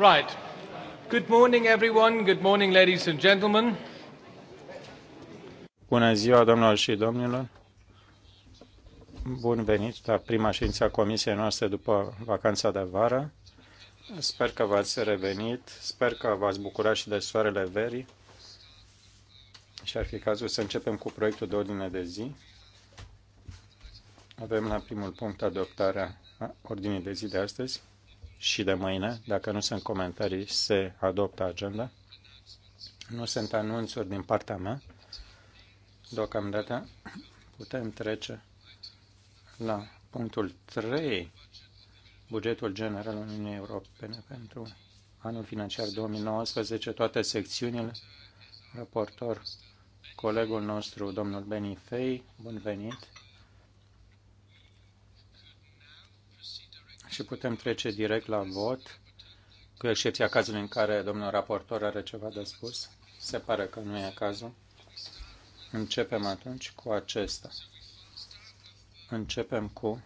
Right. Good morning, everyone. Good morning, ladies and gentlemen. Bună ziua, domnilor și domnilor. Bun venit la prima ședință a comisiei noastre după vacanța de vară. Sper că v-ați revenit, sper că v-ați bucurat și de soarele verii și ar fi cazul să începem cu proiectul de ordine de zi. Avem la primul punct adoptarea ordinii de zi de astăzi și de mâine, dacă nu sunt comentarii, se adoptă agenda. Nu sunt anunțuri din partea mea. Deocamdată putem trece la punctul 3, bugetul general al Uniunii Europene pentru anul financiar 2019, toate secțiunile, raportor, colegul nostru, domnul Benifei, bun venit! și putem trece direct la vot, cu excepția cazului în care domnul raportor are ceva de spus. Se pare că nu e cazul. Începem atunci cu acesta. Începem cu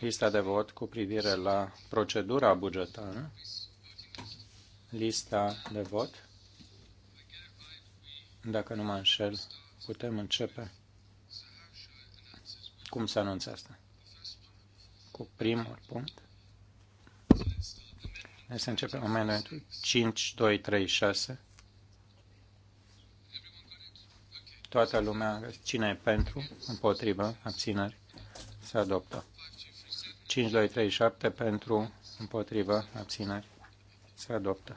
lista de vot cu privire la procedura bugetară. Lista de vot. Dacă nu mă înșel, putem începe. Cum se anunță asta? cu primul punct. Hai să începem amendamentul 5, 2, 3, 6. Toată lumea, cine e pentru, împotrivă, abțineri, se adoptă. 5, 2, 3, 7 pentru, împotrivă, abțineri, se adoptă.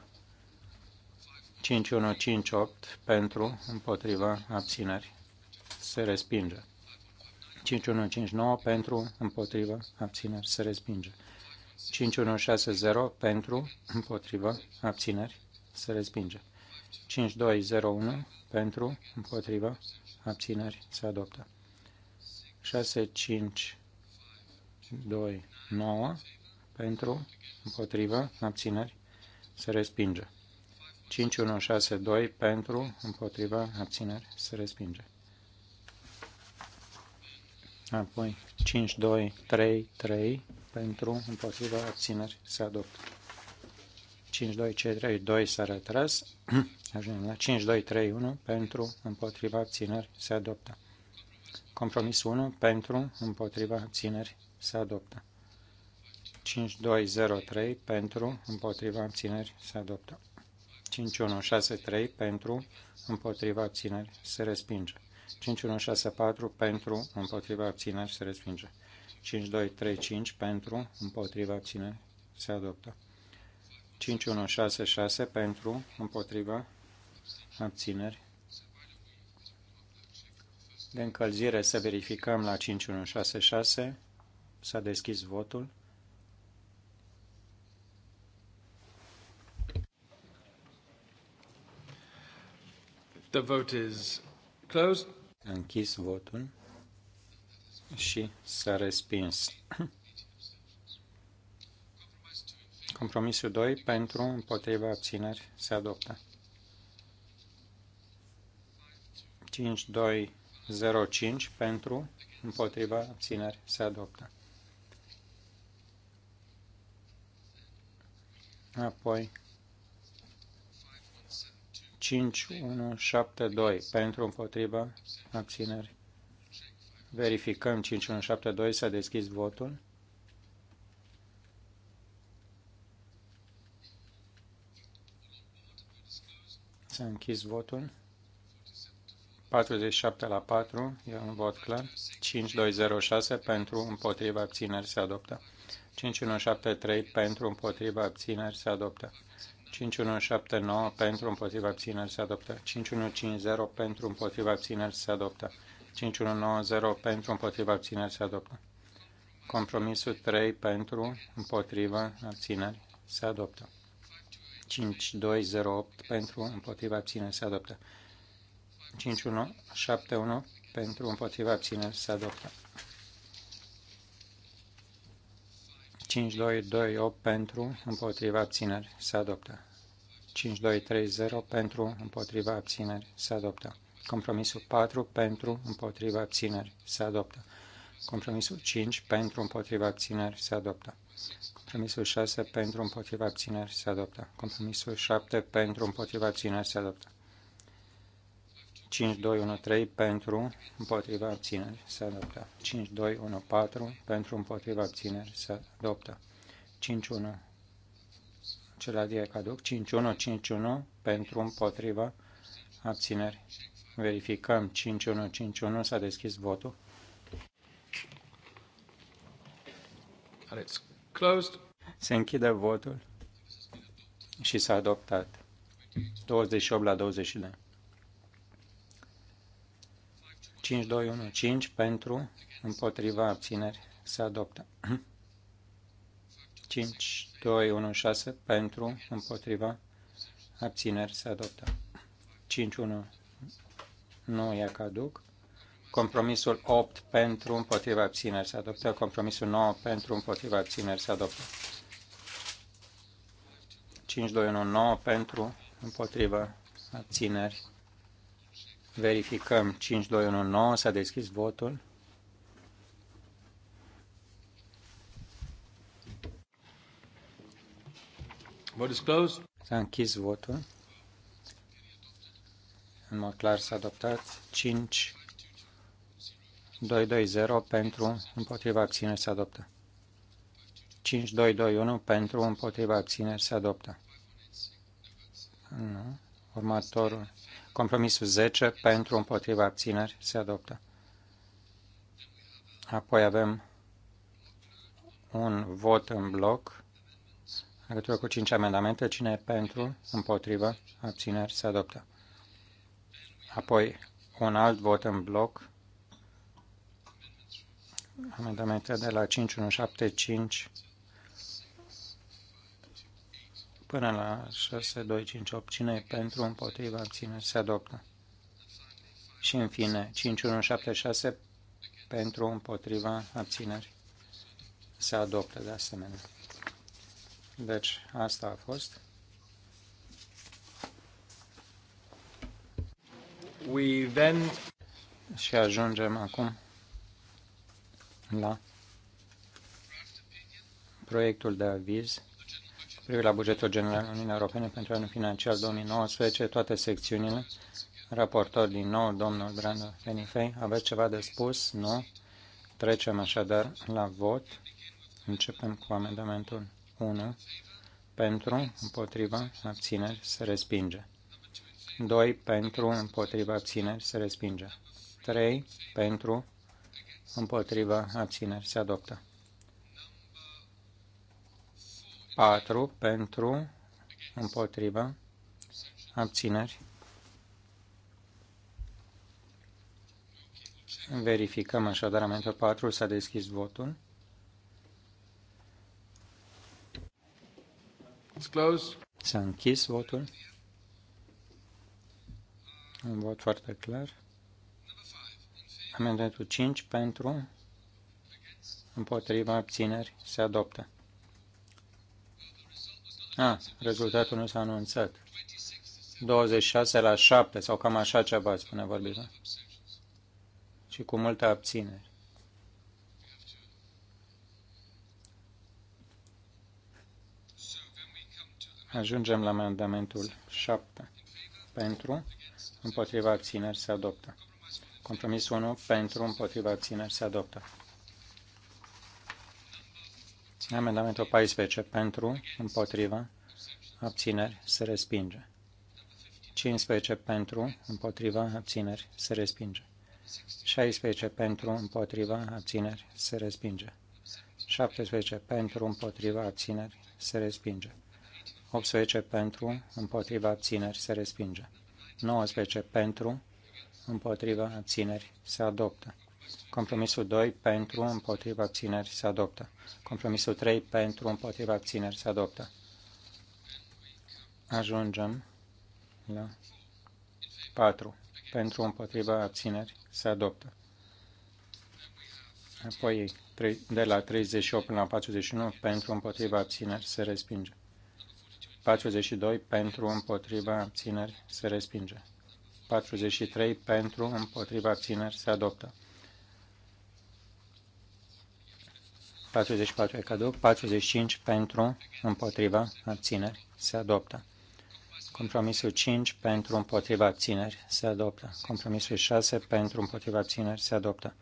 5, 1, 5, 8 pentru, împotrivă, abțineri, se respinge. 5159 pentru, împotriva, abțineri, se respinge. 5160 pentru, împotriva, abțineri, se respinge. 5201 pentru, împotriva, abțineri, se adoptă. 6529 pentru, împotriva, abțineri, se respinge. 5162 pentru, împotriva, abțineri, se respinge. Apoi 5, 2, 3, 3 pentru împotriva abțineri se adoptă. 5, 2, 5, 3, 2 s-a retras. Ajungem la 5, 2, 3, 1 pentru împotriva abțineri se adoptă. Compromis 1 pentru împotriva abțineri se adoptă. 5, 2, 0, 3 pentru, împotriva abțineri se adoptă. 5, 1, 6, 3 pentru, împotriva abțineri se respinge. 5164 pentru, împotriva abțineri se respinge. 5235 pentru, împotriva abțineri se adoptă. 5166 pentru, împotriva abțineri. De încălzire să verificăm la 5166. S-a deschis votul. The vote is closed a închis votul și s-a respins. Compromisul 2 pentru împotriva abțineri se adoptă. 5205 pentru împotriva abțineri se adoptă. Apoi 5172 pentru împotriva abțineri. Verificăm 5172, s-a deschis votul. S-a închis votul. 47 la 4, e un vot clar. 5206 pentru împotriva abțineri se adoptă. 5173 pentru împotriva abțineri se adoptă. 5179 pentru împotriva abțineri se adoptă. 5150 pentru împotriva abțineri se adoptă. 5190 pentru împotriva abțineri se adoptă. Compromisul 3 pentru împotriva abțineri se adoptă. 5208 pentru împotriva abțineri se adoptă. 5171 pentru împotriva abțineri se adoptă. 5228 pentru, împotriva abțineri, se adoptă. 5230 pentru, împotriva abțineri, se adoptă. Compromisul 4 pentru, împotriva abțineri, se adoptă. Compromisul 5 pentru, împotriva abțineri, se adoptă. Compromisul 6 pentru, împotriva abțineri, se adoptă. Compromisul 7 pentru, împotriva abțineri, se adoptă. 5213 pentru împotriva abțineri se adoptă. 5214 pentru împotriva abțineri se adoptă. 51 cel adie caduc. 5151 pentru împotriva abțineri. Verificăm 5151 s-a deschis votul. And it's closed. Se închide votul și s-a adoptat. 28 la 22. 5215 pentru, împotriva abțineri se adoptă. 5216 pentru, împotriva abțineri se adoptă. 51 nu e caduc. Compromisul 8 pentru, împotriva abțineri se adoptă. Compromisul 9 pentru, împotriva abțineri se adoptă. 5219 pentru, împotriva abțineri Verificăm 5219, s-a deschis votul. Vote is closed. S-a închis votul. În mod clar s-a adoptat 5220 pentru împotriva abțineri se adoptă. 5221 pentru împotriva abțineri se adoptă. Nu. Următorul Compromisul 10 pentru împotriva abțineri se adoptă. Apoi avem un vot în bloc în legătură cu 5 amendamente. Cine e pentru, împotriva, abțineri se adoptă. Apoi un alt vot în bloc. Amendamente de la 5175 până la 6258. Cine e pentru, împotriva, abține, se adoptă. Și în fine, 6, pentru, împotriva, abțineri, se adoptă de asemenea. Deci, asta a fost. We then... Și ajungem acum la proiectul de aviz privire la bugetul general Uniunii Europene pentru anul financiar 2019, toate secțiunile. Raportor din nou, domnul Brando Fenifei, Aveți ceva de spus? Nu? Trecem așadar la vot. Începem cu amendamentul 1. Pentru, împotriva, abțineri, se respinge. 2. Pentru, împotriva, abțineri, se respinge. 3. Pentru, împotriva, abțineri, se adoptă. 4 pentru, împotrivă, abțineri. Verificăm așadar amendul 4, s-a deschis votul. S-a închis votul. Un vot foarte clar. Amendamentul 5 pentru, împotriva abțineri, se adoptă. A, ah, rezultatul nu s-a anunțat. 26 la 7 sau cam așa ceva, spune vorbirea. Și cu multă abținere. Ajungem la amendamentul 7. Pentru, împotriva abțineri se adoptă. Compromisul 1, pentru, împotriva abțineri se adoptă. Amendamentul 14 pentru, împotriva, abțineri, se respinge. 15 pentru, împotriva, abțineri, se respinge. 16 pentru, împotriva, abțineri, se respinge. 17 pentru, împotriva, abțineri, se respinge. 18 pentru, împotriva, abțineri, se respinge. 19 pentru, împotriva, abțineri, se adoptă. Compromisul 2 pentru, împotriva abțineri se adoptă. Compromisul 3 pentru, împotriva abțineri se adoptă. Ajungem la 4. Pentru, împotriva abțineri se adoptă. Apoi de la 38 până la 41 pentru, împotriva abțineri se respinge. 42 pentru, împotriva abțineri se respinge. 43 pentru, împotriva abțineri se adoptă. 44 e caduc, 45 pentru, împotriva, abțineri, se adoptă. Compromisul 5 pentru, împotriva, abțineri, se adoptă. Compromisul 6 pentru, împotriva, abțineri, se adoptă.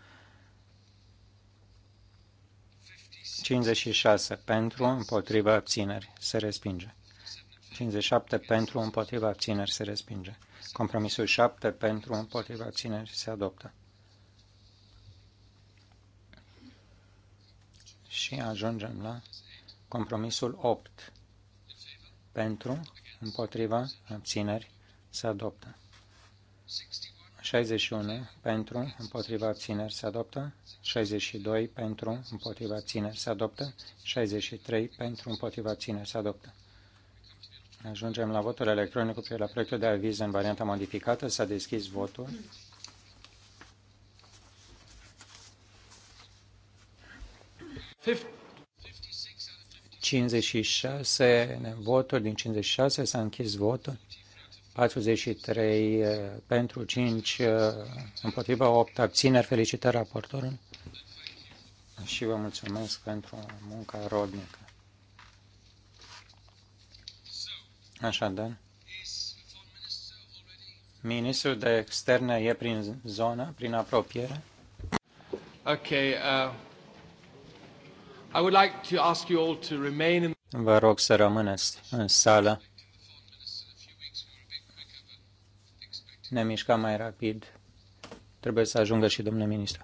56 pentru, împotriva, abțineri, se respinge. 57 pentru, împotriva, abțineri, se respinge. Compromisul 7 pentru, împotriva, abțineri, se adoptă. și ajungem la compromisul 8. Pentru, împotriva, abțineri, se adoptă. 61 pentru, împotriva abțineri se adoptă, 62 pentru, împotriva abțineri se adoptă, 63 pentru, împotriva abțineri se adoptă. Ajungem la votul electronic cu la proiectul de aviz în varianta modificată. S-a deschis votul. 56 voturi din 56 s-a închis votul. 43 uh, pentru 5 uh, împotriva 8 abțineri. Felicitări raportorului și vă mulțumesc pentru munca rodnică. Așadar, ministrul de externe e prin zona, prin apropiere. Okay, uh... Vă rog să rămâneți în sală. Ne mișcăm mai rapid. Trebuie să ajungă și domnul ministru.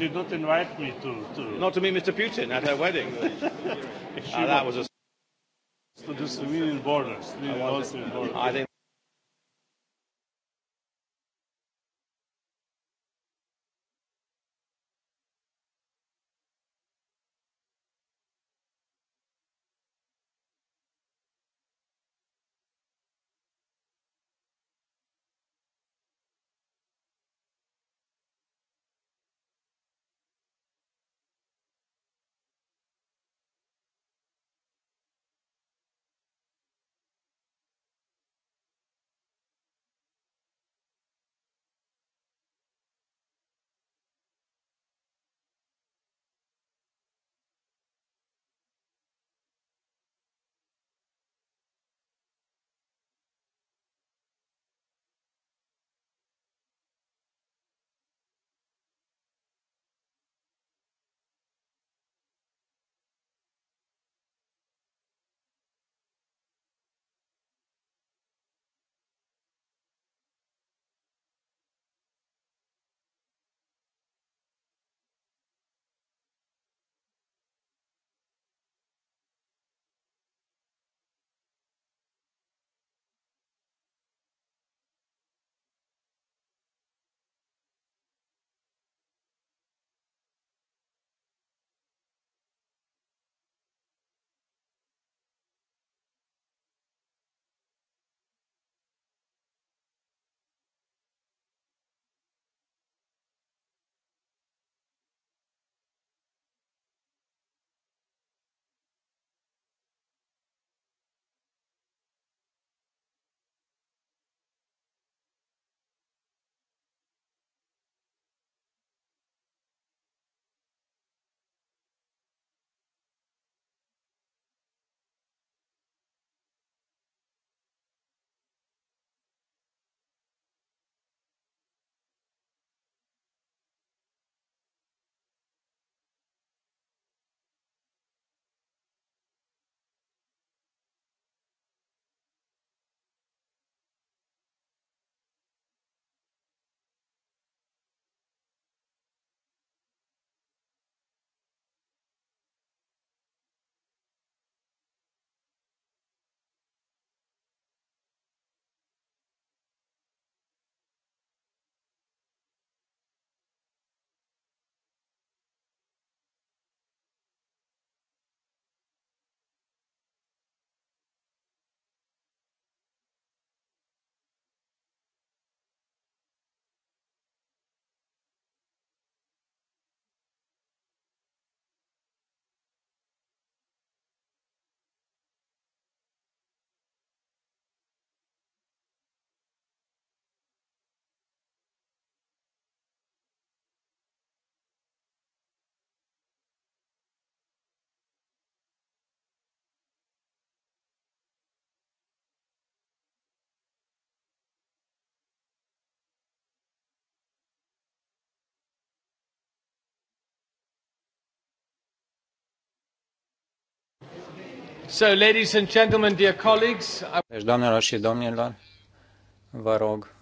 She did not invite me to, to... Not to meet Mr. Putin at her wedding. she ah, that was a... To the civilian borders, civilian I, borders. I think So, ladies and gentlemen, dear colleagues, deci, doamnelor și domnilor, vă rog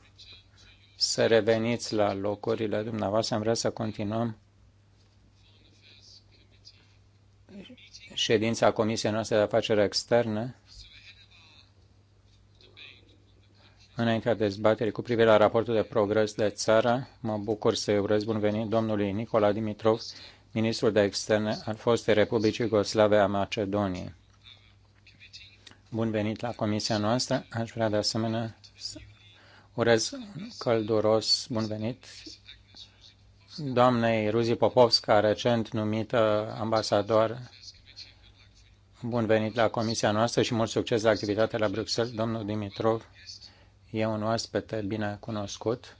să reveniți la locurile dumneavoastră. Am vrea să continuăm ședința Comisiei noastre de afaceri externe. Înaintea dezbaterii cu privire la raportul de progres de țară, mă bucur să-i urez bun venit domnului Nicola Dimitrov, ministrul de externe al fostei Republicii Iugoslave a Macedoniei. Bun venit la comisia noastră. Aș vrea de asemenea să urez călduros bun venit doamnei Ruzi Popovska, recent numită ambasador. Bun venit la comisia noastră și mult succes la activitatea la Bruxelles. Domnul Dimitrov e un oaspete bine cunoscut,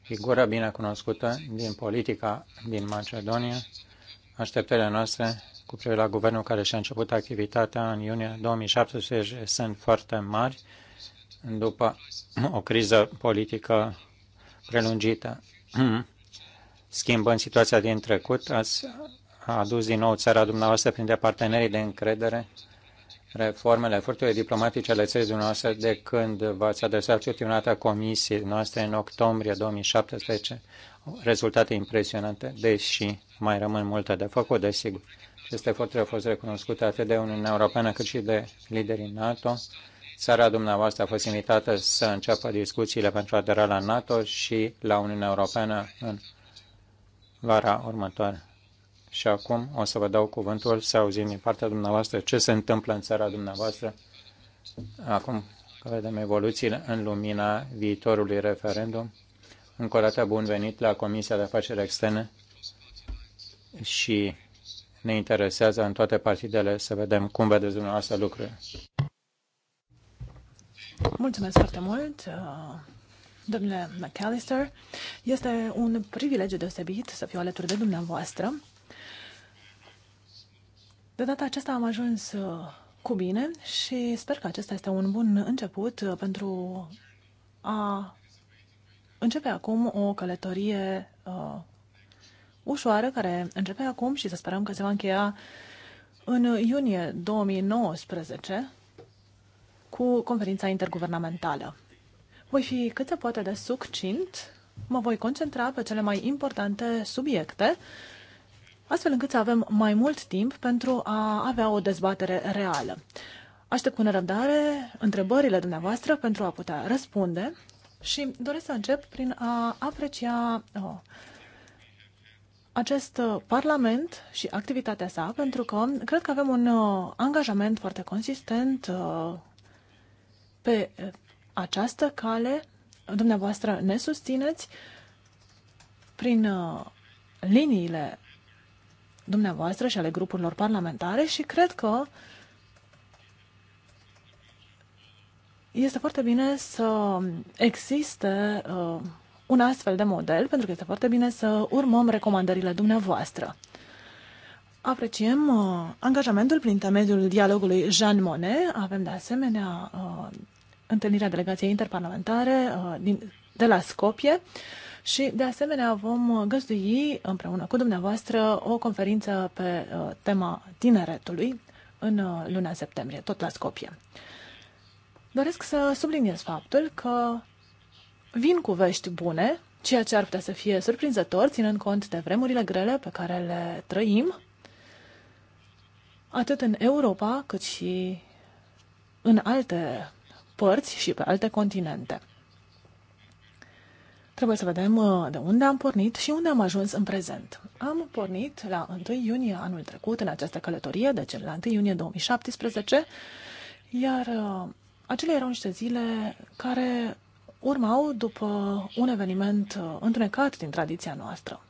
figură bine cunoscută din politica din Macedonia. Așteptările noastre cu privire la guvernul care și-a început activitatea în iunie 2017 sunt foarte mari după o criză politică prelungită. Schimbând situația din trecut, ați adus din nou țara dumneavoastră printre partenerii de încredere reformele, eforturile diplomatice ale țării dumneavoastră de când v-ați adresat ultimata comisie noastră în octombrie 2017, rezultate impresionante, deși mai rămân multe de făcut, desigur. Aceste eforturi au fost recunoscute atât de Uniunea Europeană cât și de liderii NATO. Țara dumneavoastră a fost invitată să înceapă discuțiile pentru aderarea la NATO și la Uniunea Europeană în vara următoare. Și acum o să vă dau cuvântul să auzim din partea dumneavoastră ce se întâmplă în țara dumneavoastră acum că vedem evoluțiile în lumina viitorului referendum. Încă o dată bun venit la Comisia de Afaceri Externe și ne interesează în toate partidele să vedem cum vedeți dumneavoastră lucrurile. Mulțumesc foarte mult, uh, domnule McAllister. Este un privilegiu deosebit să fiu alături de dumneavoastră. De data aceasta am ajuns uh, cu bine și sper că acesta este un bun început uh, pentru a începe acum o călătorie ușoară care începe acum și să sperăm că se va încheia în iunie 2019 cu conferința interguvernamentală. Voi fi cât se poate de succint, mă voi concentra pe cele mai importante subiecte, astfel încât să avem mai mult timp pentru a avea o dezbatere reală. Aștept cu nerăbdare întrebările dumneavoastră pentru a putea răspunde și doresc să încep prin a aprecia oh, acest uh, Parlament și activitatea sa, pentru că cred că avem un uh, angajament foarte consistent uh, pe această cale. Dumneavoastră ne susțineți prin liniile dumneavoastră și ale grupurilor parlamentare și cred că este foarte bine să existe un astfel de model, pentru că este foarte bine să urmăm recomandările dumneavoastră. Apreciem uh, angajamentul prin intermediul dialogului Jean Monnet. Avem de asemenea uh, întâlnirea delegației interparlamentare uh, din, de la Scopie și de asemenea vom uh, găzdui împreună cu dumneavoastră o conferință pe uh, tema tineretului în uh, luna septembrie, tot la Scopie. Doresc să subliniez faptul că vin cu vești bune, ceea ce ar putea să fie surprinzător, ținând cont de vremurile grele pe care le trăim, atât în Europa, cât și în alte părți și pe alte continente. Trebuie să vedem uh, de unde am pornit și unde am ajuns în prezent. Am pornit la 1 iunie anul trecut în această călătorie, deci la 1 iunie 2017, iar uh, acele erau niște zile care urmau după un eveniment uh, întunecat din tradiția noastră.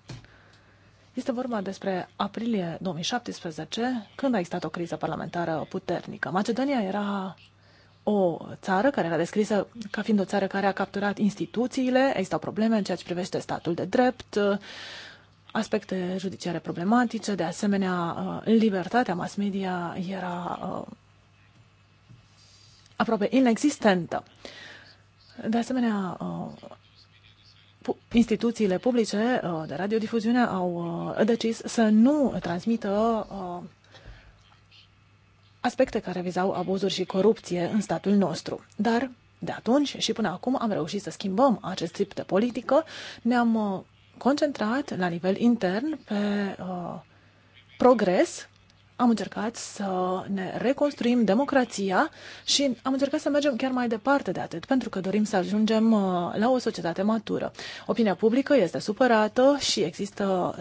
Este vorba despre aprilie 2017, când a existat o criză parlamentară puternică. Macedonia era o țară care era descrisă ca fiind o țară care a capturat instituțiile, existau probleme în ceea ce privește statul de drept, uh, aspecte judiciare problematice, de asemenea, uh, libertatea mass media era aproape inexistentă. De asemenea, uh, instituțiile publice uh, de radiodifuziune au uh, decis să nu transmită aspecte care vizau abuzuri și corupție în statul nostru. Dar de atunci și până acum am reușit să schimbăm acest tip de politică. Ne-am concentrat la nivel intern pe progres am încercat să ne reconstruim democrația și am încercat să mergem chiar mai departe de atât, pentru că dorim să ajungem uh, la o societate matură. Opinia publică este supărată și există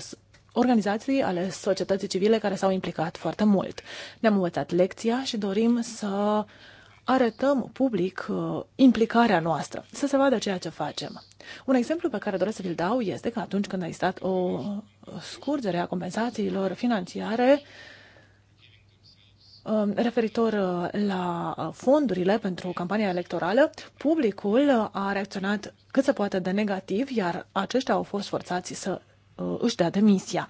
organizații ale societății civile care s-au implicat foarte mult. Ne-am învățat lecția și dorim să arătăm public uh, implicarea noastră, să se vadă ceea ce facem. Un exemplu pe care doresc să vi-l dau este că atunci când a existat o scurgere a compensațiilor financiare, Um, referitor uh, la uh, fondurile pentru campania electorală, publicul a reacționat cât se poate de negativ, iar aceștia au fost forțați să uh, își dea demisia.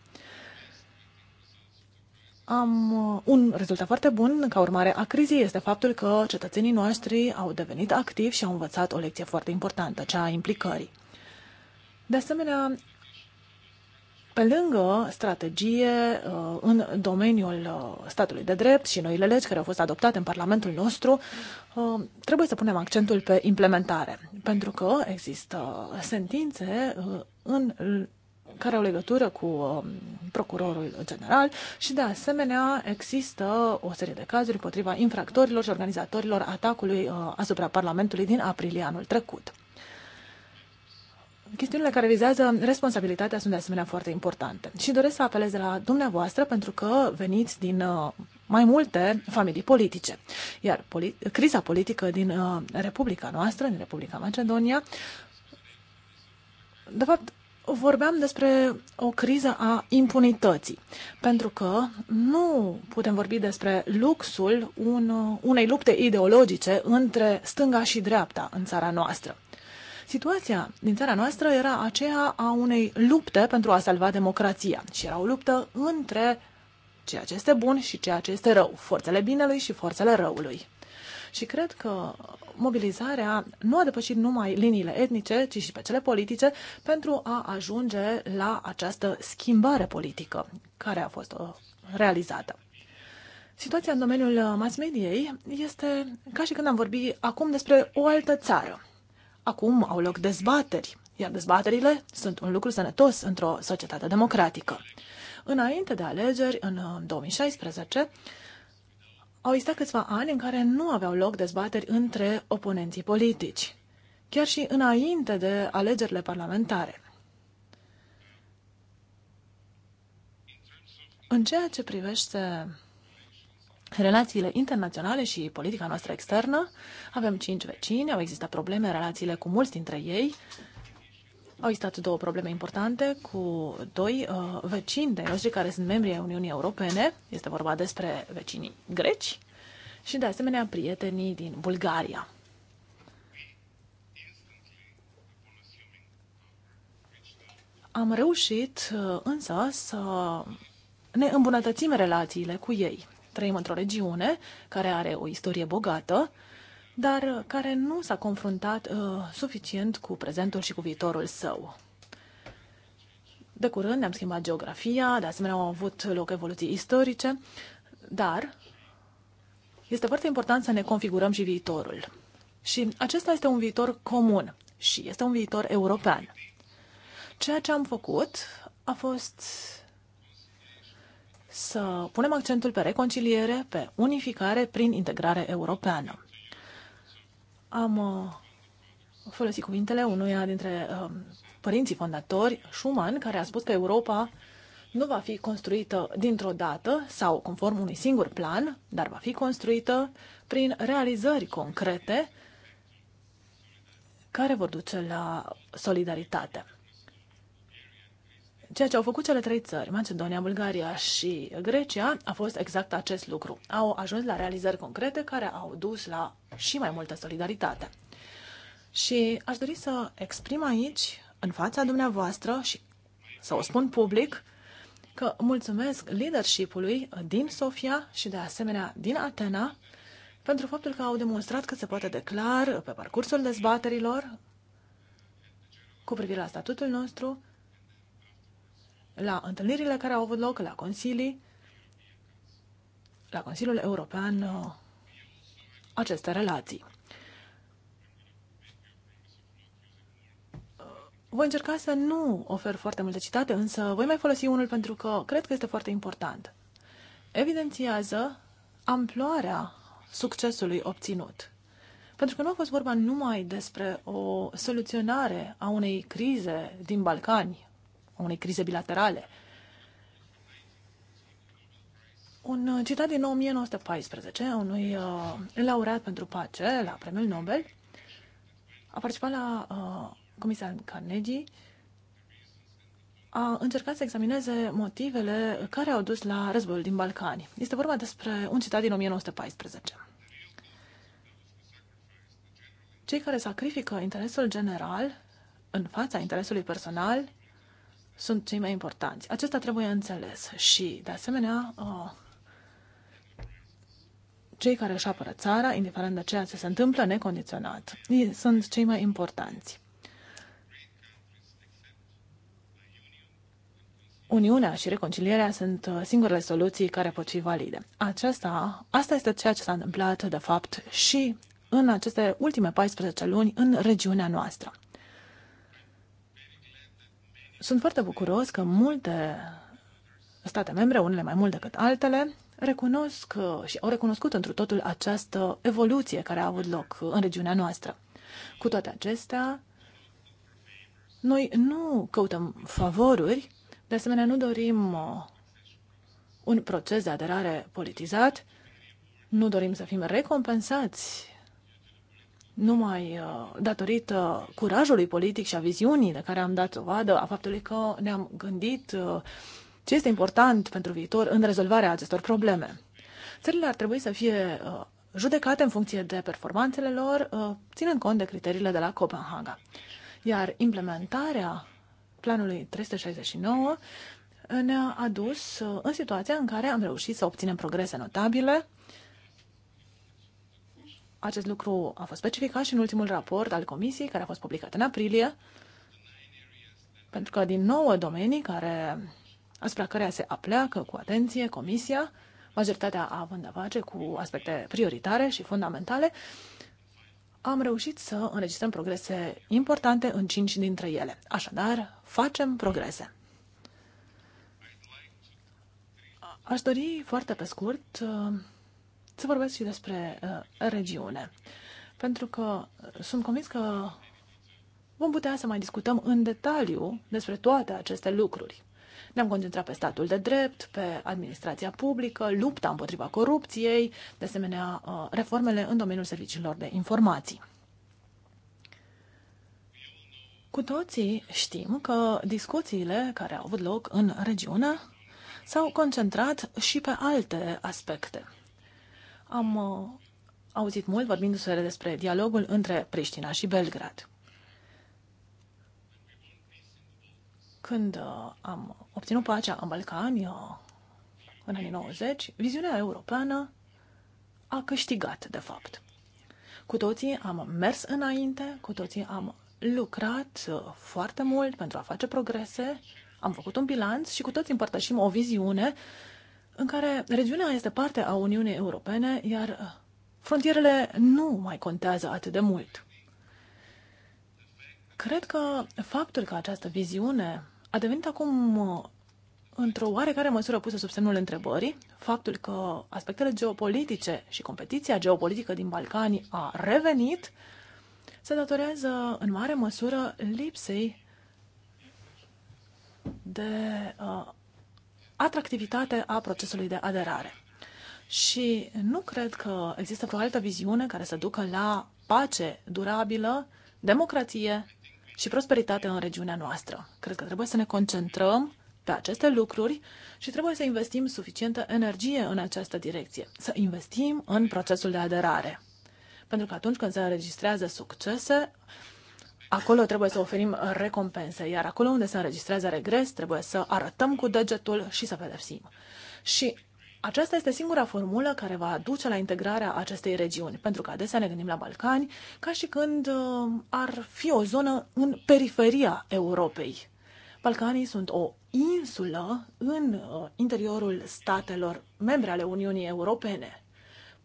Am un rezultat foarte bun ca urmare a crizei este faptul că cetățenii noștri au devenit activi și au învățat o lecție foarte importantă, cea a implicării. De asemenea, pe lângă strategie uh, în domeniul uh, statului de drept și noile legi care au fost adoptate în Parlamentul nostru, uh, trebuie să punem accentul pe implementare, pentru că există sentințe în care au legătură cu procurorul general și, de asemenea, există o serie de cazuri împotriva infractorilor și organizatorilor atacului asupra Parlamentului din aprilie anul trecut chestiunile care vizează responsabilitatea sunt de asemenea foarte importante. Și doresc să apelez de la dumneavoastră pentru că veniți din uh, mai multe familii politice. Iar poli- criza politică din uh, Republica noastră, din Republica Macedonia, de fapt, vorbeam despre o criză a impunității, pentru că nu putem vorbi despre luxul un, uh, unei lupte ideologice între stânga și dreapta în țara noastră. Situația din țara noastră era aceea a unei lupte pentru a salva democrația și era o luptă între ceea ce este bun și ceea ce este rău, forțele binelui și forțele răului. Și cred că mobilizarea nu a depășit numai liniile etnice, ci și pe cele politice, pentru a ajunge la această schimbare politică care a fost uh, realizată. Situația în domeniul mass mediei este ca și când am vorbit acum despre o altă țară. Acum au loc dezbateri, iar dezbaterile sunt un lucru sănătos într-o societate democratică. Înainte de alegeri, în 2016, au existat câțiva ani în care nu aveau loc dezbateri între oponenții politici, chiar și înainte de alegerile parlamentare. În ceea ce privește relațiile internaționale și politica noastră externă. Avem cinci vecini, au existat probleme în relațiile cu mulți dintre ei. Au existat două probleme importante cu doi uh, vecini de noștri care sunt membri ai Uniunii Europene. Este vorba despre vecinii greci și, de asemenea, prietenii din Bulgaria. Am reușit, uh, însă, să ne îmbunătățim relațiile cu ei. Trăim într-o regiune care are o istorie bogată, dar care nu s-a confruntat uh, suficient cu prezentul și cu viitorul său. De curând ne-am schimbat geografia, de asemenea au avut loc evoluții istorice, dar este foarte important să ne configurăm și viitorul. Și acesta este un viitor comun și este un viitor european. Ceea ce am făcut a fost să punem accentul pe reconciliere, pe unificare prin integrare europeană. Am uh, folosit cuvintele unuia dintre uh, părinții fondatori, Schumann, care a spus că Europa nu va fi construită dintr-o dată sau conform unui singur plan, dar va fi construită prin realizări concrete care vor duce la solidaritate. Ceea ce au făcut cele trei țări, Macedonia, Bulgaria și Grecia, a fost exact acest lucru. Au ajuns la realizări concrete care au dus la și mai multă solidaritate. Și aș dori să exprim aici, în fața dumneavoastră și să o spun public, că mulțumesc leadershipului din Sofia și de asemenea din Atena pentru faptul că au demonstrat că se poate declar pe parcursul dezbaterilor cu privire la statutul nostru la întâlnirile care au avut loc la consilii, la Consiliul European, uh, aceste relații. Uh, voi încerca să nu ofer foarte multe citate, însă voi mai folosi unul pentru că cred că este foarte important. Evidențiază amploarea succesului obținut. Pentru că nu a fost vorba numai despre o soluționare a unei crize din Balcani, unei crize bilaterale. Un uh, citat din 1914 a unui uh, laureat pentru pace la premiul Nobel a participat la uh, Comisia Carnegie a încercat să examineze motivele care au dus la războiul din Balcani. Este vorba despre un citat din 1914. Cei care sacrifică interesul general în fața interesului personal sunt cei mai importanți. Acesta trebuie înțeles și, de asemenea, uh, cei care își apără țara, indiferent de ceea ce se întâmplă, necondiționat, sunt cei mai importanți. Uniunea și reconcilierea sunt uh, singurele soluții care pot fi valide. Aceasta, asta este ceea ce s-a întâmplat, de fapt, și în aceste ultime 14 luni în regiunea noastră. Sunt foarte bucuros că multe state membre, unele mai mult decât altele, recunosc uh, și au recunoscut întru totul această evoluție care a avut loc în regiunea noastră. Cu toate acestea, noi nu căutăm favoruri, de asemenea nu dorim uh, un proces de aderare politizat, nu dorim să fim recompensați numai uh, datorită curajului politic și a viziunii de care am dat vadă, a faptului că ne-am gândit uh, ce este important pentru viitor în rezolvarea acestor probleme. Țările ar trebui să fie uh, judecate în funcție de performanțele lor, ținând cont de criteriile de la Copenhaga. Iar implementarea planului 369 ne-a adus în situația în care am reușit să obținem progrese notabile, acest lucru a fost specificat și în ultimul raport al Comisiei, care a fost publicat în aprilie, pentru că din nouă domenii care, asupra care se apleacă cu atenție Comisia, majoritatea a având de face cu aspecte prioritare și fundamentale, am reușit să înregistrăm progrese importante în cinci dintre ele. Așadar, facem progrese. Aș dori foarte pe scurt să vorbesc și despre uh, regiune. Pentru că sunt convins că vom putea să mai discutăm în detaliu despre toate aceste lucruri. Ne-am concentrat pe statul de drept, pe administrația publică, lupta împotriva corupției, de asemenea uh, reformele în domeniul serviciilor de informații. Cu toții știm că discuțiile care au avut loc în regiune s-au concentrat și pe alte aspecte. Am uh, auzit mult vorbindu-se despre dialogul între Priștina și Belgrad. Când uh, am obținut pacea în Balcani, uh, în anii 90, viziunea europeană a câștigat, de fapt. Cu toții am mers înainte, cu toții am lucrat foarte mult pentru a face progrese, am făcut un bilanț și cu toții împărtășim o viziune în care regiunea este parte a Uniunii Europene, iar uh, frontierele nu mai contează atât de mult. Cred că faptul că această viziune a devenit acum uh, într-o oarecare măsură pusă sub semnul întrebării, faptul că aspectele geopolitice și competiția geopolitică din Balcani a revenit, se datorează în mare măsură lipsei de uh, atractivitate a procesului de aderare. Și nu cred că există vreo altă viziune care să ducă la pace durabilă, democrație și prosperitate în regiunea noastră. Cred că trebuie să ne concentrăm pe aceste lucruri și trebuie să investim suficientă energie în această direcție, să investim în procesul de aderare. Pentru că atunci când se înregistrează succese, acolo trebuie să oferim uh, recompense, iar acolo unde se înregistrează regres, trebuie să arătăm cu degetul și să pedepsim. Și aceasta este singura formulă care va duce la integrarea acestei regiuni, pentru că adesea ne gândim la Balcani ca și când uh, ar fi o zonă în periferia Europei. Balcanii sunt o insulă în uh, interiorul statelor membre ale Uniunii Europene.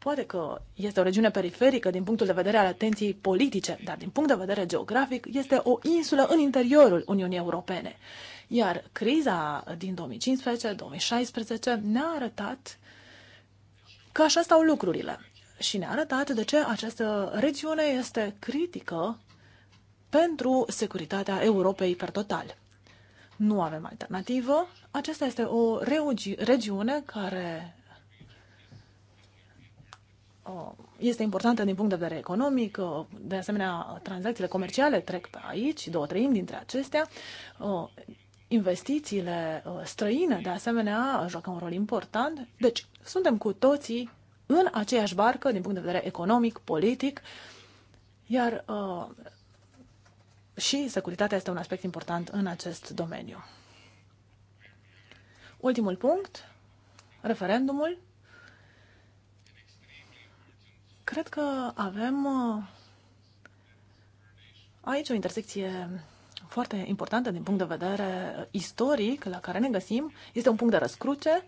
Poate că este o regiune periferică din punctul de vedere al atenției politice, dar din punct de vedere geografic este o insulă în interiorul Uniunii Europene. Iar criza din 2015-2016 ne-a arătat că așa stau lucrurile și ne-a arătat de ce această regiune este critică pentru securitatea Europei per total. Nu avem alternativă. Aceasta este o regiune care Uh, este importantă din punct de vedere economic, uh, de asemenea, tranzacțiile comerciale trec pe aici, două treimi dintre acestea. Uh, investițiile străine, de asemenea, joacă un rol important. Deci, suntem cu toții în aceeași barcă din punct de vedere economic, politic, iar și securitatea este un aspect important în acest domeniu. Ultimul punct, referendumul. Cred că avem uh, aici o intersecție foarte importantă din punct de vedere istoric la care ne găsim. Este un punct de răscruce.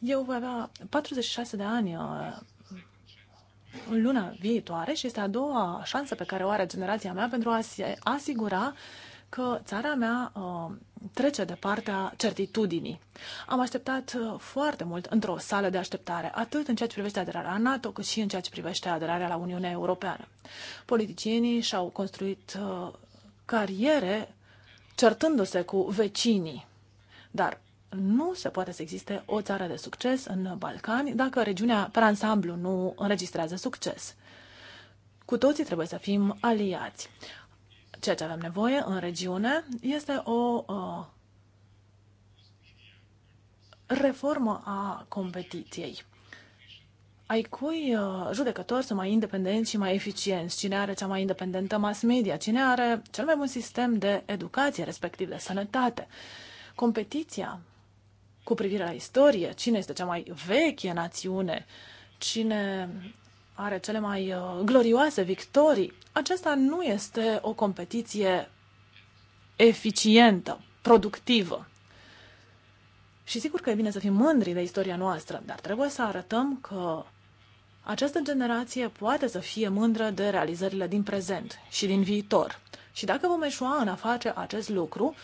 Eu voi avea 46 de ani în uh, luna viitoare și este a doua șansă pe care o are generația mea pentru a se asigura că țara mea uh, trece de partea certitudinii. Am așteptat uh, foarte mult într-o sală de așteptare, atât în ceea ce privește aderarea NATO, cât și în ceea ce privește aderarea la Uniunea Europeană. Politicienii și-au construit uh, cariere certându-se cu vecinii. Dar nu se poate să existe o țară de succes în Balcani dacă regiunea per ansamblu nu înregistrează succes. Cu toții trebuie să fim aliați. Ceea ce avem nevoie în regiune este o uh, reformă a competiției. Ai cui uh, judecători sunt mai independenți și mai eficienți? Cine are cea mai independentă mass media? Cine are cel mai bun sistem de educație, respectiv de sănătate? Competiția cu privire la istorie, cine este cea mai veche națiune, cine are cele mai uh, glorioase victorii, aceasta nu este o competiție eficientă, productivă. Și sigur că e bine să fim mândri de istoria noastră, dar trebuie să arătăm că această generație poate să fie mândră de realizările din prezent și din viitor. Și dacă vom eșua în a face acest lucru,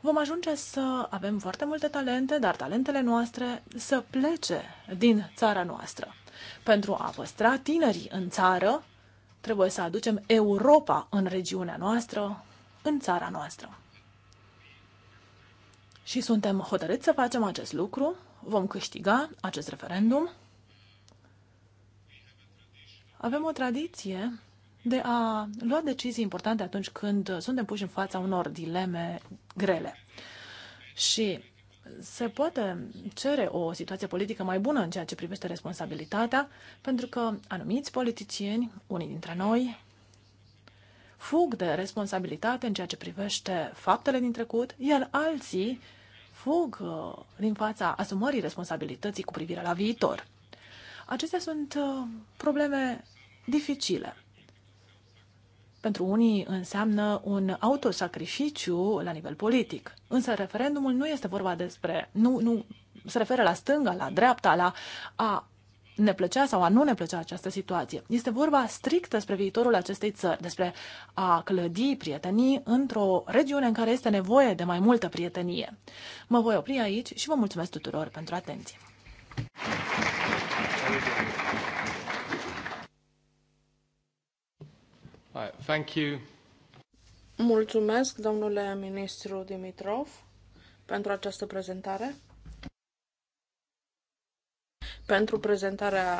vom ajunge să avem foarte multe talente, dar talentele noastre să plece din țara noastră. Pentru a păstra tinerii în țară, trebuie să aducem Europa în regiunea noastră, în țara noastră. Și suntem hotărâți să facem acest lucru, vom câștiga acest referendum. Avem o tradiție de a lua decizii importante atunci când suntem puși în fața unor dileme grele. Și se poate cere o situație politică mai bună în ceea ce privește responsabilitatea, pentru că anumiți politicieni, unii dintre noi, fug de responsabilitate în ceea ce privește faptele din trecut, iar alții fug uh, din fața asumării responsabilității cu privire la viitor. Acestea sunt uh, probleme dificile pentru unii înseamnă un autosacrificiu la nivel politic. Însă referendumul nu este vorba despre, nu, nu se referă la stânga, la dreapta, la a ne plăcea sau a nu ne plăcea această situație. Este vorba strict despre viitorul acestei țări, despre a clădi prietenii într-o regiune în care este nevoie de mai multă prietenie. Mă voi opri aici și vă mulțumesc tuturor pentru atenție. Thank you. Thank you. Mulțumesc, domnule ministru Dimitrov, pentru această prezentare, pentru prezentarea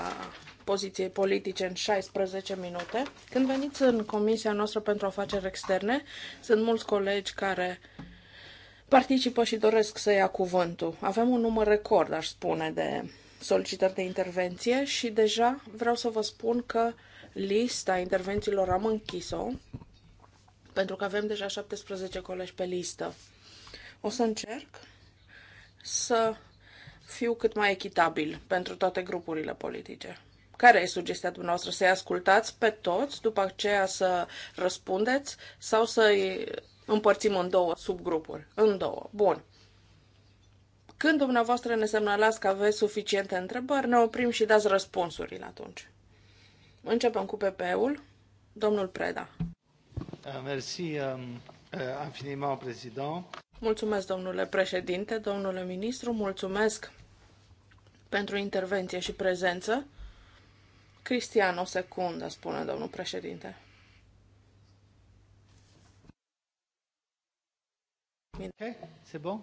poziției politice în 16 minute. Când veniți în comisia noastră pentru afaceri externe, sunt mulți colegi care participă și doresc să ia cuvântul. Avem un număr record, aș spune, de solicitări de intervenție și deja vreau să vă spun că Lista intervențiilor am închis-o, pentru că avem deja 17 colegi pe listă. O să încerc să fiu cât mai echitabil pentru toate grupurile politice. Care e sugestia dumneavoastră? Să-i ascultați pe toți, după aceea să răspundeți sau să-i împărțim în două subgrupuri? În două. Bun. Când dumneavoastră ne semnalați că aveți suficiente întrebări, ne oprim și dați răspunsurile atunci. Începem cu PP-ul. Domnul Preda. Uh, Mersi, um, uh, infiniment, prezident. Mulțumesc, domnule președinte, domnule ministru, mulțumesc pentru intervenție și prezență. Cristian, o secundă, spune domnul președinte. Ok, c'est bon?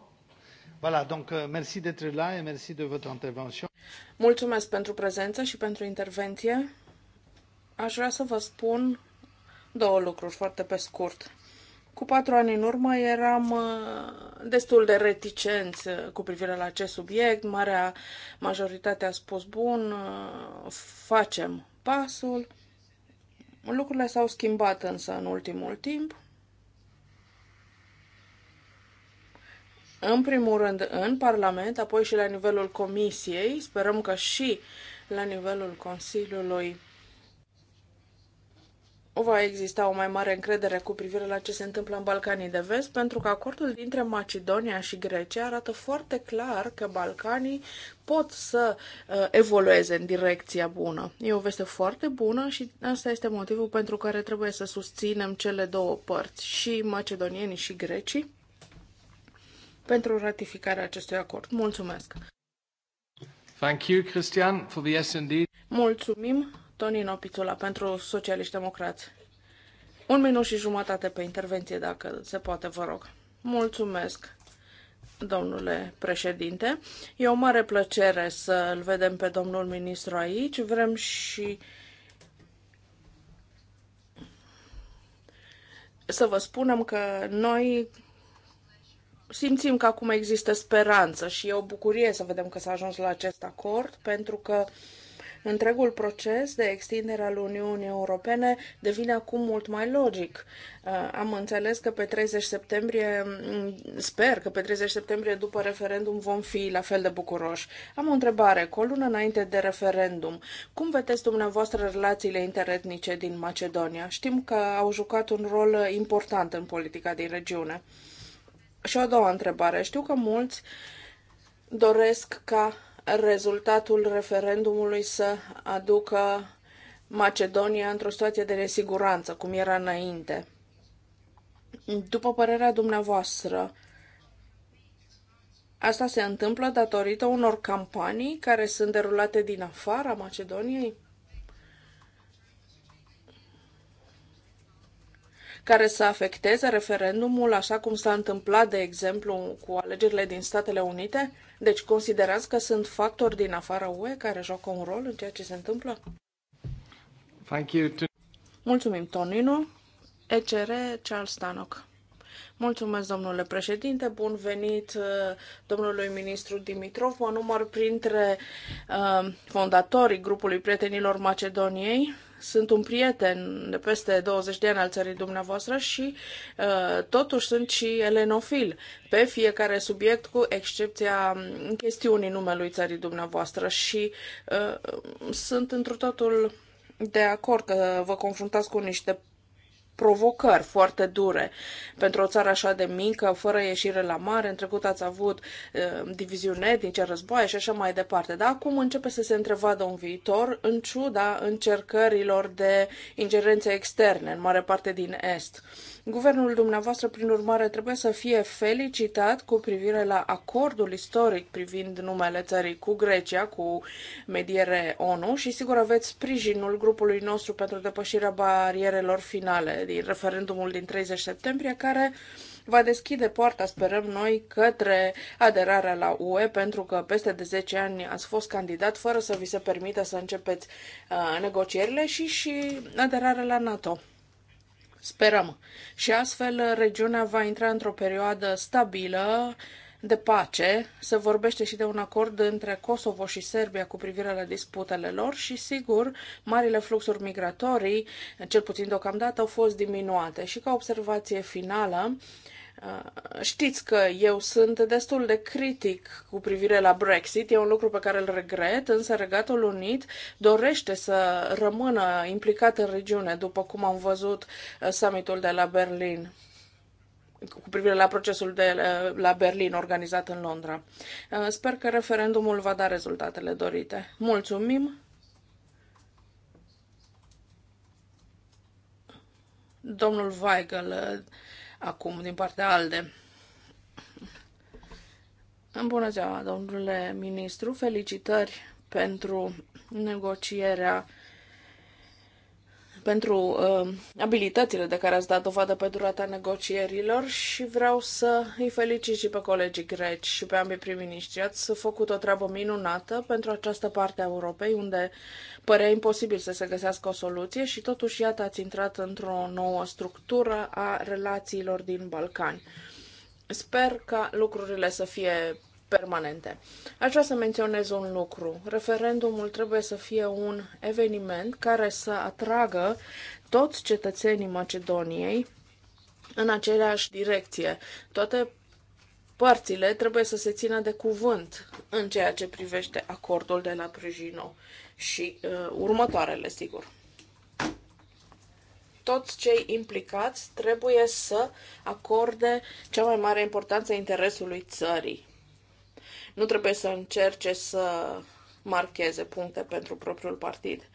Voilà, donc euh, merci d'être là et merci de votre intervention. Mulțumesc pentru prezență și pentru intervenție aș vrea să vă spun două lucruri foarte pe scurt. Cu patru ani în urmă eram uh, destul de reticenți uh, cu privire la acest subiect. Marea majoritate a spus, bun, uh, facem pasul. Lucrurile s-au schimbat însă în ultimul timp. În primul rând în Parlament, apoi și la nivelul Comisiei. Sperăm că și la nivelul Consiliului va exista o mai mare încredere cu privire la ce se întâmplă în Balcanii de Vest, pentru că acordul dintre Macedonia și Grecia arată foarte clar că Balcanii pot să uh, evolueze în direcția bună. E o veste foarte bună și asta este motivul pentru care trebuie să susținem cele două părți, și macedonienii și grecii, pentru ratificarea acestui acord. Mulțumesc! Thank you, Christian, for the S&D. Mulțumim, Tonino Pițula pentru Socialiști Democrați. Un minut și jumătate pe intervenție, dacă se poate, vă rog. Mulțumesc, domnule președinte. E o mare plăcere să-l vedem pe domnul ministru aici. Vrem și să vă spunem că noi simțim că acum există speranță și e o bucurie să vedem că s-a ajuns la acest acord, pentru că uh, Întregul proces de extindere al Uniunii Europene devine acum mult mai logic. Uh, am înțeles că pe 30 septembrie, mm, sper că pe 30 septembrie după referendum vom fi la fel de bucuroși. Am o întrebare, cu o lună înainte de referendum, cum vedeți dumneavoastră relațiile interetnice din Macedonia? Știm că au jucat un rol important în politica din regiune. Și o a doua întrebare. Știu că mulți doresc ca rezultatul referendumului să aducă Macedonia într-o situație de nesiguranță, cum era înainte. După părerea dumneavoastră, asta se întâmplă datorită unor campanii care sunt derulate din afara Macedoniei? care să afecteze referendumul, așa cum s-a întâmplat, de exemplu, cu alegerile din Statele Unite? Deci considerați că sunt factori din afara UE care joacă un rol în ceea ce se întâmplă? Thank you to... Mulțumim, Tonino. ECR Charles Stanock. Mulțumesc, domnule președinte. Bun venit uh, domnului ministru Dimitrov. Mă număr printre uh, fondatorii grupului Prietenilor Macedoniei sunt un prieten de peste 20 de ani al țării dumneavoastră și uh, totuși sunt și elenofil pe fiecare subiect, cu excepția um, chestiunii numelui țării dumneavoastră și uh, sunt într totul de acord că vă confruntați cu niște provocări foarte dure pentru o țară așa de mică, fără ieșire la mare. În trecut ați avut uh, diviziune ce războaie și așa mai departe. Dar acum începe să se întrevadă un viitor în ciuda încercărilor de ingerențe externe, în mare parte din Est. Uh, Guvernul dumneavoastră, prin urmare, trebuie să fie felicitat cu privire la acordul istoric privind numele țării cu Grecia, cu mediere ONU și sigur aveți sprijinul grupului nostru pentru depășirea barierelor finale din referendumul din 30 septembrie, care va deschide poarta, sperăm noi, către aderarea la UE, pentru că peste de 10 ani ați fost candidat fără să vi se permită să începeți uh, negocierile și, și aderarea la NATO sperăm. Și astfel uh, regiunea va intra într-o perioadă stabilă de pace. Se vorbește și de un acord între Kosovo și Serbia cu privire la disputele lor și, sigur, marile fluxuri migratorii, cel puțin deocamdată, au fost diminuate. Și ca observație finală, Uh, știți că eu sunt destul de critic cu privire la Brexit, e un lucru pe care îl regret, însă Regatul Unit dorește să rămână implicat în regiune, după cum am văzut uh, summitul de la Berlin cu privire la procesul de uh, la Berlin organizat în Londra. Sper că referendumul va da rezultatele dorite. Mulțumim! Domnul Weigel acum din partea ALDE. Bună ziua, domnule ministru, felicitări pentru negocierea pentru uh, abilitățile de care ați dat dovadă pe durata negocierilor și vreau să îi felicit și pe colegii greci și pe ambii prim-ministri. Ați făcut o treabă minunată pentru această parte a Europei, unde părea imposibil să se găsească o soluție și totuși, iată, ați intrat într-o nouă structură a relațiilor din Balcani. Sper ca lucrurile să fie permanente. Aș vrea să menționez un lucru. Referendumul trebuie să fie un eveniment care să atragă toți cetățenii Macedoniei în aceeași direcție. Toate părțile trebuie să se țină de cuvânt în ceea ce privește acordul de la Prăjino și uh, următoarele, sigur. Toți cei implicați trebuie să acorde cea mai mare importanță interesului țării. Nu trebuie să încerce să marcheze puncte pentru propriul partid.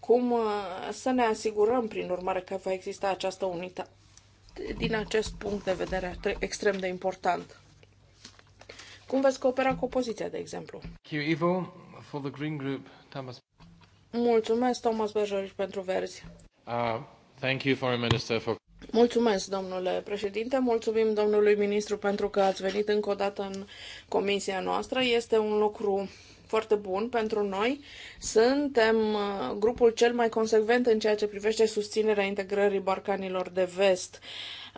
Cum uh, să ne asigurăm, prin urmare, că va exista această unitate din acest punct de vedere extrem de important? Cum veți coopera cu opoziția, de exemplu? for the Green Group, Thomas. Mulțumesc, Thomas Bergeris, pentru verzi. Uh, thank you, Foreign Minister, for... Mulțumesc, domnule președinte, mulțumim domnului ministru pentru că ați venit încă o dată în comisia noastră. Este un lucru foarte bun pentru noi. Suntem uh, grupul cel mai consecvent în ceea ce privește susținerea integrării barcanilor de Vest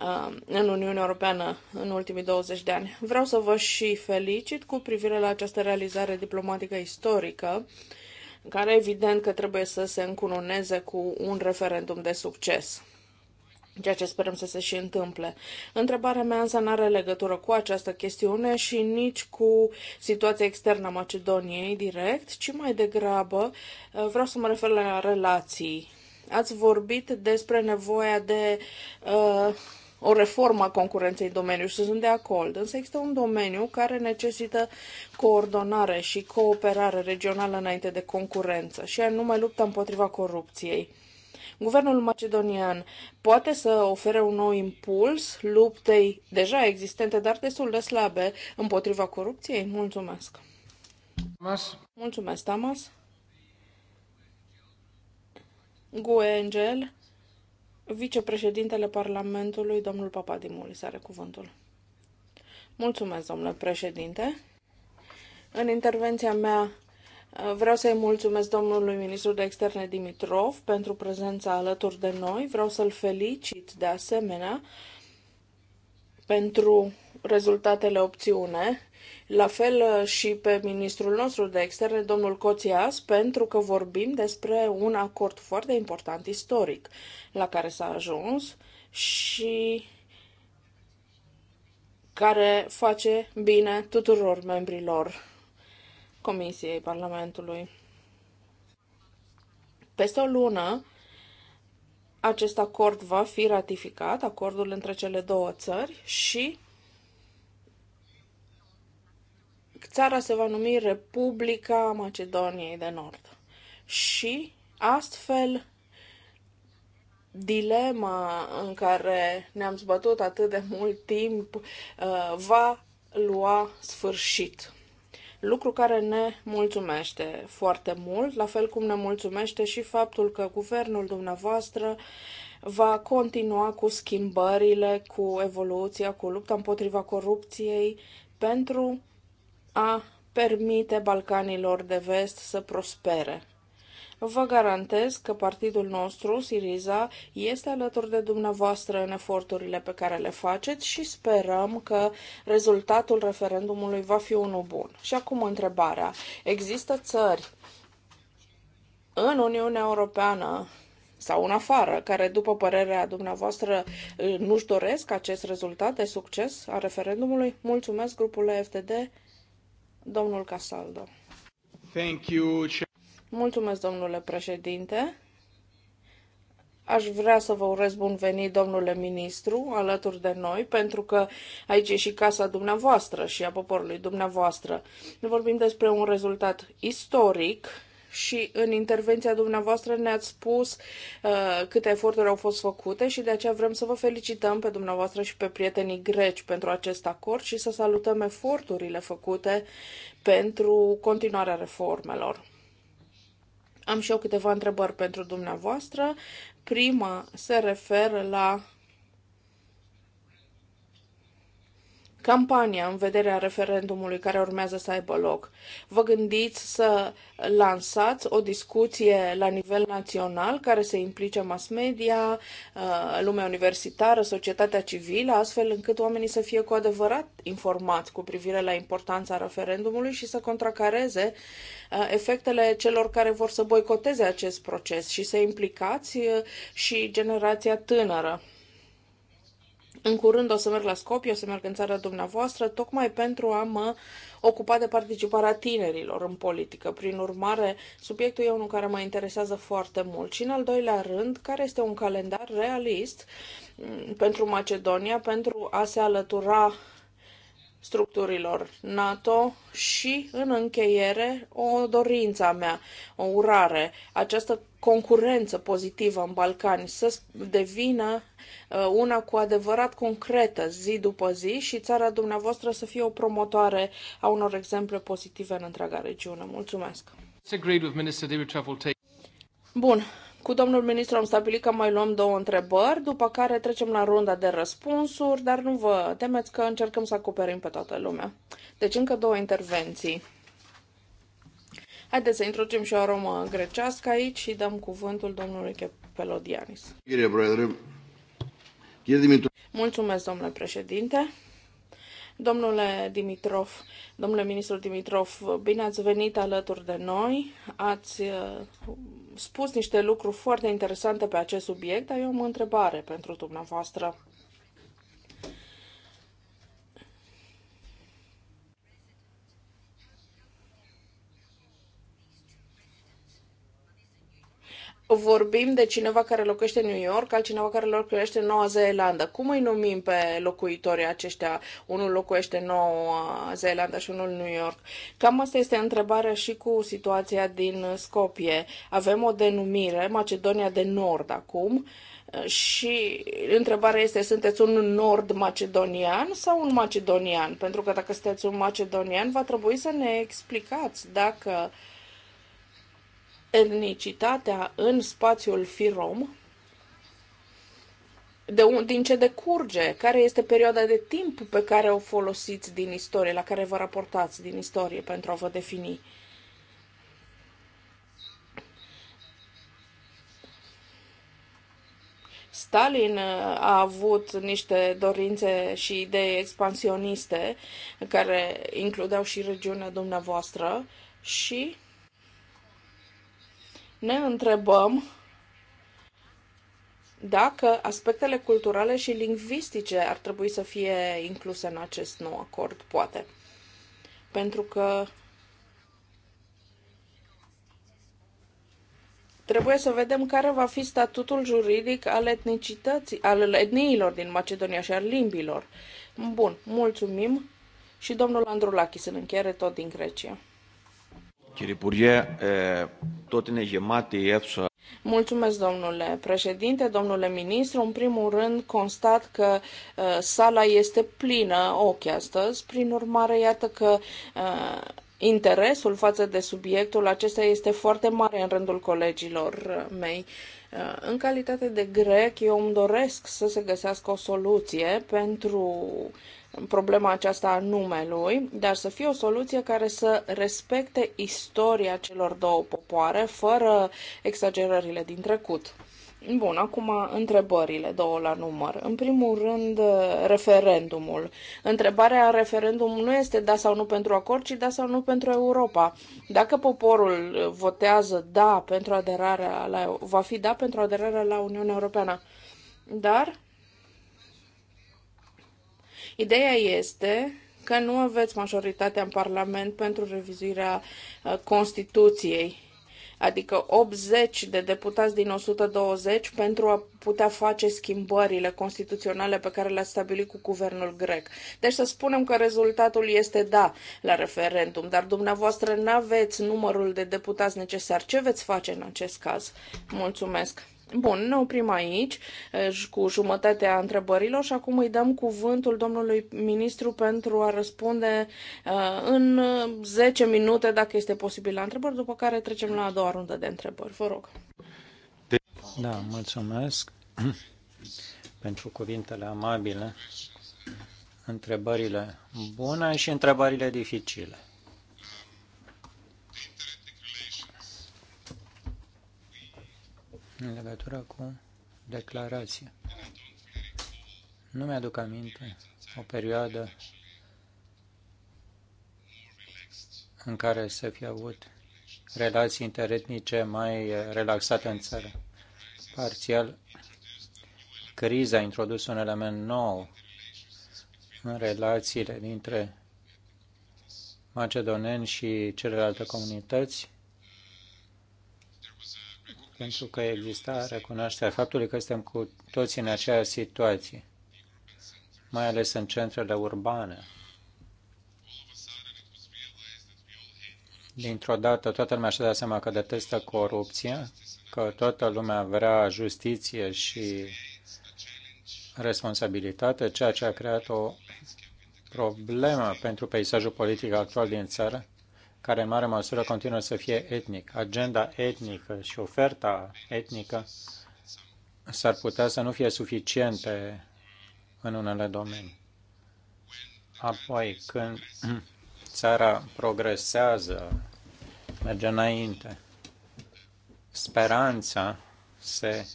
uh, în Uniunea Europeană în ultimii 20 de ani. Vreau să vă și felicit cu privire la această realizare diplomatică istorică, care evident că trebuie să se încununeze cu un referendum de succes ceea ce sperăm să se și întâmple. Întrebarea mea însă nu are legătură cu această chestiune și nici cu situația externă a Macedoniei direct, ci mai degrabă uh, vreau să mă refer la relații. Ați vorbit despre nevoia de uh, o reformă a concurenței în domeniu și sunt de acord, însă există un domeniu care necesită coordonare și cooperare regională înainte de concurență, și anume lupta împotriva corupției Guvernul macedonian poate să ofere un nou impuls luptei deja existente, dar destul de slabe, împotriva corupției? Mulțumesc! Mas. Mulțumesc, Tamas! Gue Angel, vicepreședintele Parlamentului, domnul Papadimulis, are cuvântul. Mulțumesc, domnule președinte! În intervenția mea Vreau să-i mulțumesc domnului ministru de externe Dimitrov pentru prezența alături de noi. Vreau să-l felicit de asemenea pentru rezultatele opțiune. La fel și pe ministrul nostru de externe, domnul Coțias, pentru că vorbim despre un acord foarte important istoric la care s-a ajuns și care face bine tuturor membrilor Comisiei Parlamentului. Peste o lună, acest acord va fi ratificat, acordul între cele două țări și țara se va numi Republica Macedoniei de Nord. Și astfel dilema în care ne-am zbătut atât de mult timp uh, va lua sfârșit lucru care ne mulțumește foarte mult, la fel cum ne mulțumește și faptul că guvernul dumneavoastră va continua cu schimbările, cu evoluția, cu lupta împotriva corupției pentru a permite Balcanilor de vest să prospere. Vă garantez că partidul nostru, Siriza, este alături de dumneavoastră în eforturile pe care le faceți și sperăm că rezultatul referendumului va fi unul bun. Și acum întrebarea. Există țări în Uniunea Europeană sau în afară, care, după părerea dumneavoastră, nu-și doresc acest rezultat de succes a referendumului? Mulțumesc, grupului FTD, domnul Casaldo. Thank you, Mulțumesc, domnule președinte. Aș vrea să vă urez bun venit, domnule ministru, alături de noi, pentru că aici e și casa dumneavoastră și a poporului dumneavoastră. Ne vorbim despre un rezultat istoric și în intervenția dumneavoastră ne-ați spus uh, câte eforturi au fost făcute și de aceea vrem să vă felicităm pe dumneavoastră și pe prietenii greci pentru acest acord și să salutăm eforturile făcute pentru continuarea reformelor. Am și eu câteva întrebări pentru dumneavoastră. Prima se referă la campania în vederea referendumului care urmează să aibă loc. Vă gândiți să lansați o discuție la nivel național care să implice mass media, uh, lumea universitară, societatea civilă, astfel încât oamenii să fie cu adevărat informați cu privire la importanța referendumului și să contracareze uh, efectele celor care vor să boicoteze acest proces și să implicați uh, și generația tânără. În curând o să merg la Scopie, o să merg în țara dumneavoastră, tocmai pentru a mă ocupa de participarea tinerilor în politică. Prin urmare, subiectul e unul care mă interesează foarte mult. Și în al doilea rând, care este un calendar realist mm, pentru Macedonia, pentru a se alătura structurilor NATO și, în încheiere, o dorință a mea, o urare. Această concurență pozitivă în Balcani, să devină uh, una cu adevărat concretă zi după zi și țara dumneavoastră să fie o promotoare a unor exemple pozitive în întreaga regiune. Mulțumesc! Bun, cu domnul ministru am stabilit că mai luăm două întrebări, după care trecem la runda de răspunsuri, dar nu vă temeți că încercăm să acoperim pe toată lumea. Deci încă două intervenții. Haideți să introducem și o aromă grecească aici și dăm cuvântul domnului Pelodianis. Mulțumesc, domnule președinte. Domnule Dimitrov, domnule ministru Dimitrov, bine ați venit alături de noi. Ați uh, spus niște lucruri foarte interesante pe acest subiect, dar eu am o întrebare pentru dumneavoastră. vorbim de cineva care locuiește în New York, altcineva care locuiește în Noua Zeelandă. Cum îi numim pe locuitorii aceștia? Unul locuiește în Noua Zeelandă și unul în New York. Cam asta este întrebarea și cu situația din Scopie. Avem o denumire, Macedonia de Nord acum, și întrebarea este, sunteți un nord-macedonian sau un macedonian? Pentru că dacă sunteți un macedonian, va trebui să ne explicați dacă uh, etnicitatea în spațiul FIROM, de un, din ce decurge, care este perioada de timp pe care o folosiți din istorie, la care vă raportați din istorie pentru a vă defini. Stalin uh, a avut niște dorințe și idei expansioniste care includeau și regiunea dumneavoastră și ne întrebăm dacă aspectele culturale și lingvistice ar trebui să fie incluse în acest nou acord, poate. Pentru că trebuie să vedem care va fi statutul juridic al etnicității, al etniilor din Macedonia și al limbilor. Bun, mulțumim. Și domnul Andrulachis în încheiere tot din Grecia. Κύριε tot ε, τότε είναι Mulțumesc, domnule președinte, domnule ministru. În primul rând, constat că uh, sala este plină ochi astăzi. Prin urmare, iată că uh, interesul față de subiectul acesta este foarte mare în rândul colegilor mei. În calitate de grec, eu îmi doresc să se găsească o soluție pentru problema aceasta a numelui, dar să fie o soluție care să respecte istoria celor două popoare, fără exagerările din trecut. Bun, acum întrebările, două la număr. În primul rând, referendumul. Întrebarea referendumului nu este da sau nu pentru acord, ci da sau nu pentru Europa. Dacă poporul votează da pentru aderarea la, va fi da pentru aderarea la Uniunea Europeană. Dar Ideea este că nu aveți majoritatea în Parlament pentru revizuirea uh, Constituției adică 80 de deputați din 120 pentru a putea face schimbările constituționale pe care le-a stabilit cu guvernul grec. Deci să spunem că rezultatul este da la referendum, dar dumneavoastră nu aveți numărul de deputați necesar. Ce veți face în acest caz? Mulțumesc! Bun, ne oprim aici eh, cu jumătatea întrebărilor și acum îi dăm cuvântul domnului ministru pentru a răspunde eh, în 10 eh, minute, dacă este posibil, la întrebări, după care trecem la a doua rundă de întrebări. Vă rog. Da, mulțumesc pentru cuvintele amabile, întrebările bune și întrebările dificile. în legătură cu declarația, Nu mi-aduc aminte o perioadă în care să fi avut relații interetnice mai relaxate în țară. Parțial, criza a introdus un element nou în relațiile dintre macedoneni și celelalte comunități pentru că exista recunoașterea faptului că suntem cu toții în aceeași situație, mai ales în centrele urbane. Dintr-o dată toată lumea și-a dat seama că detestă corupția, că toată lumea vrea justiție și responsabilitate, ceea ce a creat o problemă pentru peisajul politic actual din țară care în mare măsură continuă să fie etnic. Agenda etnică și oferta etnică s-ar putea să nu fie suficiente în unele domenii. Apoi, când țara progresează, merge înainte, speranța se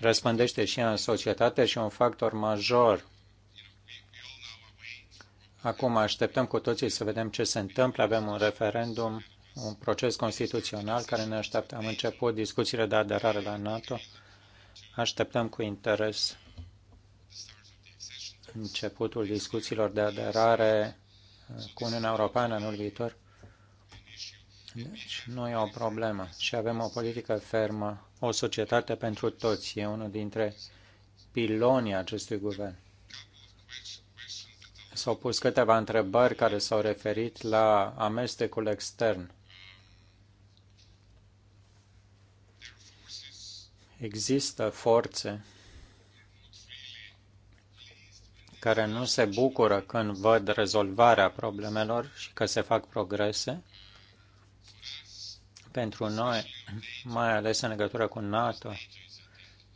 răspândește și în societate și un factor major Acum așteptăm cu toții să vedem ce se întâmplă. Avem un referendum, un proces constituțional care ne așteaptă. Am început discuțiile de aderare la NATO. Așteptăm cu interes începutul discuțiilor de aderare cu Uniunea Europeană în viitor. Deci nu e o problemă și avem o politică fermă, o societate pentru toți. E unul dintre pilonii acestui guvern. S-au pus câteva întrebări care s-au referit la amestecul extern. Există forțe care nu se bucură când văd rezolvarea problemelor și că se fac progrese. Pentru noi, mai ales în legătură cu NATO,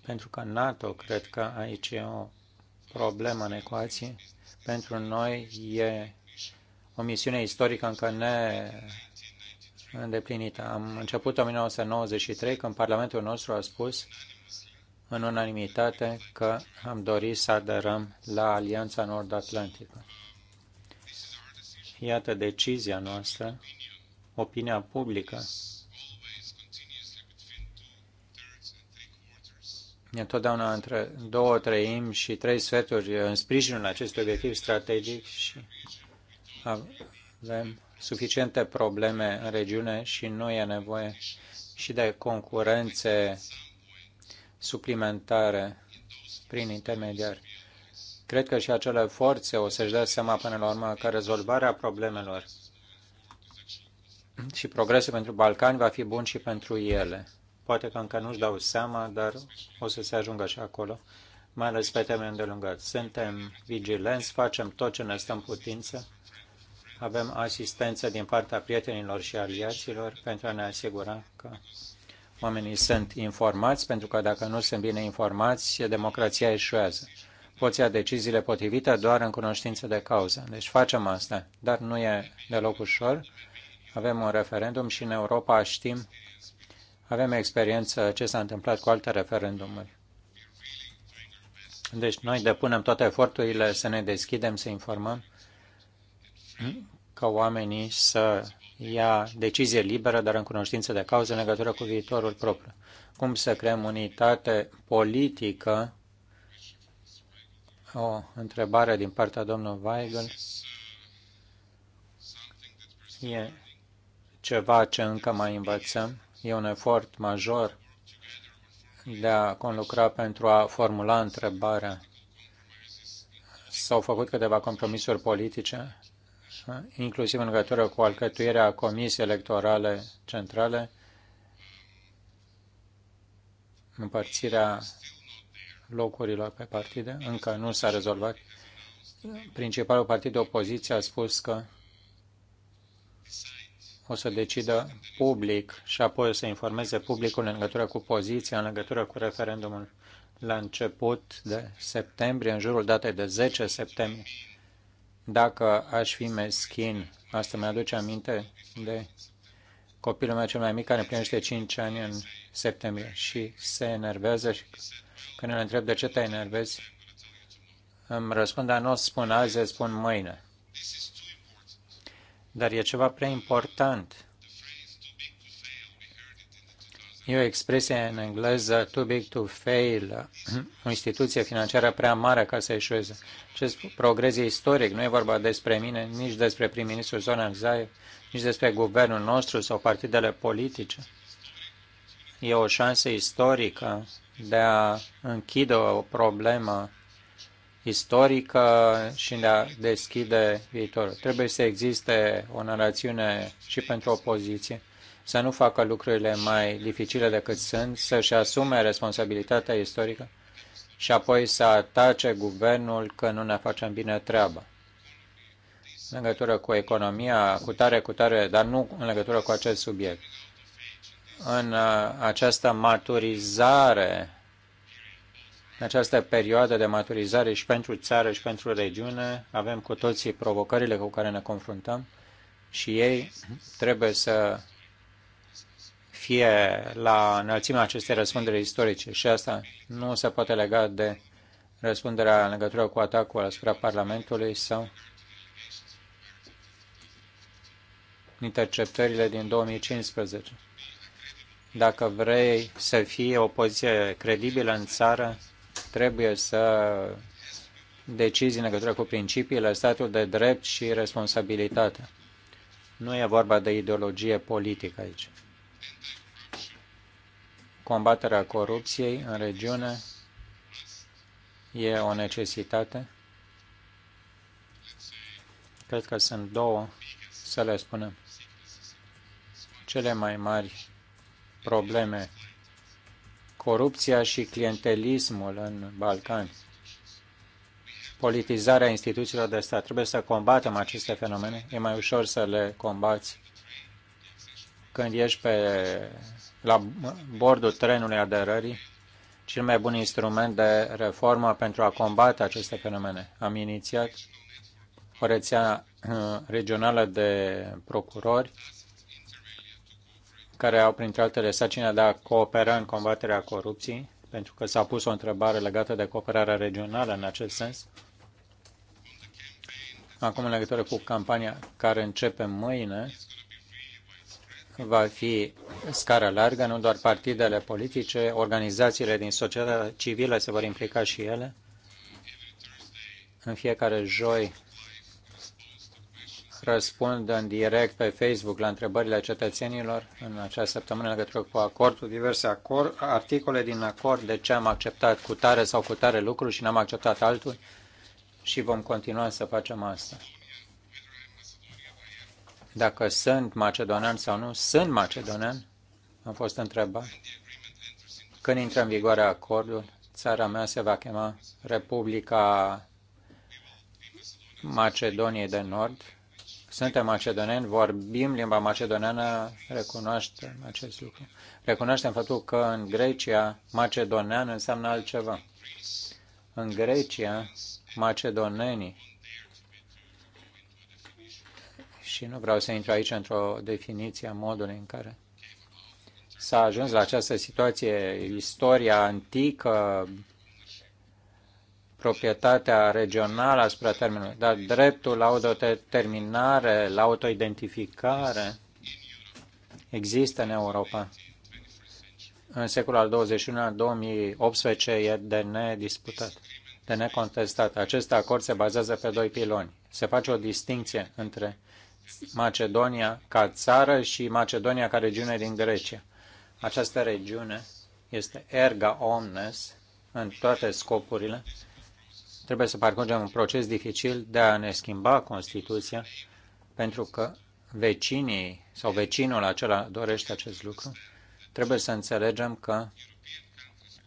pentru că NATO, cred că aici e o problemă în ecuație, pentru noi e o misiune istorică încă ne îndeplinită. Am început 1993 când Parlamentul nostru a spus în unanimitate că am dorit să aderăm la Alianța Nord-Atlantică. Iată decizia noastră, opinia publică întotdeauna între două treimi și trei sferturi în sprijinul acestui obiectiv strategic și avem suficiente probleme în regiune și nu e nevoie și de concurențe suplimentare prin intermediari. Cred că și acele forțe o să-și dea seama până la urmă că rezolvarea problemelor și progresul pentru Balcani va fi bun și pentru ele. Poate că încă nu-și dau seama, dar o să se ajungă și acolo, mai ales pe termen îndelungat. Suntem vigilenți, facem tot ce ne stă în putință, avem asistență din partea prietenilor și aliaților pentru a ne asigura că oamenii sunt informați, pentru că dacă nu sunt bine informați, democrația eșuează. Poți ia deciziile potrivite doar în cunoștință de cauză. Deci facem asta, dar nu e deloc ușor. Avem un referendum și în Europa știm avem experiență ce s-a întâmplat cu alte referendumuri. Deci noi depunem toate eforturile să ne deschidem, să informăm ca oamenii să ia decizie liberă, dar în cunoștință de cauză, în legătură cu viitorul propriu. Cum să creăm unitate politică? O întrebare din partea domnului Weigel. E ceva ce încă mai învățăm. E un efort major de a conlucra pentru a formula întrebarea. S-au făcut câteva compromisuri politice, inclusiv în legătură cu alcătuirea Comisiei Electorale Centrale, împărțirea locurilor pe partide. Încă nu s-a rezolvat. Principalul partid de opoziție a spus că o să decidă public și apoi o să informeze publicul în legătură cu poziția, în legătură cu referendumul la început de septembrie, în jurul datei de 10 septembrie. Dacă aș fi meschin, asta mi-aduce aminte de copilul meu cel mai mic care împlinește 5 ani în septembrie și se enervează și când îl întreb de ce te enervezi, îmi răspund, dar nu o spun azi, spun mâine dar e ceva prea important. E o expresie în engleză, too big to fail, o instituție financiară prea mare ca să eșueze. Acest progres e istoric, nu e vorba despre mine, nici despre prim-ministrul Zoran Zaev, nici despre guvernul nostru sau partidele politice. E o șansă istorică de a închide o problemă istorică și ne-a deschide viitorul. Trebuie să existe o narațiune și pentru opoziție, să nu facă lucrurile mai dificile decât sunt, să-și asume responsabilitatea istorică și apoi să atace guvernul că nu ne facem bine treaba. În legătură cu economia, cu tare, cu tare, dar nu în legătură cu acest subiect. În uh, această maturizare în această perioadă de maturizare și pentru țară și pentru regiune avem cu toții provocările cu care ne confruntăm și ei trebuie să fie la înălțimea acestei răspundere istorice și asta nu se poate lega de răspunderea în legătură cu atacul asupra Parlamentului sau interceptările din 2015. Dacă vrei să fie o poziție credibilă în țară, trebuie să decizi în legătură cu principiile, statul de drept și responsabilitatea. Nu e vorba de ideologie politică aici. Combaterea corupției în regiune e o necesitate. Cred că sunt două, să le spunem, cele mai mari probleme corupția și clientelismul în Balcani, politizarea instituțiilor de stat. Trebuie să combatem aceste fenomene. E mai ușor să le combați când ești pe, la bordul trenului aderării. Cel mai bun instrument de reformă pentru a combate aceste fenomene. Am inițiat o rețea uh, regională de procurori care au, printre altele, sarcina de a coopera în combaterea corupției, pentru că s-a pus o întrebare legată de cooperarea regională în acest sens. Acum, în legătură cu campania care începe mâine, va fi scară largă, nu doar partidele politice, organizațiile din societatea civilă se vor implica și ele. În fiecare joi răspund în direct pe Facebook la întrebările cetățenilor în această săptămână legătură cu acordul, diverse acord, articole din acord, de ce am acceptat cu tare sau cu tare lucruri și n-am acceptat altul și vom continua să facem asta. Dacă sunt macedonean sau nu, sunt macedonean, am fost întrebat. Când intră în vigoare acordul, țara mea se va chema Republica Macedoniei de Nord suntem macedoneni, vorbim limba macedoneană, recunoaștem acest lucru. Recunoaștem faptul că în Grecia macedonean înseamnă altceva. În Grecia, macedonenii și nu vreau să intru aici într-o definiție a modului în care s-a ajuns la această situație, istoria antică, proprietatea regională asupra termenului, dar dreptul la autodeterminare, la autoidentificare există în Europa. În secolul al xxi al 2018, e de nedisputat, de necontestat. Acest acord se bazează pe doi piloni. Se face o distinție între Macedonia ca țară și Macedonia ca regiune din Grecia. Această regiune este erga omnes în toate scopurile, Trebuie să parcurgem un proces dificil de a ne schimba Constituția, pentru că vecinii sau vecinul acela dorește acest lucru. Trebuie să înțelegem că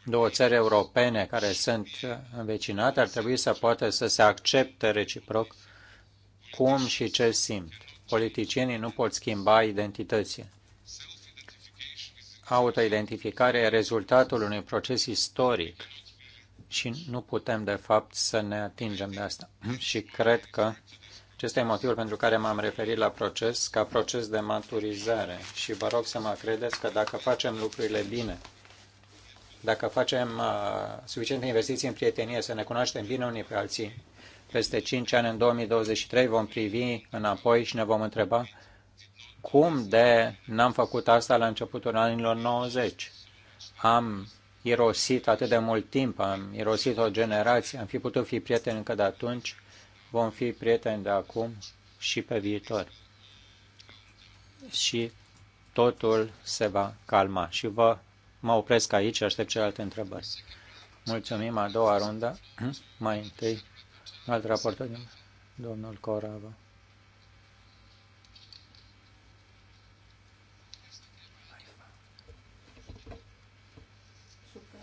două țări europene care sunt învecinate ar trebui să poată să se accepte reciproc cum și ce simt. Politicienii nu pot schimba identității. Autoidentificarea e rezultatul unui proces istoric și nu putem, de fapt, să ne atingem de asta. Și cred că acesta e motivul pentru care m-am referit la proces ca proces de maturizare și vă rog să mă credeți că dacă facem lucrurile bine, dacă facem uh, suficiente investiții în prietenie, să ne cunoaștem bine unii pe alții, peste 5 ani, în 2023, vom privi înapoi și ne vom întreba cum de n-am făcut asta la începutul anilor 90. Am irosit atât de mult timp, am irosit o generație, am fi putut fi prieteni încă de atunci, vom fi prieteni de acum și pe viitor. Și totul se va calma. Și vă, mă opresc aici aștept celelalte întrebări. Mulțumim a doua rundă. Mai întâi, alt raportor, domnul Corava.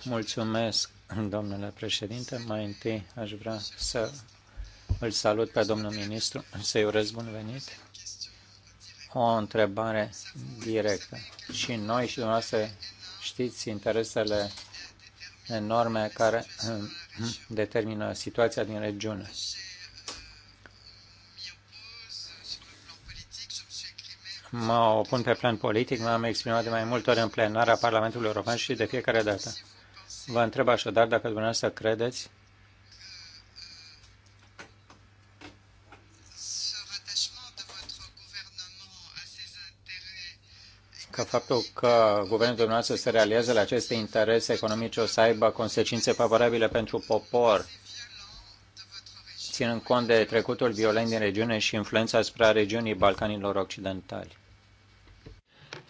Mulțumesc, domnule președinte. Mai întâi aș vrea să îl salut pe domnul ministru, să-i urez bun venit. O întrebare directă. Și noi și dumneavoastră știți interesele enorme care hmm, determină situația din regiune. Mă opun pe plan politic, m-am exprimat de mai multe ori în plenarea Parlamentului European și de fiecare dată Vă întreb așadar dacă dumneavoastră credeți că faptul că guvernul dumneavoastră se realizează la aceste interese economice o să aibă consecințe favorabile pentru popor, ținând cont de trecutul violent din regiune și influența asupra regiunii Balcanilor Occidentali.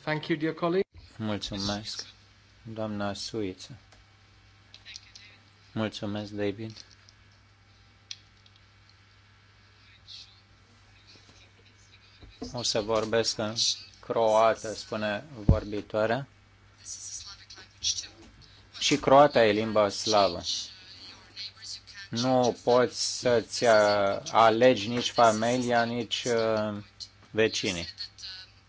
Thank you, dear colleague. Mulțumesc, doamna Suiță. Mulțumesc, David. O să vorbesc în croată, spune vorbitoarea. Și croata e limba slavă. Nu poți să-ți uh, alegi nici familia, nici uh, vecinii.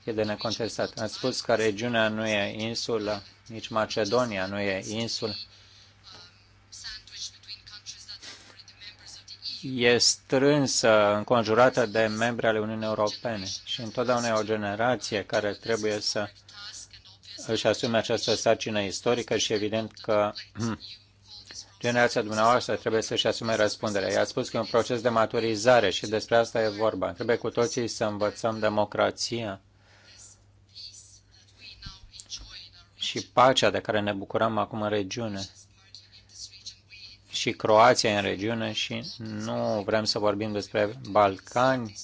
E de necontestat. Am spus că regiunea nu e insulă, nici Macedonia nu e insulă. e strânsă, înconjurată de membri ale Uniunii Europene și întotdeauna e o generație care trebuie să își asume această sarcină istorică și evident că generația dumneavoastră trebuie să-și asume răspunderea. I-a spus că e un proces de maturizare și despre asta e vorba. Trebuie cu toții să învățăm democrația și pacea de care ne bucurăm acum în regiune și Croația în regiune și nu vrem să vorbim despre Balcani,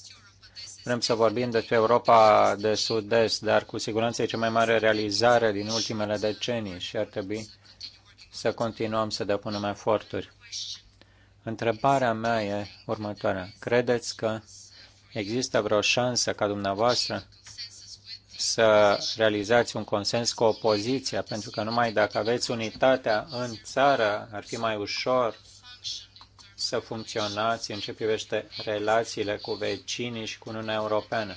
vrem să vorbim despre Europa de Sud-Est, dar cu siguranță e cea mai mare realizare din ultimele decenii și ar trebui să continuăm să depunem eforturi. Întrebarea mea e următoarea. Credeți că există vreo șansă ca dumneavoastră să realizați un consens cu opoziția, pentru că numai dacă aveți unitatea în țară, ar fi mai ușor să funcționați în ce privește relațiile cu vecinii și cu Uniunea Europeană.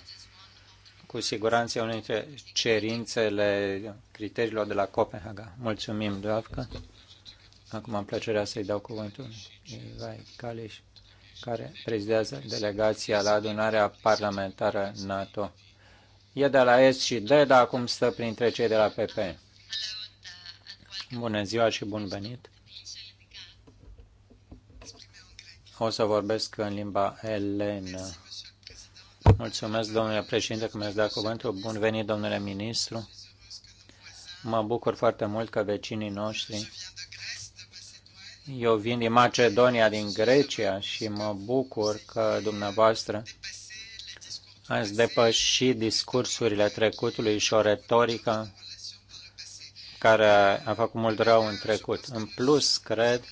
Cu siguranță e unul dintre cerințele criteriilor de la Copenhaga. Mulțumim, Doavcă. Acum am plăcerea să-i dau cuvântul Ivai Caliș, care prezidează delegația la adunarea parlamentară NATO. E de la S și D, dar acum stă printre cei de la PP. Bună ziua și bun venit! O să vorbesc în limba elenă. Mulțumesc, domnule președinte, că mi-ați dat cuvântul. Bun venit, domnule ministru. Mă bucur foarte mult că vecinii noștri eu vin din Macedonia, din Grecia și mă bucur că dumneavoastră ați depăși discursurile trecutului și o retorică care a făcut mult rău în trecut. În plus, cred,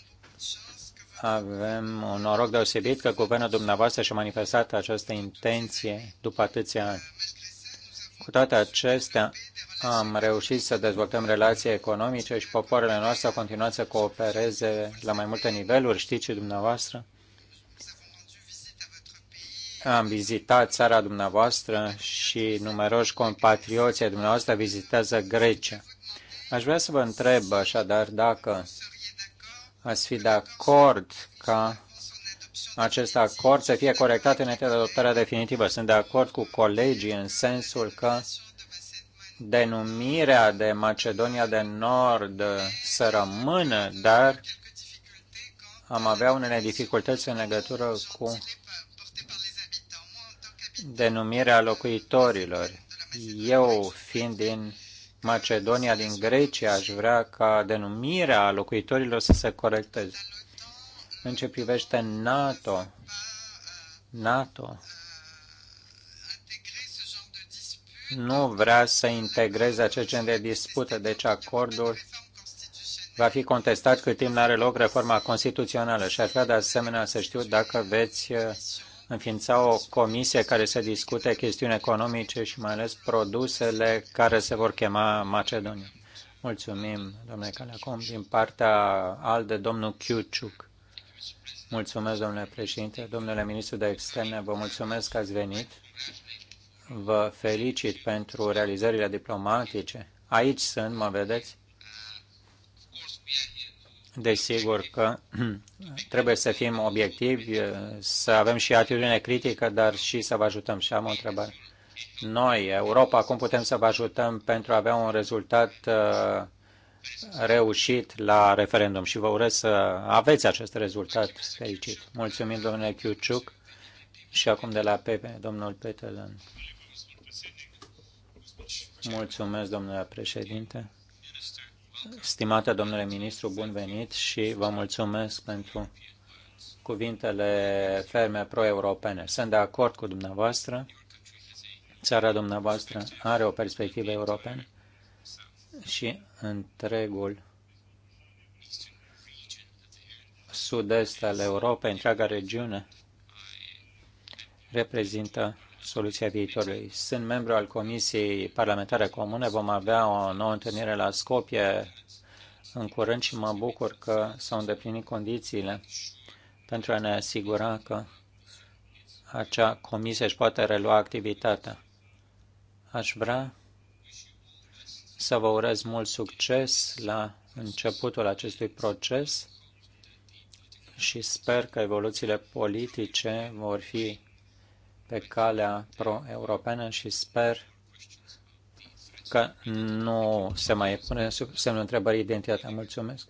avem un noroc deosebit că guvernul dumneavoastră și-a manifestat această intenție după atâția ani. Cu toate acestea, am reușit să dezvoltăm relații economice și popoarele noastre au continuat să coopereze la mai multe niveluri, știți și dumneavoastră. Am vizitat țara dumneavoastră și numeroși compatrioți ai dumneavoastră vizitează Grecia. Aș vrea să vă întreb așadar dacă ați fi de acord ca acest acord să fie corectat înainte de adoptarea definitivă. Sunt de acord cu colegii în sensul că denumirea de Macedonia de Nord să rămână, dar am avea unele dificultăți în legătură cu denumirea locuitorilor. Eu, fiind din Macedonia, din Grecia, aș vrea ca denumirea locuitorilor să se corecteze. În ce privește NATO, NATO nu vrea să integreze acest gen de dispute, deci acordul va fi contestat cât timp nu are loc reforma constituțională și ar vrea de asemenea să știu dacă veți înființa o comisie care să discute chestiuni economice și mai ales produsele care se vor chema Macedonia. Mulțumim, domnule Caleacom, din partea al de domnul Chiuciuc. Mulțumesc, domnule președinte, domnule ministru de externe, vă mulțumesc că ați venit. Vă felicit pentru realizările diplomatice. Aici sunt, mă vedeți? Desigur că trebuie să fim obiectivi, să avem și atitudine critică, dar și să vă ajutăm. Și am o întrebare. Noi, Europa, cum putem să vă ajutăm pentru a avea un rezultat uh, reușit la referendum? Și vă urez să aveți acest rezultat fericit. Mulțumim, domnule Chiuciuc. Și acum de la Pepe, domnul Petelan. Mulțumesc, domnule președinte. Stimate domnule ministru, bun venit și vă mulțumesc pentru cuvintele ferme pro-europene. Sunt de acord cu dumneavoastră. Țara dumneavoastră are o perspectivă europeană și întregul sud-est al Europei, întreaga regiune, reprezintă soluția viitorului. Sunt membru al Comisiei Parlamentare Comune, vom avea o nouă întâlnire la Scopie în curând și mă bucur că s-au îndeplinit condițiile pentru a ne asigura că acea comisie își poate relua activitatea. Aș vrea să vă urez mult succes la începutul acestui proces și sper că evoluțiile politice vor fi pe calea pro-europeană și sper că nu se mai pune sub semnul întrebării identitatea. Mulțumesc.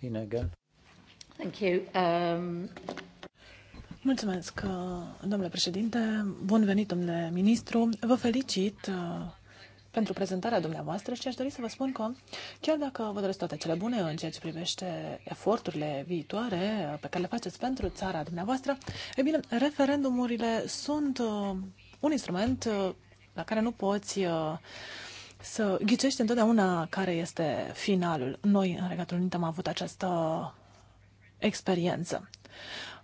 Inegel. Thank you. Um... Mulțumesc, uh, domnule președinte. Bun venit, domnule ministru. Vă felicit uh, pentru prezentarea dumneavoastră și aș dori să vă spun că, chiar dacă vă doresc toate cele bune în ceea ce privește eforturile viitoare pe care le faceți pentru țara dumneavoastră, e bine, referendumurile sunt uh, un instrument uh, la care nu poți uh, să ghicești întotdeauna care este finalul. Noi, în Regatul Unit, am avut această experiență.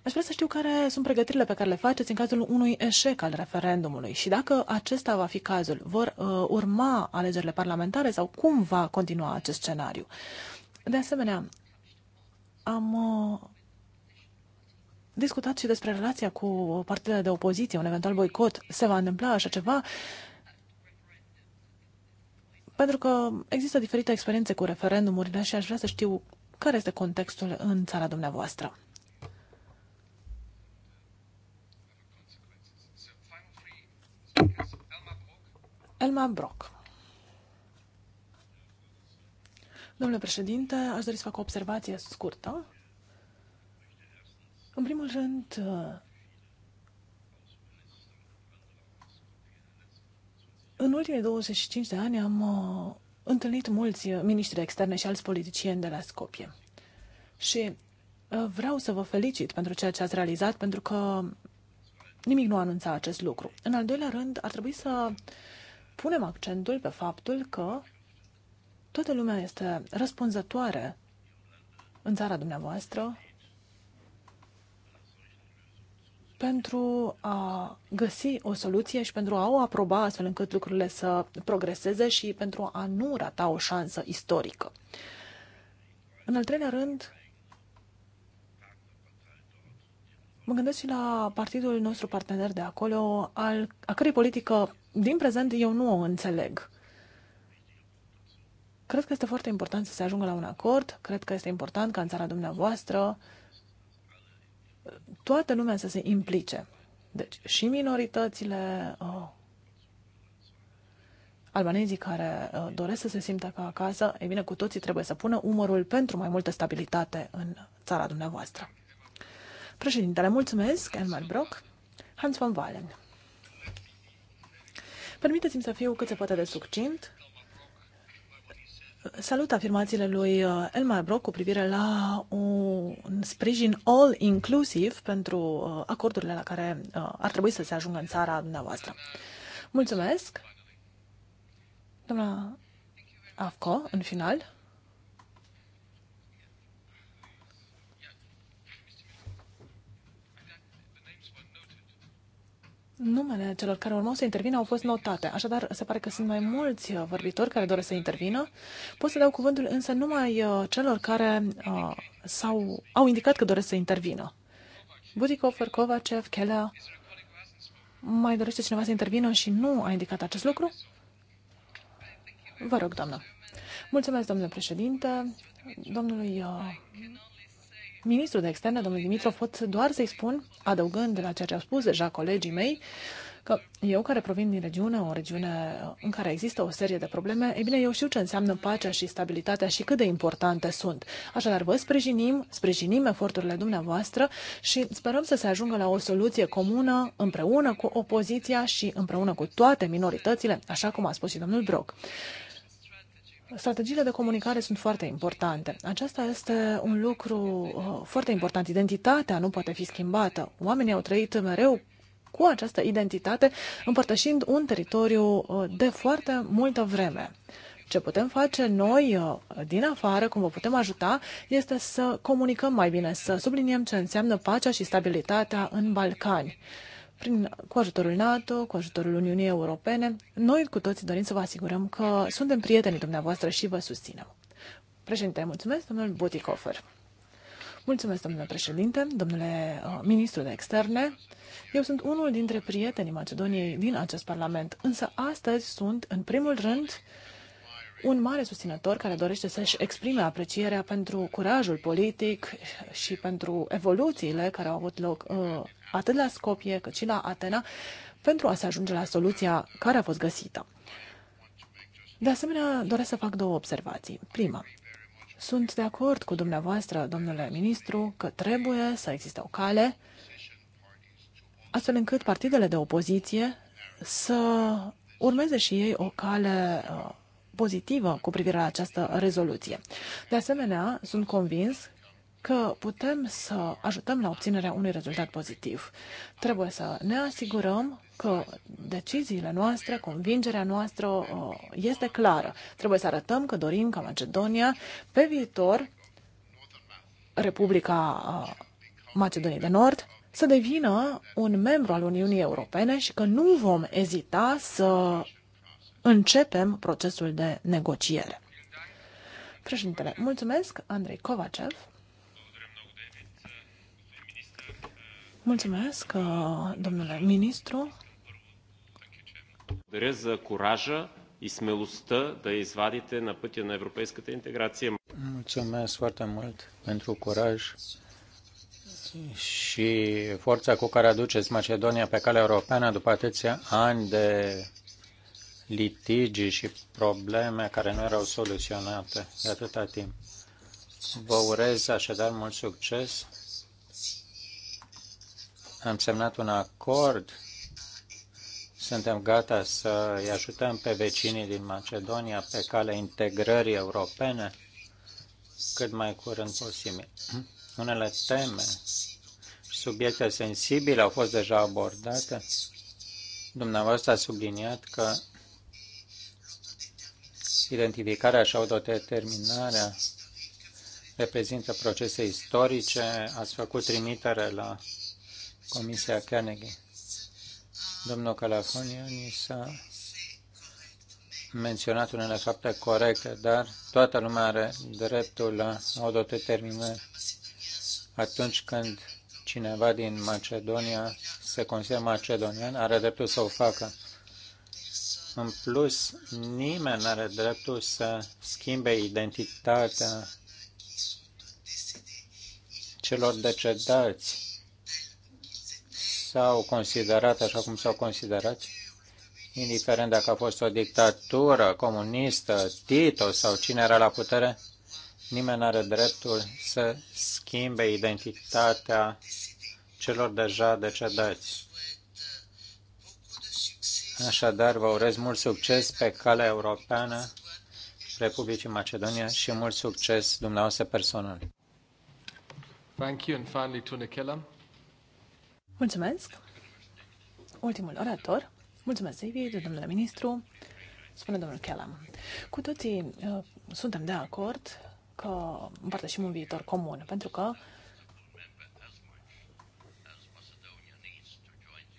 Aș vrea să știu care sunt pregătirile pe care le faceți în cazul unui eșec al referendumului și dacă acesta va fi cazul, vor uh, urma alegerile parlamentare sau cum va continua acest scenariu. De asemenea, am uh, discutat și despre relația cu partidele de opoziție, un eventual boicot. Se va întâmpla așa ceva? Pentru că există diferite experiențe cu referendumurile și aș vrea să știu care este contextul în țara dumneavoastră. Elma Brock. Domnule președinte, aș dori să fac o observație scurtă. În primul rând, uh, în ultimii 25 de ani am uh, întâlnit mulți miniștri externe și alți politicieni de la Scopie. Și uh, vreau să vă felicit pentru ceea ce ați realizat, pentru că nimic nu anunța acest lucru. În al doilea rând, ar trebui să punem accentul pe faptul că toată lumea este răspunzătoare în țara dumneavoastră pentru a găsi o soluție și pentru a o aproba astfel încât lucrurile să progreseze și pentru a nu rata o șansă istorică. În al treilea rând, mă gândesc și la partidul nostru partener de acolo, al, a cărei politică din prezent eu nu o înțeleg. Cred că este foarte important să se ajungă la un acord, cred că este important ca în țara dumneavoastră toată lumea să se implice. Deci și minoritățile, oh, albanezii care uh, doresc să se simtă ca acasă, e bine, cu toții trebuie să pună umărul pentru mai multă stabilitate în țara dumneavoastră. Președintele, mulțumesc, Elmar Brock, Hans von Wallen. Permiteți-mi să fiu cât se poate de succint. Salut afirmațiile lui uh, Elmar Brock cu privire la un sprijin all-inclusiv pentru uh, acordurile la care uh, ar trebui să se ajungă în țara dumneavoastră. Mulțumesc! Doamna Avco, în final. Numele celor care urmau să intervină au fost notate, așadar se pare că sunt mai mulți uh, vorbitori care doresc să intervină. Pot să dau cuvântul însă numai uh, celor care uh, sau au indicat că doresc să intervină. Budikov, Kovacev, Kelea, mai dorește cineva să intervină și nu a indicat acest lucru? Vă rog, doamnă. Mulțumesc, domnule președinte, domnului uh, ministrul de externe, domnul Dimitrov, pot doar să-i spun, adăugând la ceea ce au spus deja colegii mei, că eu care provin din regiune, o regiune în care există o serie de probleme, e bine, eu știu ce înseamnă pacea și stabilitatea și cât de importante sunt. Așadar, vă sprijinim, sprijinim eforturile dumneavoastră și sperăm să se ajungă la o soluție comună împreună cu opoziția și împreună cu toate minoritățile, așa cum a spus și domnul Brock. Strategiile de comunicare sunt foarte importante. Aceasta este un lucru uh, foarte important. Identitatea nu poate fi schimbată. Oamenii au trăit mereu cu această identitate, împărtășind un teritoriu uh, de foarte multă vreme. Ce putem face noi uh, din afară, cum vă putem ajuta, este să comunicăm mai bine, să subliniem ce înseamnă pacea și stabilitatea în Balcani prin, cu ajutorul NATO, cu ajutorul Uniunii Europene, noi cu toții dorim să vă asigurăm că suntem prietenii dumneavoastră și vă susținem. Președinte, mulțumesc, domnul Buticofer. Mulțumesc, domnule președinte, domnule uh, ministru de externe. Eu sunt unul dintre prietenii Macedoniei din acest parlament, însă astăzi sunt, în primul rând, un mare susținător care dorește să-și exprime aprecierea pentru curajul politic și pentru evoluțiile care au avut loc uh, atât la Scopie cât și la Atena pentru a se ajunge la soluția care a fost găsită. De asemenea, doresc să fac două observații. Prima, sunt de acord cu dumneavoastră, domnule ministru, că trebuie să existe o cale astfel încât partidele de opoziție să urmeze și ei o cale uh, pozitivă cu privire la această rezoluție. De asemenea, sunt convins că putem să ajutăm la obținerea unui rezultat pozitiv. Trebuie să ne asigurăm că deciziile noastre, convingerea noastră uh, este clară. Trebuie să arătăm că dorim ca Macedonia pe viitor, Republica uh, Macedoniei de Nord, să devină un membru al Uniunii Europene și că nu vom ezita să începem procesul de negociere. Președintele, mulțumesc, Andrei Kovacev. Mulțumesc, uh, domnule ministru. Благодаря curajă, куража и смелостта да извадите на пътя на европейската Mulțumesc foarte mult pentru curaj și forța cu care aduceți Macedonia pe calea europeană după atâția ani de litigii și probleme care nu erau soluționate de atâta timp. Vă urez așadar mult succes. Am semnat un acord. Suntem gata să îi ajutăm pe vecinii din Macedonia pe calea integrării europene cât mai curând posibil. Unele teme și subiecte sensibile au fost deja abordate. Dumneavoastră a subliniat că identificarea și autodeterminarea reprezintă procese istorice. Ați făcut trimitere la Comisia Carnegie. Domnul Calafoniani s-a menționat unele fapte corecte, dar toată lumea are dreptul la autodeterminare atunci când cineva din Macedonia se consideră macedonian, are dreptul să o facă. În plus, nimeni nu are dreptul să schimbe identitatea celor decedați sau considerat așa cum s-au considerat, indiferent dacă a fost o dictatură comunistă, Tito sau cine era la putere, nimeni nu are dreptul să schimbe identitatea celor deja decedați. Așadar, vă urez mult succes pe calea europeană Republicii Macedonia și mult succes dumneavoastră personal. Thank you and finally Tony Kellam. Mulțumesc. Ultimul orator. Mulțumesc, David, domnule ministru. Spune domnul Kellam. Cu toții uh, suntem de acord că împărtășim un viitor comun, pentru că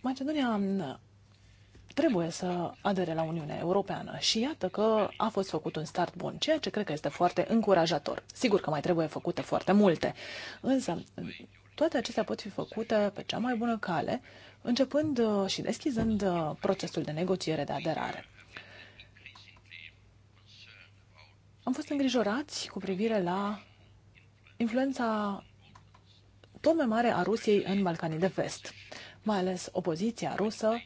Macedonia trebuie să adere la Uniunea Europeană și iată că a fost făcut un start bun, ceea ce cred că este foarte încurajator. Sigur că mai trebuie făcute foarte multe, însă toate acestea pot fi făcute pe cea mai bună cale, începând uh, și deschizând uh, procesul de negociere de aderare. Am fost îngrijorați cu privire la influența tot mai mare a Rusiei în Balcanii de Vest. Mai ales opoziția rusă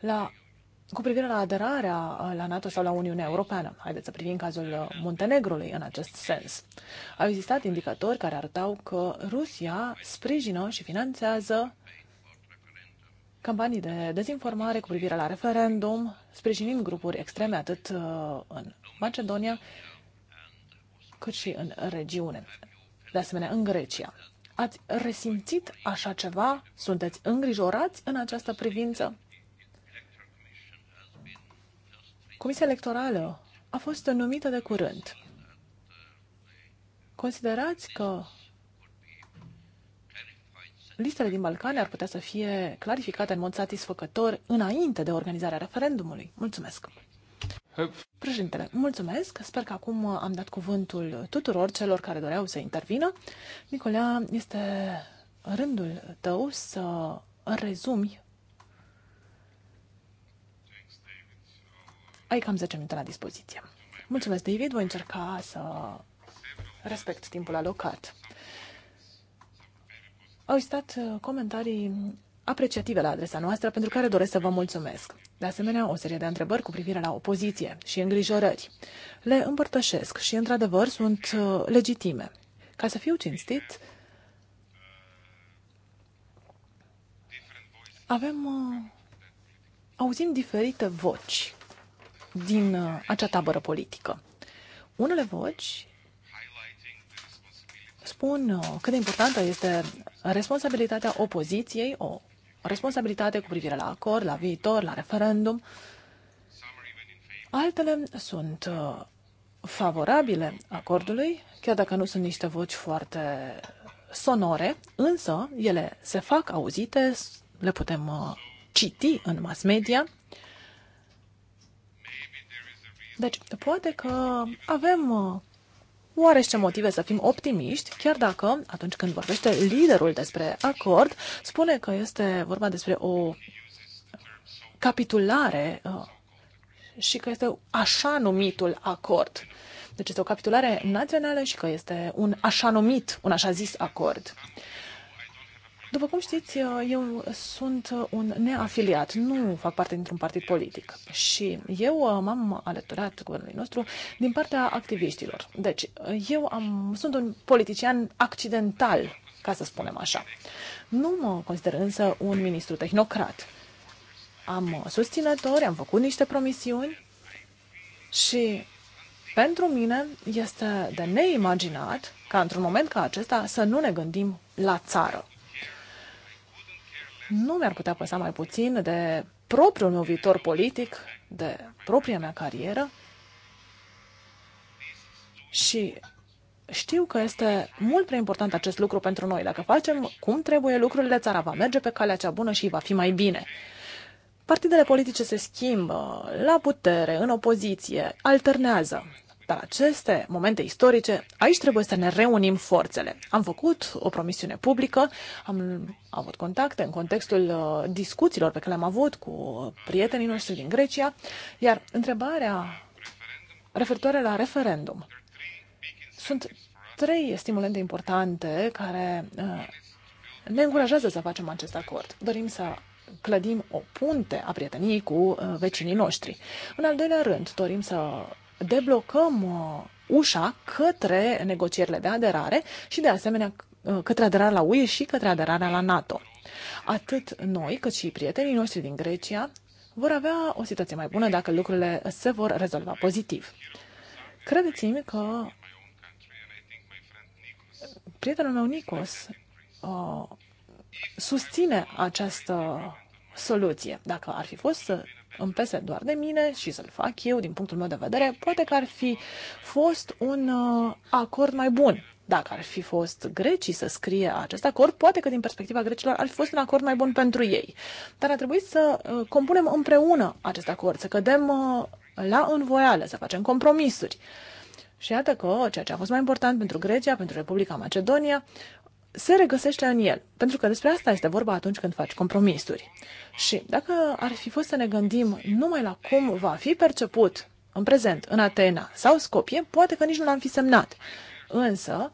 la, cu privire la aderarea uh, la NATO sau la Uniunea Europeană. Haideți să privim cazul uh, Muntenegrului în acest sens. Au existat indicatori care arătau că Rusia sprijină și finanțează campanii de dezinformare cu privire la referendum, sprijinind grupuri extreme atât uh, în Macedonia cât și în regiune, de asemenea în Grecia. Ați resimțit așa ceva? Sunteți îngrijorați în această privință? Comisia Electorală a fost numită de curând. Considerați că listele din Balcane ar putea să fie clarificate în mod satisfăcător înainte de organizarea referendumului. Mulțumesc! Președintele, mulțumesc! Sper că acum am dat cuvântul tuturor celor care doreau să intervină. Nicolea, este rândul tău să rezumi Ai cam 10 minute la dispoziție. Mulțumesc, David. Voi încerca să respect timpul alocat. Au existat uh, comentarii apreciative la adresa noastră, pentru care doresc să vă mulțumesc. De asemenea, o serie de întrebări cu privire la opoziție și îngrijorări. Le împărtășesc și, într-adevăr, sunt uh, legitime. Ca să fiu cinstit, avem, uh, auzim diferite voci din uh, acea tabără politică. Unele voci spun uh, cât de importantă este responsabilitatea opoziției, o responsabilitate cu privire la acord, la viitor, la referendum. Altele sunt uh, favorabile acordului, chiar dacă nu sunt niște voci foarte sonore, însă ele se fac auzite, le putem citi în mass media deci, poate că avem uh, oarește motive să fim optimiști, chiar dacă, atunci când vorbește liderul despre acord, spune că este vorba despre o capitulare uh, și că este așa numitul acord. Deci este o capitulare națională și că este un așa numit, un așa zis acord. După cum știți, eu sunt un neafiliat, nu fac parte dintr-un partid politic și eu uh, m-am alăturat guvernului nostru din partea activiștilor. Deci, uh, eu am, sunt un politician accidental, ca să spunem așa. Nu mă consider însă un ministru tehnocrat. Am susținători, am făcut niște promisiuni și pentru mine este de neimaginat ca într-un moment ca acesta să nu ne gândim la țară nu mi-ar putea păsa mai puțin de propriul meu viitor politic, de propria mea carieră și știu că este mult prea important acest lucru pentru noi. Dacă facem cum trebuie lucrurile, țara va merge pe calea cea bună și va fi mai bine. Partidele politice se schimbă, la putere, în opoziție, alternează dar aceste momente istorice, aici trebuie să ne reunim forțele. Am făcut o promisiune publică, am, am avut contacte în contextul uh, discuțiilor pe care le-am avut cu prietenii noștri din Grecia, iar întrebarea referitoare la referendum. Sunt trei stimulente importante care uh, ne încurajează să facem acest acord. Dorim să clădim o punte a prieteniei cu uh, vecinii noștri. În al doilea rând, dorim să deblocăm uh, ușa către negocierile de aderare și, de asemenea, uh, către aderarea la UE și către aderarea la NATO. Atât noi, cât și prietenii noștri din Grecia vor avea o situație mai bună dacă lucrurile se vor rezolva pozitiv. Credeți-mi că prietenul meu, Nicos, uh, susține această soluție. Dacă ar fi fost îmi pese doar de mine și să-l fac eu din punctul meu de vedere, poate că ar fi fost un uh, acord mai bun. Dacă ar fi fost grecii să scrie acest acord, poate că din perspectiva grecilor ar fi fost un acord mai bun pentru ei. Dar ar trebui să uh, compunem împreună acest acord, să cădem uh, la învoială, să facem compromisuri. Și iată că ceea ce a fost mai important pentru Grecia, pentru Republica Macedonia, se regăsește în el. Pentru că despre asta este vorba atunci când faci compromisuri. Și dacă ar fi fost să ne gândim numai la cum va fi perceput în prezent, în Atena sau Scopie, poate că nici nu l-am fi semnat. Însă,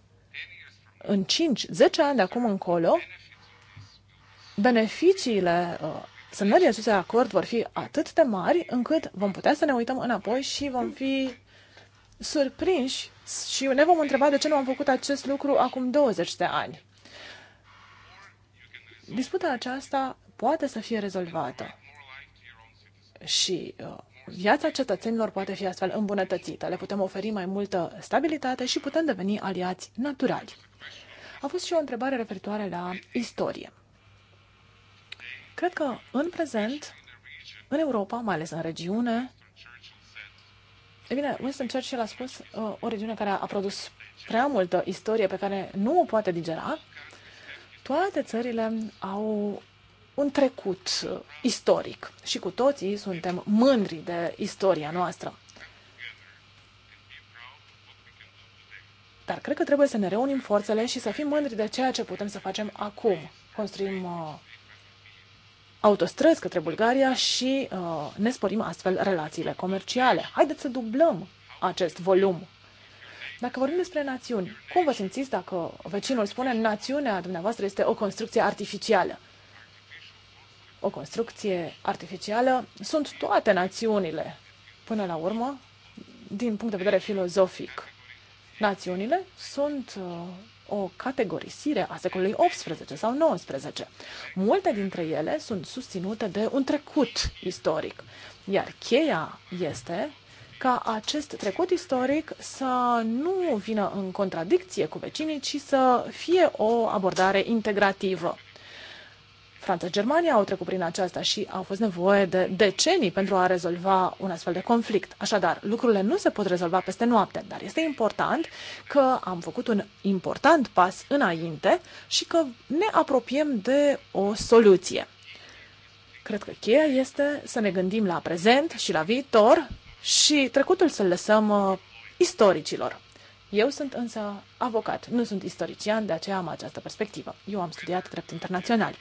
în 5-10 ani de acum încolo, beneficiile uh, semnării acestui acord vor fi atât de mari încât vom putea să ne uităm înapoi și vom fi surprinși și ne vom întreba de ce nu am făcut acest lucru acum 20 de ani. Disputa aceasta poate să fie rezolvată și uh, viața cetățenilor poate fi astfel îmbunătățită. Le putem oferi mai multă stabilitate și putem deveni aliați naturali. A fost și o întrebare referitoare la istorie. Cred că în prezent, în Europa, mai ales în regiune, e bine, Winston Churchill a spus uh, o regiune care a produs prea multă istorie pe care nu o poate digera, toate țările au un trecut uh, istoric și cu toții suntem mândri de istoria noastră. Dar cred că trebuie să ne reunim forțele și să fim mândri de ceea ce putem să facem acum. Construim uh, autostrăzi către Bulgaria și uh, ne sporim astfel relațiile comerciale. Haideți să dublăm acest volum dacă vorbim despre națiuni, cum vă simțiți dacă vecinul spune națiunea dumneavoastră este o construcție artificială? O construcție artificială sunt toate națiunile. Până la urmă, din punct de vedere filozofic, națiunile sunt uh, o categorisire a secolului 18 sau 19. Multe dintre ele sunt susținute de un trecut istoric, iar cheia este ca acest trecut istoric să nu vină în contradicție cu vecinii, ci să fie o abordare integrativă. Franța și Germania au trecut prin aceasta și au fost nevoie de decenii pentru a rezolva un astfel de conflict. Așadar, lucrurile nu se pot rezolva peste noapte, dar este important că am făcut un important pas înainte și că ne apropiem de o soluție. Cred că cheia este să ne gândim la prezent și la viitor și trecutul să-l lăsăm uh, istoricilor. Eu sunt însă avocat, nu sunt istorician, de aceea am această perspectivă. Eu am studiat drept internațional.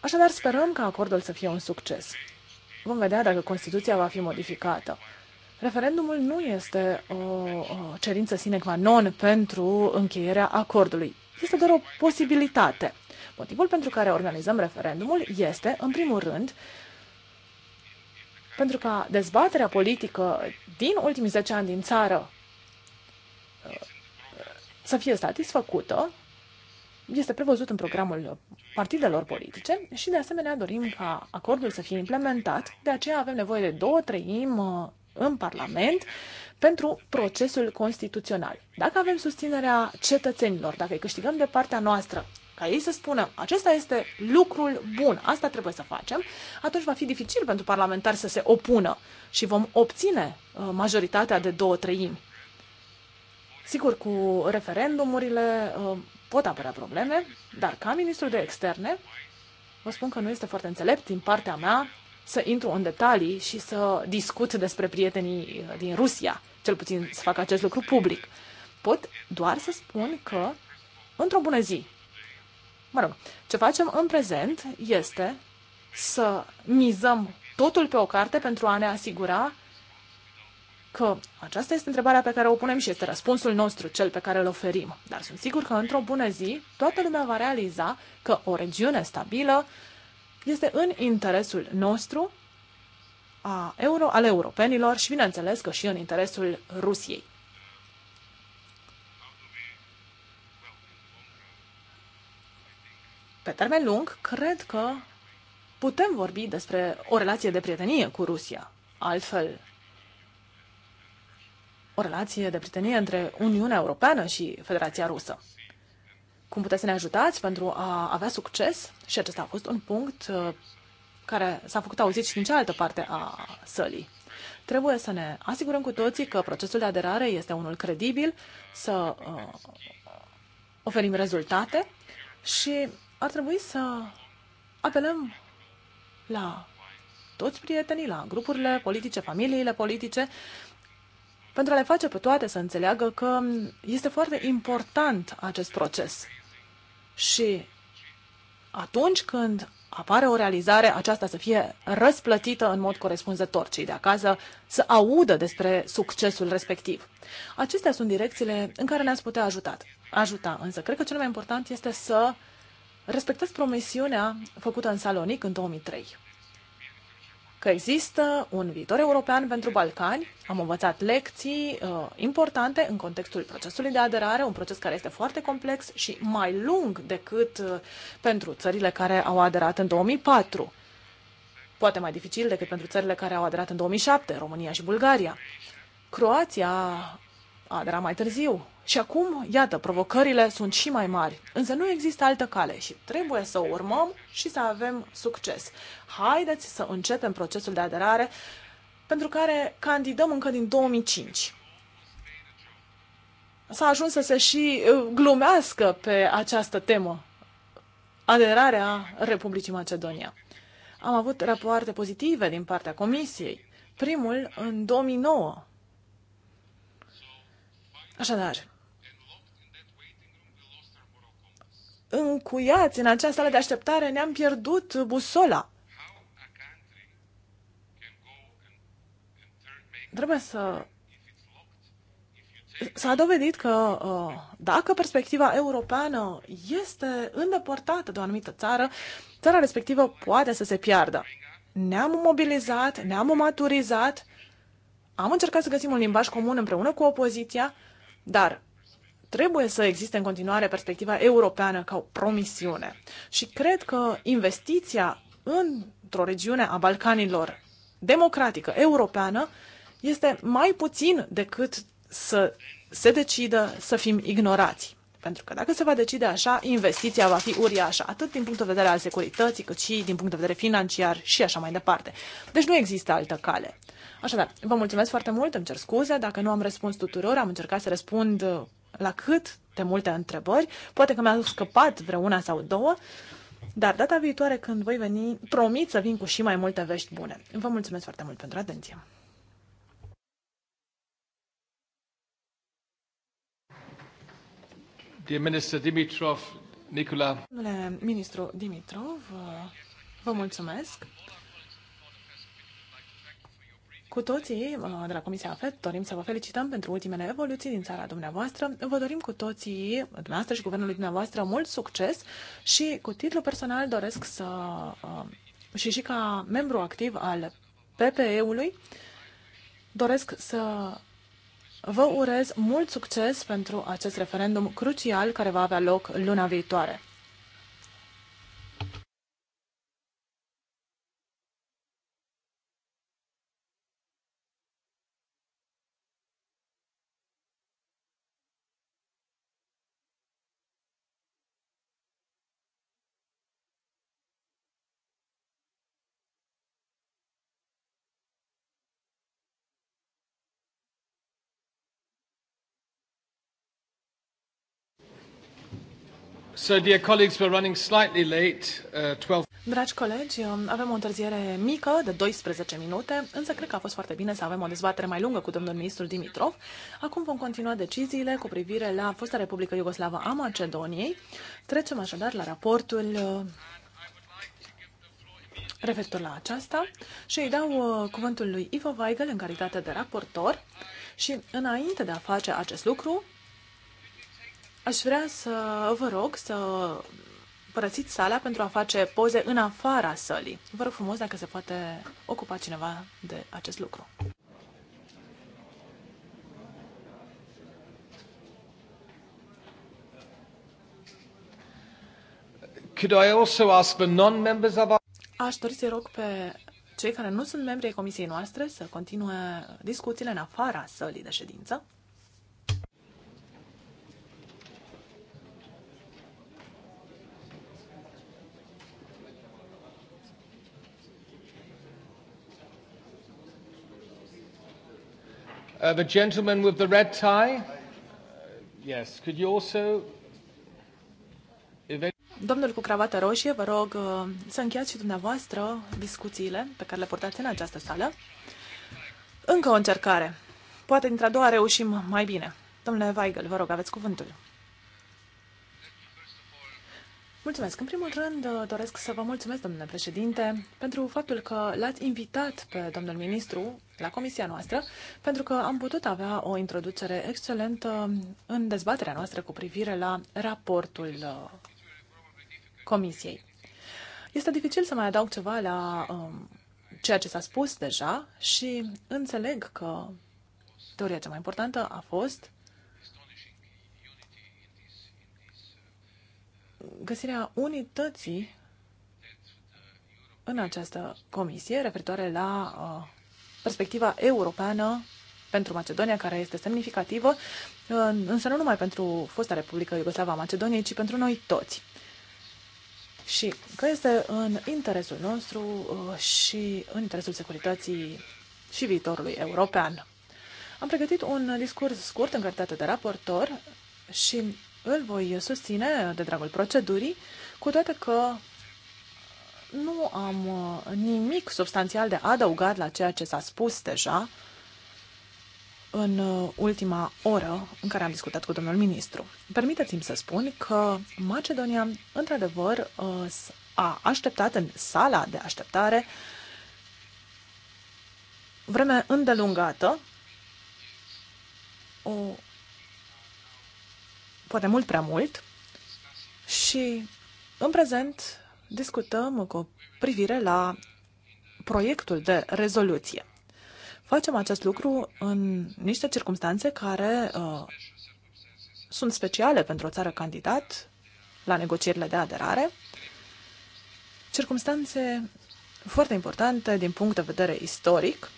Așadar, sperăm ca acordul să fie un succes. Vom vedea dacă Constituția va fi modificată. Referendumul nu este o, uh, o uh, cerință sine qua non pentru încheierea acordului. Este doar o posibilitate. Motivul pentru care organizăm referendumul este, în primul rând, uh, pentru ca dezbaterea politică din ultimii 10 ani din țară uh, să fie satisfăcută, este prevăzut în programul partidelor politice și, de asemenea, dorim ca acordul să fie implementat. De aceea avem nevoie de două treimi uh, în Parlament pentru procesul constituțional. Dacă avem susținerea cetățenilor, dacă îi câștigăm de partea noastră, ca ei să spună acesta este lucrul bun, asta trebuie să facem, atunci va fi dificil pentru parlamentari să se opună și vom obține uh, majoritatea de două treimi. Sigur, cu referendumurile uh, pot apărea probleme, dar ca ministru de externe vă spun că nu este foarte înțelept din partea mea să intru în detalii și să discut despre prietenii uh, din Rusia, cel puțin să fac acest lucru public. Pot doar să spun că, într-o bună zi, Mă rog, ce facem în prezent este să mizăm totul pe o carte pentru a ne asigura că aceasta este întrebarea pe care o punem și este răspunsul nostru, cel pe care îl oferim. Dar sunt sigur că într-o bună zi toată lumea va realiza că o regiune stabilă este în interesul nostru a euro, al europenilor și, bineînțeles, că și în interesul Rusiei. pe termen lung, cred că putem vorbi despre o relație de prietenie cu Rusia. Altfel, o relație de prietenie între Uniunea Europeană și Federația Rusă. Cum puteți să ne ajutați pentru a avea succes? Și acesta a fost un punct uh, care s-a făcut auzit și din cealaltă parte a sălii. Trebuie să ne asigurăm cu toții că procesul de aderare este unul credibil, să uh, oferim rezultate și ar trebui să apelăm la toți prietenii, la grupurile politice, familiile politice, pentru a le face pe toate să înțeleagă că este foarte important acest proces. Și atunci când apare o realizare, aceasta să fie răsplătită în mod corespunzător, cei de acasă să audă despre succesul respectiv. Acestea sunt direcțiile în care ne-ați putea ajuta. ajuta. Însă, cred că cel mai important este să uh, respectez promisiunea făcută în Salonic în 2003 că există un viitor european pentru Balcani. Am învățat lecții uh, importante în contextul procesului de aderare, un proces care este foarte complex și mai lung decât uh, pentru țările care au aderat în 2004. Poate mai dificil decât pentru țările care au aderat în 2007, România și Bulgaria. Croația dar era mai târziu. Și acum, iată, provocările sunt și mai mari, însă nu există altă cale și trebuie să o urmăm și să avem succes. Haideți să începem procesul de aderare pentru care candidăm încă din 2005. S-a ajuns să se și uh, glumească pe această temă, aderarea Republicii Macedonia. Am avut rapoarte pozitive din partea Comisiei. Primul în 2009, Așadar, încuiați în această sală de așteptare, ne-am pierdut busola. Trebuie să... S-a dovedit că uh, dacă perspectiva europeană este îndepărtată de o anumită țară, țara respectivă poate să se piardă. Ne-am mobilizat, ne-am maturizat, am încercat să găsim un limbaj comun împreună cu opoziția, dar trebuie să existe în continuare perspectiva europeană ca o promisiune. Și cred că investiția într-o regiune a Balcanilor democratică, europeană, este mai puțin decât să se decidă să fim ignorați. Pentru că dacă se va decide așa, investiția va fi uriașă, atât din punct de vedere al securității, cât și din punct de vedere financiar și așa mai departe. Deci nu există altă cale. Așadar, vă mulțumesc foarte mult, îmi cer scuze dacă nu am răspuns tuturor, am încercat să răspund uh, la cât de multe întrebări, poate că mi-a scăpat vreuna sau două, dar data viitoare când voi veni, promit să vin cu și mai multe vești bune. Vă mulțumesc foarte mult pentru atenție! Dear Minister Dimitrov, Nicola. Domnule ministru Dimitrov, uh, vă mulțumesc. Cu toții uh, de la Comisia AFET dorim să vă felicităm pentru ultimele evoluții din țara dumneavoastră. Vă dorim cu toții, dumneavoastră și guvernului dumneavoastră, mult succes și cu titlu personal doresc să uh, și și ca membru activ al PPE-ului doresc să vă urez mult succes pentru acest referendum crucial care va avea loc luna viitoare. So, dear colleagues, we're running slightly late, uh, 12... Dragi colegi, um, avem o întârziere mică de 12 minute, însă cred că a fost foarte bine să avem o dezbatere mai lungă cu domnul ministru Dimitrov. Acum vom continua deciziile cu privire la fosta Republică Iugoslavă a Macedoniei. Trecem așadar la raportul uh, referitor la aceasta și îi dau uh, cuvântul lui Ivo Weigel în calitate de raportor și înainte de a face acest lucru, Aș vrea să vă rog să părăsiți sala pentru a face poze în afara sălii. Vă rog frumos dacă se poate ocupa cineva de acest lucru. Could I also ask the non-members of our... Aș dori să rog pe cei care nu sunt membri ai comisiei noastre să continue discuțiile în afara sălii de ședință. Uh, the gentleman with the red tie. Uh, yes, could you also... Domnul cu cravată roșie, vă rog uh, să încheiați și dumneavoastră discuțiile pe care le purtați în această sală. Încă o încercare. Poate dintre a doua reușim mai bine. Domnule Weigel, vă rog, aveți cuvântul. Mulțumesc. În primul rând, uh, doresc să vă mulțumesc, domnule președinte, pentru faptul că l-ați invitat pe domnul ministru la comisia noastră, pentru că am putut avea o introducere excelentă în dezbaterea noastră cu privire la raportul uh, comisiei. Este dificil să mai adaug ceva la um, ceea ce s-a spus deja și înțeleg că teoria cea mai importantă a fost găsirea unității în această comisie referitoare la uh, perspectiva europeană pentru Macedonia, care este semnificativă, uh, însă nu numai pentru fosta Republică Iugoslava a Macedoniei, ci pentru noi toți. Și că este în interesul nostru uh, și în interesul securității și viitorului european. Am pregătit un discurs scurt în calitate de raportor și îl voi susține de dragul procedurii, cu toate că nu am uh, nimic substanțial de adăugat la ceea ce s-a spus deja în uh, ultima oră în care am discutat cu domnul ministru. Permiteți-mi să spun că Macedonia, într-adevăr, uh, a așteptat în sala de așteptare vreme îndelungată o poate mult prea mult, și în prezent discutăm cu privire la proiectul de rezoluție. Facem acest lucru în niște circunstanțe care uh, sunt speciale pentru o țară candidat la negocierile de aderare, circunstanțe foarte importante din punct de vedere istoric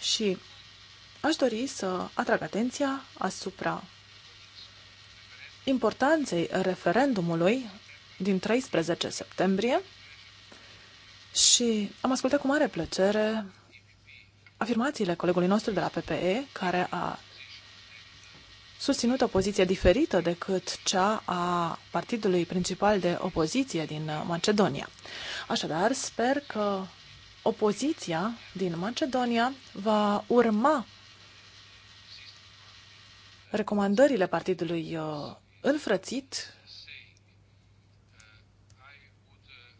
și aș dori să atrag atenția asupra importanței referendumului din 13 septembrie și am ascultat cu mare plăcere afirmațiile colegului nostru de la PPE, care a susținut o poziție diferită decât cea a partidului principal de opoziție din Macedonia. Așadar, sper că opoziția din Macedonia va urma recomandările partidului uh, înfrățit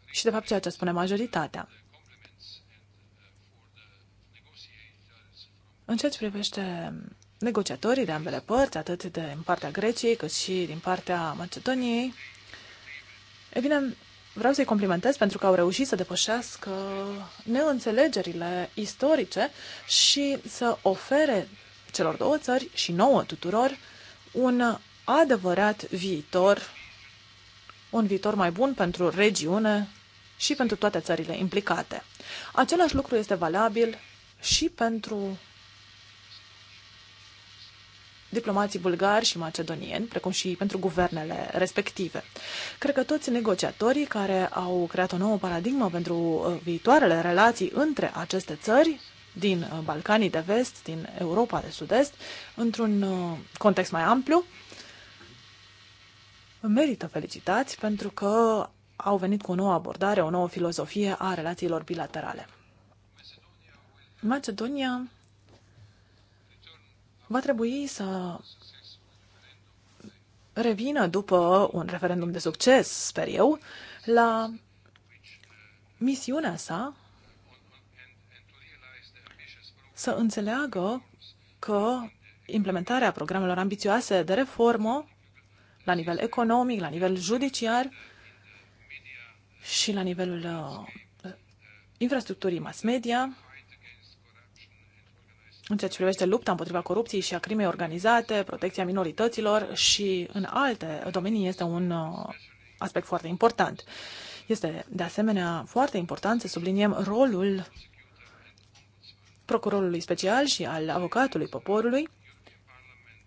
și, de fapt, ceea ce spune majoritatea. În ceea ce privește negociatorii de ambele părți, atât de din partea Greciei, cât și din partea Macedoniei, e bine, vreau să-i complimentez pentru că au reușit să depășească neînțelegerile istorice și să ofere celor două țări și nouă tuturor un adevărat viitor, un viitor mai bun pentru regiune și pentru toate țările implicate. Același lucru este valabil și pentru diplomații bulgari și macedonieni, precum și pentru guvernele respective. Cred că toți negociatorii care au creat o nouă paradigmă pentru uh, viitoarele relații între aceste țări din uh, Balcanii de Vest, din Europa de Sud-Est, într-un uh, context mai amplu, merită felicitați pentru că au venit cu o nouă abordare, o nouă filozofie a relațiilor bilaterale. Macedonia va trebui să revină după un referendum de succes, sper eu, la misiunea sa să înțeleagă că implementarea programelor ambițioase de reformă la nivel economic, la nivel judiciar și la nivelul uh, infrastructurii mass media, în ceea ce privește lupta împotriva corupției și a crimei organizate, protecția minorităților și în alte domenii este un uh, aspect foarte important. Este de asemenea foarte important să subliniem rolul procurorului special și al avocatului poporului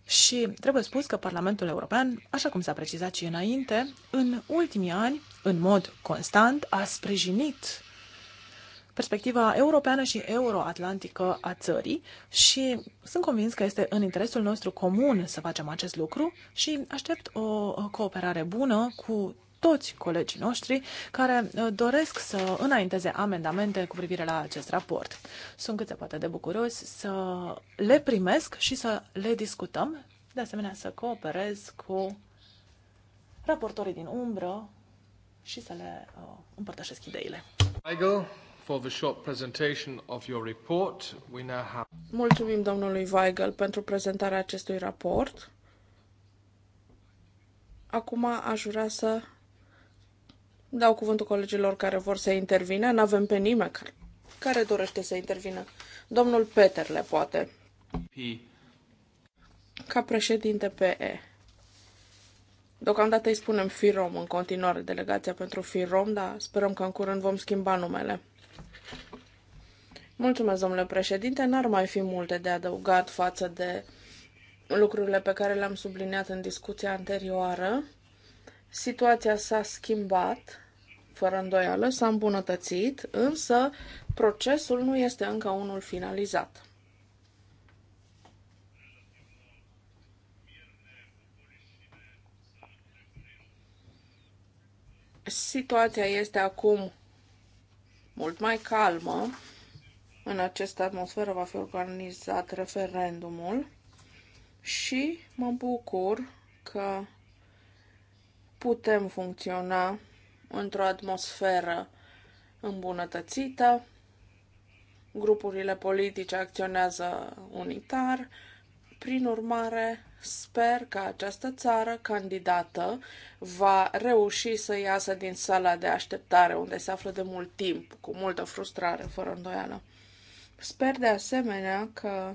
și trebuie spus că Parlamentul European, așa cum s-a precizat și înainte, în ultimii ani, în mod constant, a sprijinit perspectiva europeană și euroatlantică a țării și sunt convins că este în interesul nostru comun să facem acest lucru și aștept o cooperare bună cu toți colegii noștri care uh, doresc să înainteze amendamente cu privire la acest raport. Sunt cât se poate de bucuros să le primesc și să le discutăm, de asemenea să cooperez cu raportorii din umbră și să le uh, împărtășesc ideile. Michael for the short presentation of your report. We now have... Mulțumim domnului Weigel pentru prezentarea acestui raport. Acum aș vrea să Dau cuvântul colegilor care vor să intervină. N-avem pe nimeni care, care dorește să intervină. Domnul Peterle, poate. P. Ca președinte PE. Deocamdată îi spunem FIROM în continuare, delegația pentru FIROM, dar sperăm că în curând vom schimba numele. Mulțumesc, domnule președinte. N-ar mai fi multe de adăugat față de lucrurile pe care le-am subliniat în discuția anterioară. Situația s-a schimbat fără îndoială, s-a îmbunătățit, însă procesul nu este încă unul finalizat. Situația este acum mult mai calmă. În această atmosferă va fi organizat referendumul și mă bucur că putem funcționa într-o atmosferă îmbunătățită, grupurile politice acționează unitar, prin urmare, sper că această țară candidată va reuși să iasă din sala de așteptare, unde se află de mult timp, cu multă frustrare, fără îndoială. Sper de asemenea că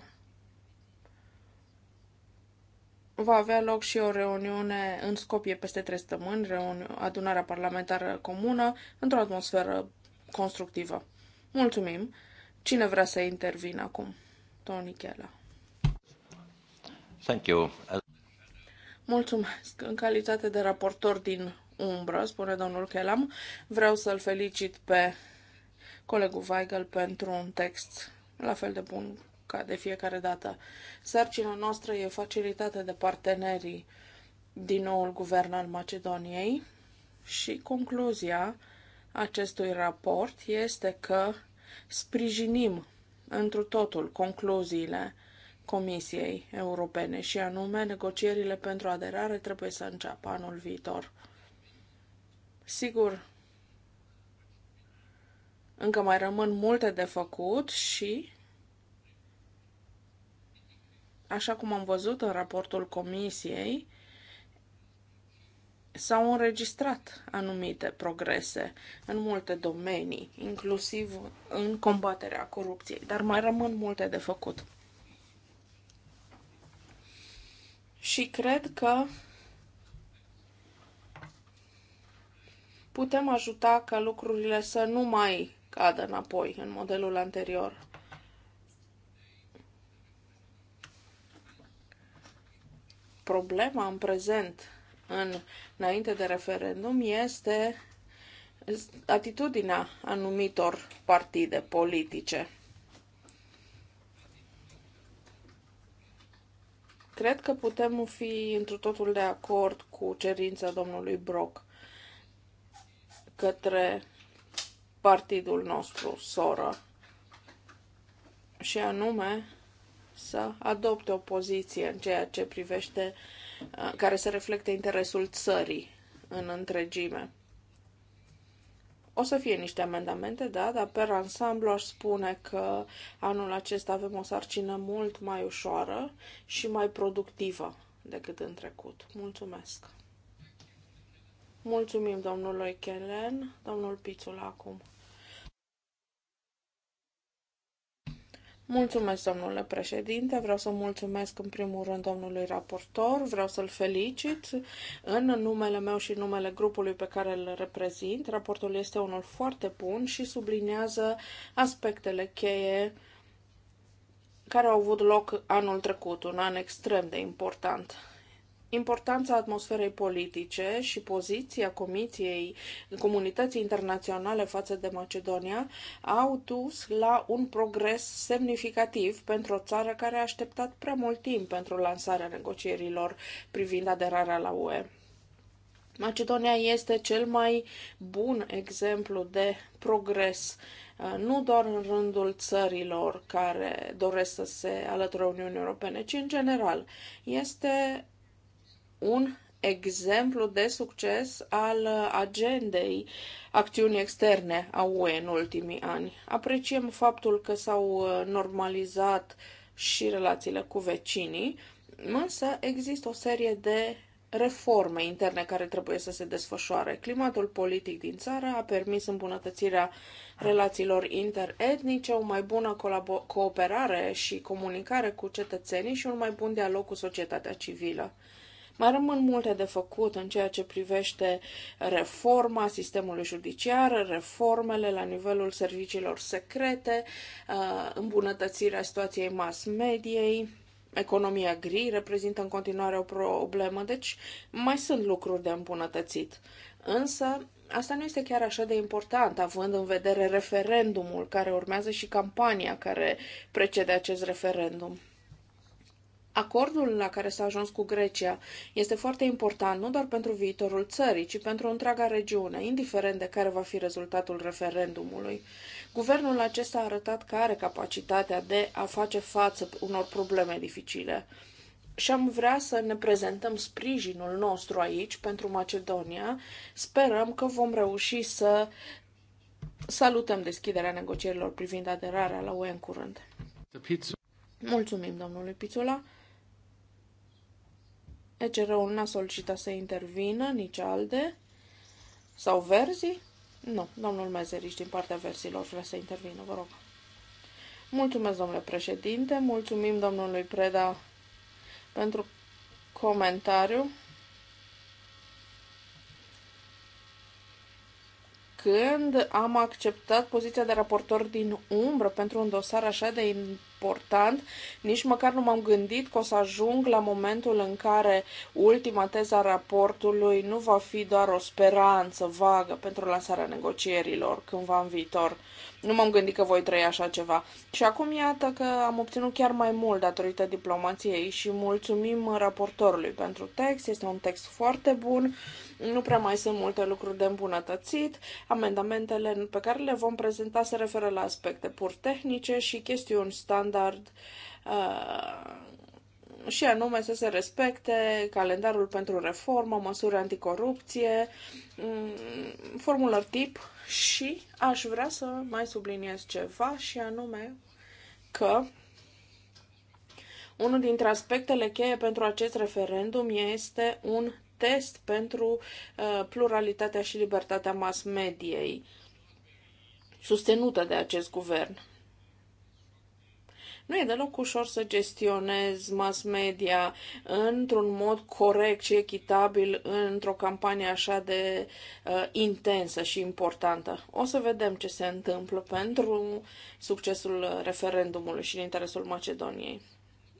va avea loc și o reuniune în Scopie peste trei săptămâni, adunarea parlamentară comună, într-o atmosferă constructivă. Mulțumim! Cine vrea să intervină acum? Tony Chela. Thank you. Mulțumesc. În calitate de raportor din umbră, spune domnul Chelam, vreau să-l felicit pe colegul Weigel pentru un text la fel de bun ca de fiecare dată. Sarcina noastră e facilitată de partenerii din noul guvern al Macedoniei și concluzia acestui raport este că sprijinim întru totul concluziile Comisiei Europene și anume negocierile pentru aderare trebuie să înceapă anul viitor. Sigur, încă mai rămân multe de făcut și Așa cum am văzut în raportul comisiei, s-au înregistrat anumite progrese în multe domenii, inclusiv în combaterea corupției, dar mai rămân multe de făcut. Și cred că putem ajuta ca lucrurile să nu mai cadă înapoi în modelul anterior. problema în prezent, în, înainte de referendum, este atitudinea anumitor partide politice. Cred că putem fi într totul de acord cu cerința domnului Brock către partidul nostru, soră, și anume să adopte o poziție în ceea ce privește uh, care să reflecte interesul țării în întregime. O să fie niște amendamente, da, dar pe ansamblu aș spune că anul acesta avem o sarcină mult mai ușoară și mai productivă decât în trecut. Mulțumesc! Mulțumim domnului Kellen, domnul Pițul acum. Mulțumesc, domnule președinte. Vreau să mulțumesc în primul rând domnului raportor. Vreau să-l felicit în numele meu și numele grupului pe care îl reprezint. Raportul este unul foarte bun și sublinează aspectele cheie care au avut loc anul trecut, un an extrem de important. Importanța atmosferei politice și poziția Comisiei Comunității Internaționale față de Macedonia au dus la un progres semnificativ pentru o țară care a așteptat prea mult timp pentru lansarea negocierilor privind aderarea la UE. Macedonia este cel mai bun exemplu de progres, uh, nu doar în rândul țărilor care doresc să se alăture Uniunii Europene, ci în general. Este un exemplu de succes al agendei acțiunii externe a UE în ultimii ani. Apreciem faptul că s-au uh, normalizat și relațiile cu vecinii, însă există o serie de reforme interne care trebuie să se desfășoare. Climatul politic din țară a permis îmbunătățirea relațiilor interetnice, o mai bună cooperare și comunicare cu cetățenii și un mai bun dialog cu societatea civilă. Mai rămân multe de făcut în ceea ce privește reforma sistemului judiciar, reformele la nivelul serviciilor secrete, uh, îmbunătățirea situației mass mediei, economia gri reprezintă în continuare o problemă, deci mai sunt lucruri de îmbunătățit. Însă, asta nu este chiar așa de important, având în vedere referendumul care urmează și campania care precede acest referendum. Acordul la care s-a ajuns cu Grecia este foarte important nu doar pentru viitorul țării, ci pentru întreaga regiune, indiferent de care va fi rezultatul referendumului. Guvernul acesta a arătat că are capacitatea de a face față unor probleme dificile. Și am vrea să ne prezentăm sprijinul nostru aici pentru Macedonia. Sperăm că vom reuși să salutăm deschiderea negocierilor privind aderarea la UE în curând. Mulțumim, domnului Pițula. ECR-ul n-a solicitat să intervină, nici ALDE sau Verzi. Nu, domnul Mezeriș din partea versilor vrea să intervină, vă rog. Mulțumesc, domnule președinte, mulțumim domnului Preda pentru comentariu. Când am acceptat poziția de raportor din umbră pentru un dosar așa de important, nici măcar nu m-am gândit că o să ajung la momentul în care ultima teza raportului nu va fi doar o speranță vagă pentru lansarea negocierilor cândva în viitor. Nu m-am gândit că voi trăi așa ceva. Și acum iată că am obținut chiar mai mult datorită diplomației și mulțumim raportorului pentru text. Este un text foarte bun. Nu prea mai sunt multe lucruri de îmbunătățit. Amendamentele pe care le vom prezenta se referă la aspecte pur tehnice și chestiuni standard uh, și anume să se respecte calendarul pentru reformă, măsuri anticorupție, mm, formulări tip și aș vrea să mai subliniez ceva și anume că unul dintre aspectele cheie pentru acest referendum este un test pentru uh, pluralitatea și libertatea mass mediei susținută de acest guvern. Nu e deloc ușor să gestionezi mass media într-un mod corect și echitabil într-o campanie așa de uh, intensă și importantă. O să vedem ce se întâmplă pentru succesul uh, referendumului și în interesul Macedoniei.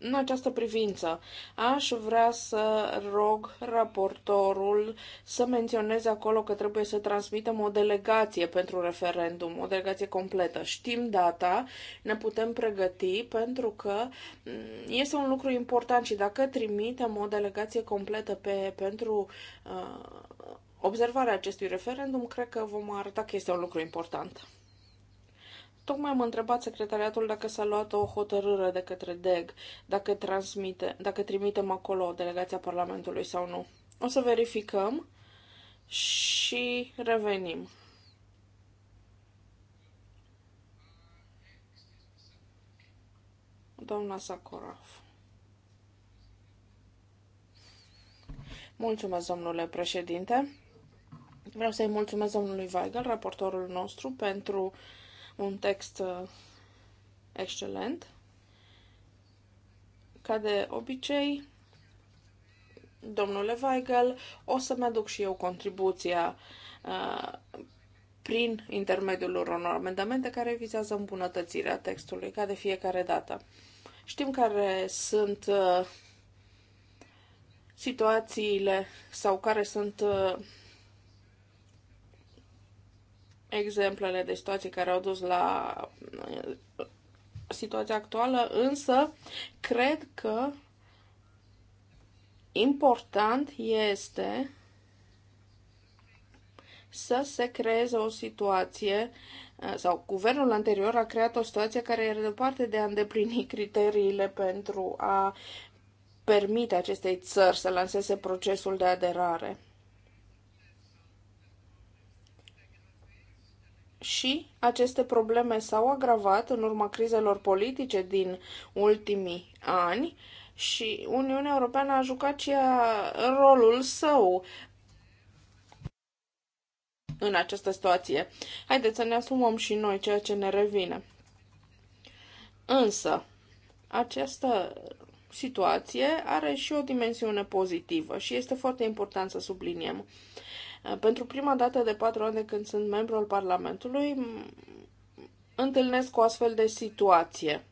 În această privință, aș vrea să rog raportorul să menționeze acolo că trebuie să transmitem o delegație pentru referendum, o delegație completă. Știm data, ne putem pregăti pentru că mm, este un lucru important și dacă trimitem o delegație completă pe, pentru uh, observarea acestui referendum, cred că vom arăta că este un lucru important. Tocmai am întrebat secretariatul dacă s-a luat o hotărâre de către DEG, dacă, transmite, dacă trimitem acolo o delegație a Parlamentului sau nu. O să verificăm și revenim. Doamna Sakoraf. Mulțumesc, domnule președinte. Vreau să-i mulțumesc domnului Weigel, raportorul nostru, pentru uh, un text uh, excelent. Ca de obicei, domnule Weigel, o să-mi aduc și eu contribuția uh, prin intermediul unor amendamente care vizează îmbunătățirea textului, ca de fiecare dată. Știm care sunt uh, situațiile sau care sunt uh, exemplele de situații care au dus la uh, situația actuală, însă cred că important este să se creeze o situație uh, sau guvernul anterior a creat o situație care era departe de a îndeplini criteriile pentru a permite acestei țări să lanseze procesul de aderare. și aceste probleme s-au agravat în urma crizelor politice din ultimii ani și Uniunea Europeană a jucat și rolul său în această situație. Haideți să ne asumăm și noi ceea ce ne revine. Însă, această situație are și o dimensiune pozitivă și este foarte important să subliniem. Eh, pentru prima dată de patru ani de când sunt membru al Parlamentului, întâlnesc o astfel de situație.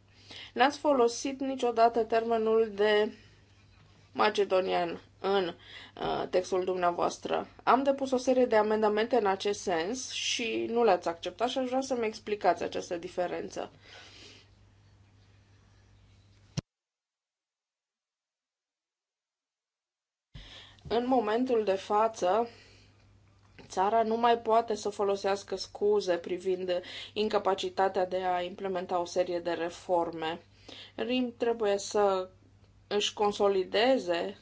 N-ați folosit niciodată termenul de macedonian în eh, textul dumneavoastră. Am depus o serie de amendamente în acest sens și nu le-ați acceptat și aș vrea să-mi explicați această diferență. În momentul de față, Țara nu mai poate să folosească scuze privind incapacitatea de a implementa o serie de reforme. RIM trebuie să își consolideze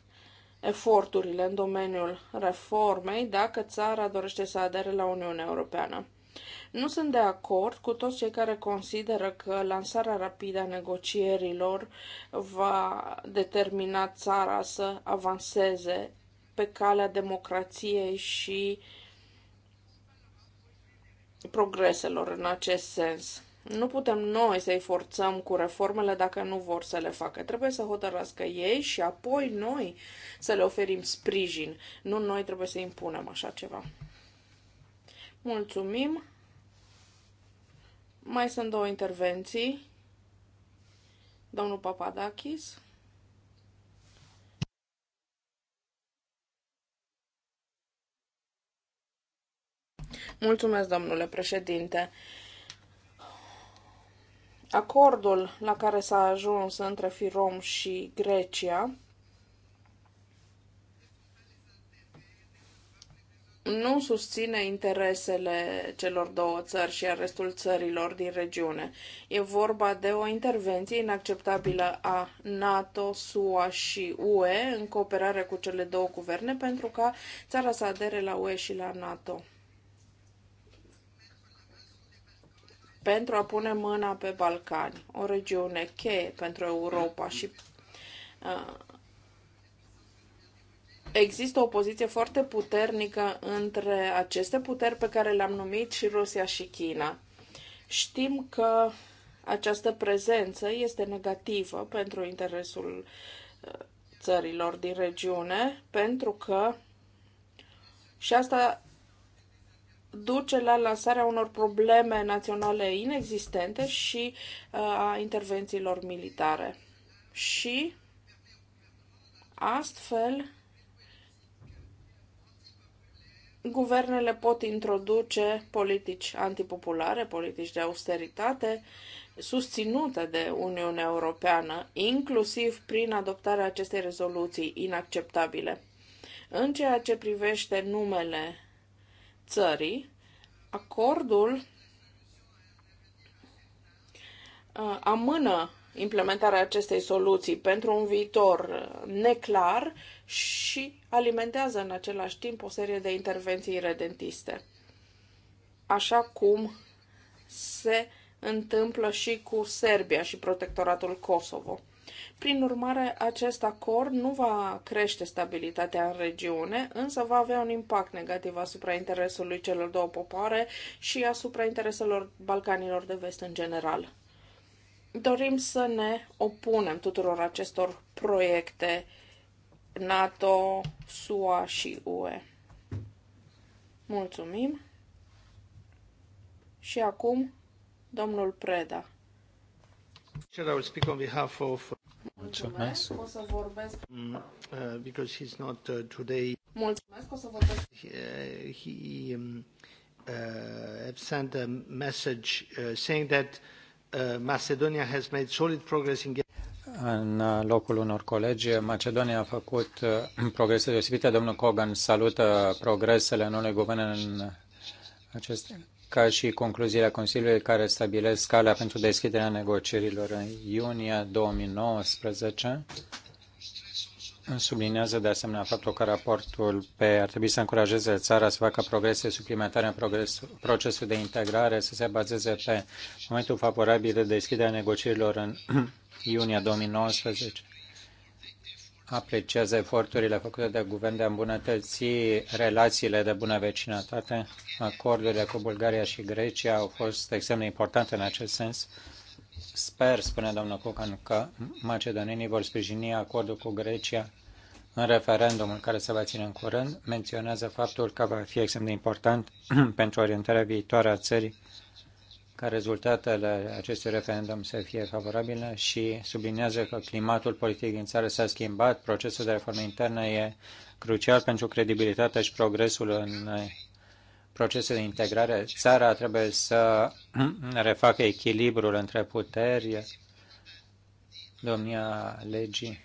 eforturile în domeniul reformei dacă țara dorește să adere la Uniunea Europeană. Nu sunt de acord cu toți cei care consideră că lansarea rapidă a negocierilor va determina țara să avanseze pe calea democrației și progreselor în acest sens. Nu putem noi să-i forțăm cu reformele dacă nu vor să le facă. Trebuie să hotărască ei și apoi noi să le oferim sprijin. Nu noi trebuie să impunem așa ceva. Mulțumim. Mai sunt două intervenții. Domnul Papadakis. Mulțumesc, domnule președinte. Acordul la care s-a ajuns între Firom și Grecia nu susține interesele celor două țări și a restul țărilor din regiune. E vorba de o intervenție inacceptabilă a NATO, SUA și UE în cooperare cu cele două guverne pentru ca țara să adere la UE și la NATO. pentru a pune mâna pe Balcani, o regiune cheie pentru Europa și uh, există o poziție foarte puternică între aceste puteri pe care le-am numit și Rusia și China. Știm că această prezență este negativă pentru interesul uh, țărilor din regiune, pentru că și asta duce la lansarea unor probleme naționale inexistente și uh, a intervențiilor militare. Și astfel guvernele pot introduce politici antipopulare, politici de austeritate, susținute de Uniunea Europeană, inclusiv prin adoptarea acestei rezoluții inacceptabile. În ceea ce privește numele țării, acordul uh, amână implementarea acestei soluții pentru un viitor uh, neclar și alimentează în același timp o serie de intervenții redentiste. Așa cum se întâmplă și cu Serbia și protectoratul Kosovo. Prin urmare, acest acord nu va crește stabilitatea în regiune, însă va avea un impact negativ asupra interesului celor două popoare și asupra intereselor Balcanilor de vest în general. Dorim să ne opunem tuturor acestor proiecte NATO, SUA și UE. Mulțumim. Și acum, domnul Preda. Should I speak on behalf of Mulțumesc. O să vorbesc. Mm, uh, because he's not uh, today. Mulțumesc, o să vorbesc. He, uh, he um, uh, sent a message uh, saying that uh, Macedonia has made solid progress in în uh, locul unor colegi. Macedonia a făcut uh, progrese deosebite. Domnul Kogan salută progresele noului guvern în aceste ca și concluziile Consiliului care stabilesc calea pentru deschiderea negocierilor în iunie 2019. Sublinează de asemenea faptul că raportul pe ar trebui să încurajeze țara să facă progrese suplimentare în progres, procesul de integrare, să se bazeze pe momentul favorabil de deschiderea negocierilor în iunie 2019 apreciază eforturile făcute de guvern de a îmbunătăți relațiile de bună vecinătate. Acordurile cu Bulgaria și Grecia au fost extrem de importante în acest sens. Sper, spune domnul Cucan, că macedonenii vor sprijini acordul cu Grecia în referendumul care se va ține în curând. Menționează faptul că va fi extrem de important pentru orientarea viitoare a țării ca rezultatele acestui referendum să fie favorabile și sublinează că climatul politic din țară s-a schimbat, procesul de reformă internă e crucial pentru credibilitatea și progresul în procesul de integrare. Țara trebuie să refacă echilibrul între puteri, domnia legii,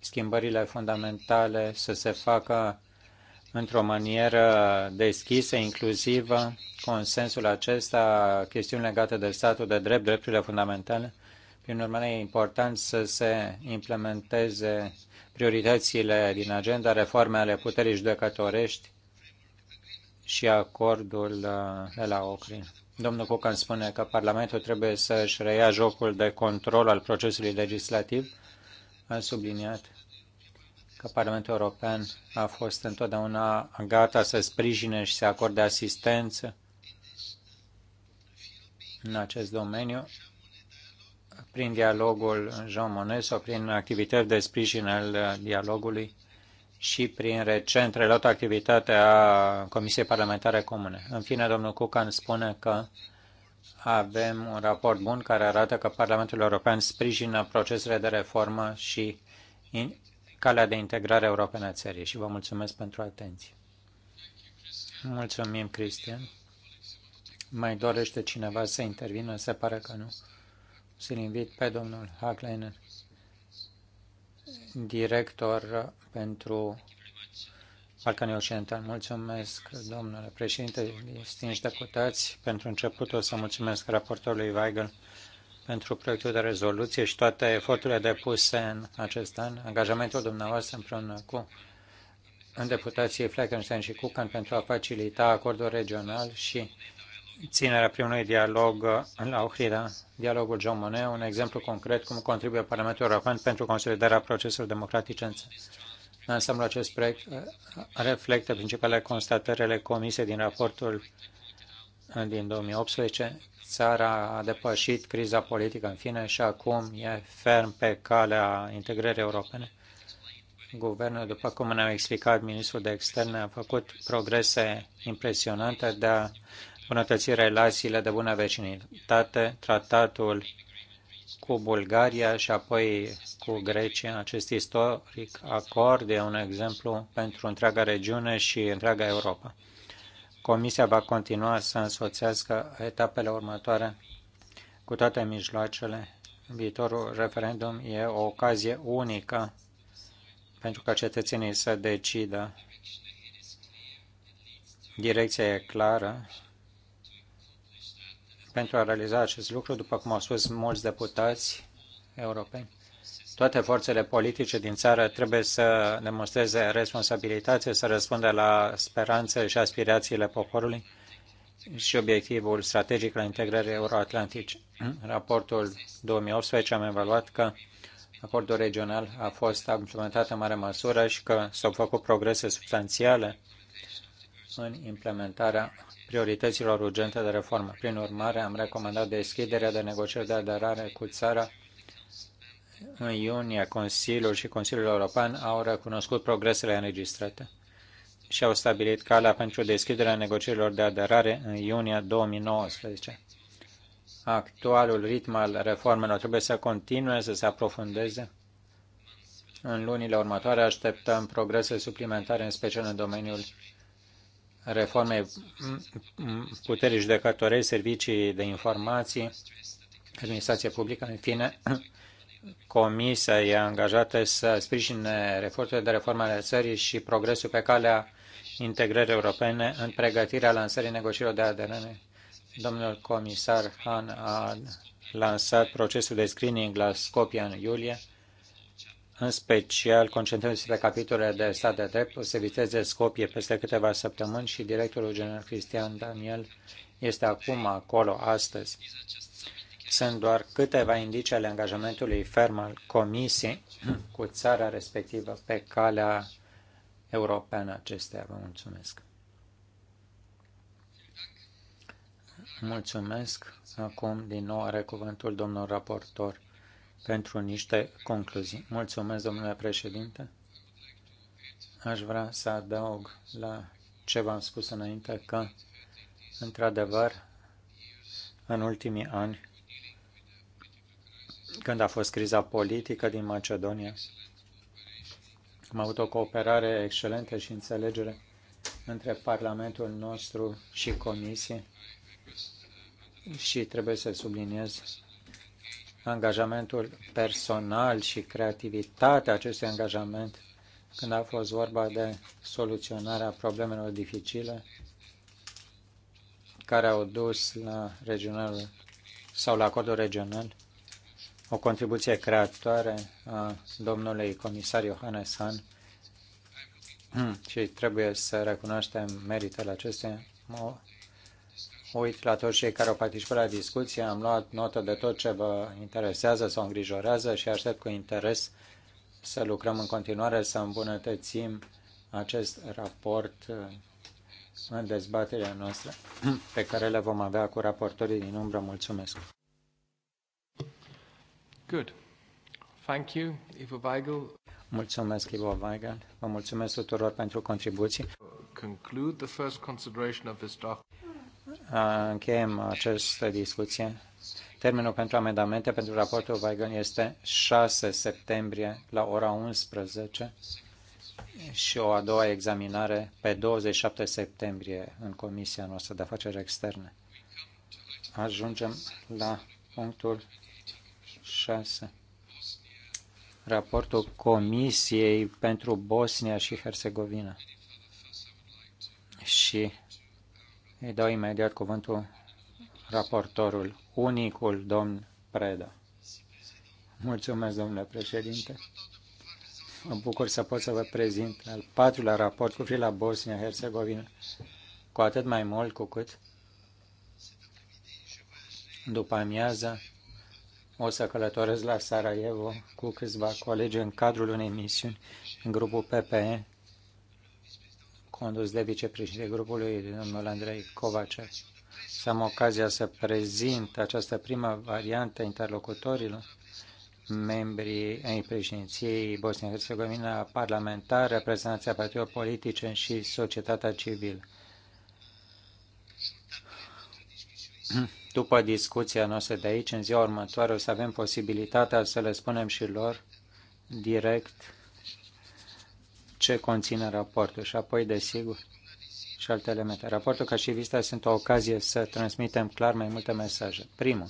schimbările fundamentale să se facă într-o manieră deschisă, inclusivă, consensul acesta, chestiuni legate de statul de drept, drepturile fundamentale. Prin urmare, e important să se implementeze prioritățile din agenda, reforme ale puterii judecătorești și acordul uh, de la OCRI. Domnul Cucan spune că Parlamentul trebuie să-și reia jocul de control al procesului legislativ. A subliniat că Parlamentul European a fost întotdeauna gata să sprijine și să acorde asistență în acest domeniu prin dialogul Jean Monnet sau prin activități de sprijin al dialogului și prin recent reluată activitatea Comisiei Parlamentare Comune. În fine, domnul Cucan spune că avem un raport bun care arată că Parlamentul European sprijină procesele de reformă și calea de integrare europeană a țării și vă mulțumesc pentru atenție. Mulțumim, Cristian. Mai dorește cineva să intervină? Se pare că nu. Să-l invit pe domnul Hackleiner, director pentru Balcanii Occidental. Mulțumesc, domnule președinte, stinși deputați. Pentru început o să mulțumesc raportorului Weigel pentru proiectul de rezoluție și toate eforturile depuse în acest an, angajamentul dumneavoastră împreună cu în deputații Fleckenstein și Cucan pentru a facilita acordul regional și ținerea primului dialog la Ohrida, dialogul John Monet, un exemplu concret cum contribuie Parlamentul European pentru consolidarea proceselor democratice în În ansamblu, acest proiect reflectă principalele constatările comise din raportul din 2018, țara a depășit criza politică în fine și acum e ferm pe calea integrării europene. Guvernul, după cum ne-a explicat ministrul de externe, a făcut progrese impresionante de a îmbunătăți relațiile de bună vecinitate, tratatul cu Bulgaria și apoi cu Grecia. Acest istoric acord e un exemplu pentru întreaga regiune și întreaga Europa. Comisia va continua să însoțească etapele următoare cu toate mijloacele. Viitorul referendum e o ocazie unică pentru ca cetățenii să decidă. Direcția e clară pentru a realiza acest lucru, după cum au spus mulți deputați europeni toate forțele politice din țară trebuie să demonstreze responsabilitate, să răspundă la speranțe și aspirațiile poporului și obiectivul strategic la integrării euroatlantice. În raportul 2018 am evaluat că acordul regional a fost implementat în mare măsură și că s-au făcut progrese substanțiale în implementarea priorităților urgente de reformă. Prin urmare, am recomandat deschiderea de negocieri de aderare cu țara în iunie Consiliul și Consiliul European au recunoscut progresele înregistrate și au stabilit calea pentru deschiderea negocierilor de aderare în iunie 2019. Actualul ritm al reformelor trebuie să continue să se aprofundeze. În lunile următoare așteptăm progrese suplimentare, în special în domeniul reformei puterii judecătorei, servicii de informații, administrație publică, în fine, Comisia e angajată să sprijine eforturile de reformă ale țării și progresul pe calea integrării europene în pregătirea lansării negocierilor de aderare. Domnul comisar Han a lansat procesul de screening la Scopia în iulie, în special concentrându-se pe capitolele de stat de drept. O să viteze Scopie peste câteva săptămâni și directorul general Cristian Daniel este acum acolo astăzi. Sunt doar câteva indicii ale angajamentului ferm al Comisiei cu țara respectivă pe calea europeană acestea. Vă mulțumesc. Mulțumesc. Acum, din nou, are cuvântul domnul raportor pentru niște concluzii. Mulțumesc, domnule președinte. Aș vrea să adaug la ce v-am spus înainte că, într-adevăr, în ultimii ani, când a fost criza politică din Macedonia. Am avut o cooperare excelentă și înțelegere între Parlamentul nostru și Comisie și trebuie să subliniez angajamentul personal și creativitatea acestui angajament când a fost vorba de soluționarea problemelor dificile care au dus la regional sau la acordul regional o contribuție creatoare a domnului comisar Johannes Hahn hmm, și trebuie să recunoaștem meritele acestea. Mă uit la toți cei care au participat la discuție, am luat notă de tot ce vă interesează sau îngrijorează și aștept cu interes să lucrăm în continuare, să îmbunătățim acest raport uh, în dezbaterea noastră pe care le vom avea cu raportorii din umbră. Mulțumesc! Good. Thank you, Ivo Weigel. Mulțumesc, Ivo Weigel. Vă mulțumesc tuturor pentru contribuții. Conclude the first consideration of this document. Încheiem această discuție. Termenul pentru amendamente pentru raportul Weigel este 6 septembrie la ora 11 și o a doua examinare pe 27 septembrie în Comisia noastră de Afaceri Externe. Ajungem la punctul 6. Raportul Comisiei pentru Bosnia și Herțegovina. Și îi dau imediat cuvântul raportorul, unicul domn Preda. Mulțumesc, domnule președinte. Mă bucur să pot să vă prezint al patrulea raport cu privire la Bosnia-Herzegovina, cu atât mai mult cu cât după amiază. O să călătoresc la Sarajevo cu câțiva colegi în cadrul unei misiuni în grupul PPE, condus de vicepreședinte grupului, domnul Andrei Covace. Să am ocazia să prezint această primă variantă interlocutorilor membrii ai președinției Bosnia-Herzegovina parlamentară, reprezentanția partidelor politice și societatea civilă. După discuția noastră de aici, în ziua următoare, o să avem posibilitatea să le spunem și lor direct ce conține raportul și apoi, desigur, și alte elemente. Raportul ca și vista sunt o ocazie să transmitem clar mai multe mesaje. Primul,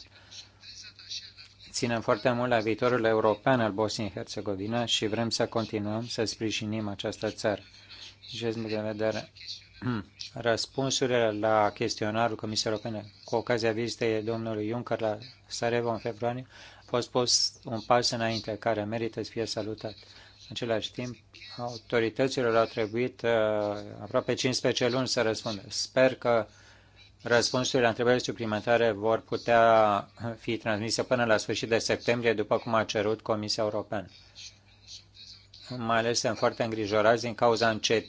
ținem foarte mult la viitorul european al Bosniei-Herzegovina și vrem să continuăm să sprijinim această țară. Și de vedere, răspunsurile la chestionarul Comisiei Europene cu ocazia vizitei domnului Juncker la Sarajevo în februarie a fost pus un pas înainte care merită să fie salutat. În același timp, autorităților au trebuit uh, aproape 15 luni să răspundă. Sper că răspunsurile la întrebările suplimentare vor putea fi transmise până la sfârșit de septembrie, după cum a cerut Comisia Europeană mai ales sunt foarte îngrijorați din cauza încet,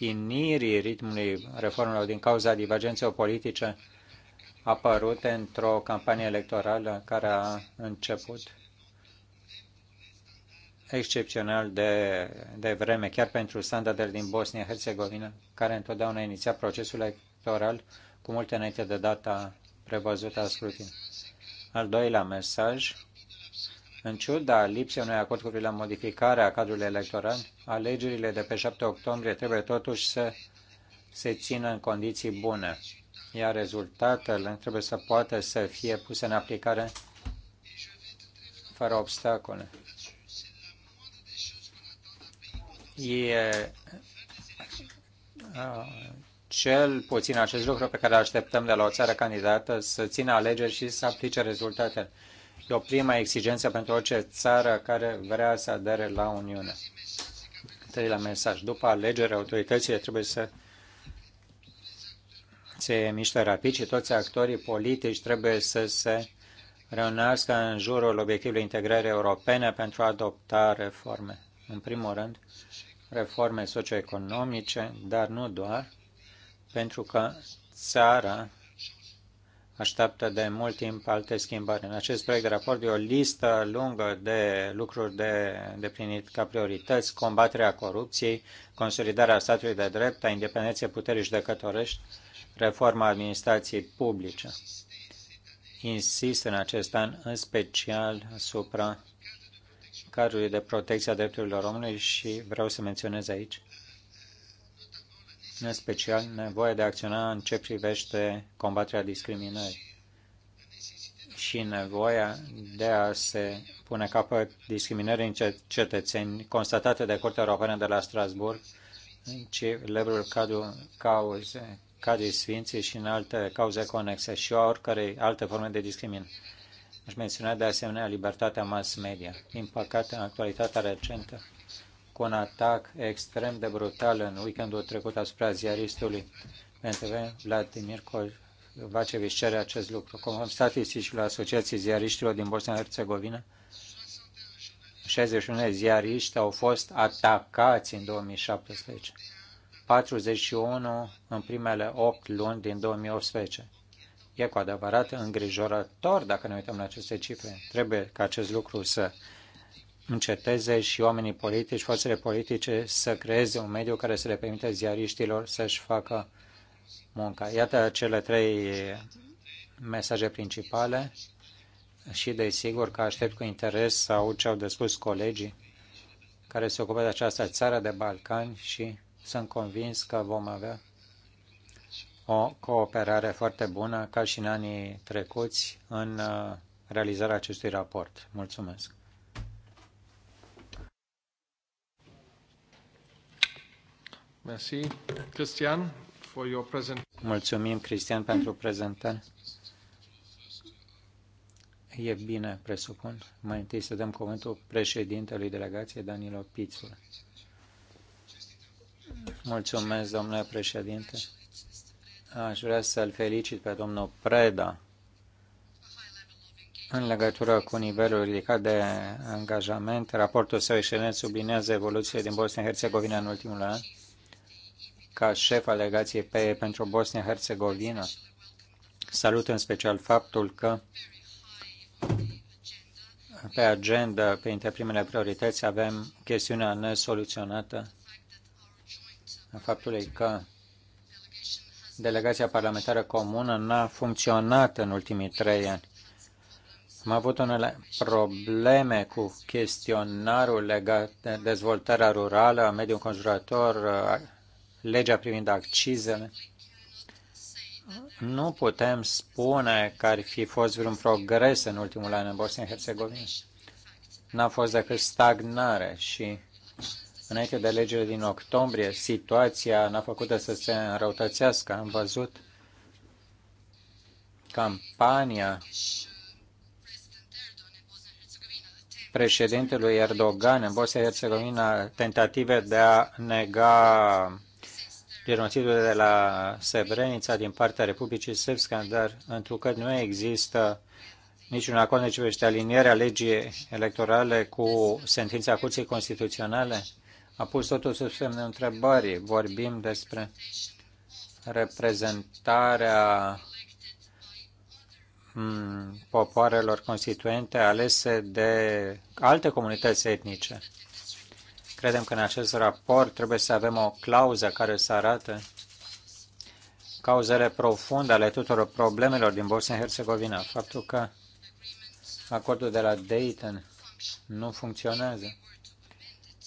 încetinirii ritmului reformelor din cauza divergențelor politice apărute într-o campanie electorală care a început excepțional de, de vreme, chiar pentru standardele din Bosnia-Herzegovina, care întotdeauna iniția procesul electoral cu multe înainte de data prevăzută a scrutin. Al doilea mesaj în ciuda lipsei unui acord cu privire la modificarea cadrului electoral, alegerile de pe 7 octombrie trebuie totuși să se țină în condiții bune, iar rezultatele trebuie să poată să fie puse în aplicare fără obstacole. E uh, cel puțin acest lucru pe care îl așteptăm de la o țară candidată să țină alegeri și să aplice rezultatele. E o prima exigență pentru orice țară care vrea să adere la Uniune. Treilea mesaj. După alegeri, autoritățile trebuie să se miște rapid și toți actorii politici trebuie să se reunească în jurul obiectivului integrării europene pentru a adopta reforme. În primul rând, reforme socioeconomice, dar nu doar, pentru că țara așteaptă de mult timp alte schimbări. În acest proiect de raport e o listă lungă de lucruri de îndeplinit ca priorități, combaterea corupției, consolidarea statului de drept, a independenței puterii judecătorești, reforma administrației publice. Insist în acest an în special asupra cadrului de protecție a drepturilor omului și vreau să menționez aici în special nevoia de a acționa în ce privește combaterea discriminării și nevoia de a se pune capăt discriminării în cetățeni constatate de Curtea Europeană de la Strasburg în celebrul cadru cauze, cadru sfinții și în alte cauze conexe și oricare alte forme de discriminare. Aș menționa de asemenea libertatea mass media. Din păcate, în actualitatea recentă, cu un atac extrem de brutal în weekendul trecut asupra ziaristului PNTV, Vladimir Vacevici cere acest lucru. Conform statisticilor Asociației Ziariștilor din Bosnia-Herzegovina, 61 ziariști au fost atacați în 2017, 41 în primele 8 luni din 2018. E cu adevărat îngrijorător dacă ne uităm la aceste cifre. Trebuie ca acest lucru să înceteze și oamenii politici, forțele politice să creeze un mediu care să le permită ziariștilor să-și facă munca. Iată cele trei mesaje principale și desigur că aștept cu interes să aud ce au de spus colegii care se ocupă de această țară de Balcani și sunt convins că vom avea o cooperare foarte bună, ca și în anii trecuți, în uh, realizarea acestui raport. Mulțumesc! Mulțumim, Cristian, pentru prezentare. E bine, presupun. Mai întâi să dăm cuvântul președintelui delegației, Danilo Pițul. Mulțumesc, domnule președinte. Aș vrea să-l felicit pe domnul Preda în legătură cu nivelul ridicat de angajament. Raportul său excelent sublinează evoluția din Bosnia-Herzegovina în ultimul an ca șef al legației pe, pentru Bosnia-Herzegovina. Salut în special faptul că pe agenda, printre primele priorități, avem chestiunea nesoluționată a faptului că delegația parlamentară comună n-a funcționat în ultimii trei ani. Am avut unele probleme cu chestionarul legat de dezvoltarea rurală, mediul conjurator, legea privind accizele, nu putem spune că ar fi fost vreun progres în ultimul an în Bosnia-Herzegovina. N-a fost decât stagnare și înainte de legile din octombrie, situația n-a făcut să se înrăutățească. Am văzut campania președintelui Erdogan în Bosnia-Herzegovina, tentative de a nega genocidul de la Srebrenica din partea Republicii Srpska, dar întrucât nu există niciun acord nici privește alinierea legii electorale cu sentința Curții Constituționale, a pus totul sub semne întrebării. Vorbim despre reprezentarea mm, popoarelor constituente alese de alte comunități etnice. Credem că în acest raport trebuie să avem o clauză care să arate cauzele profunde ale tuturor problemelor din Bosnia-Herzegovina. Faptul că acordul de la Dayton nu funcționează.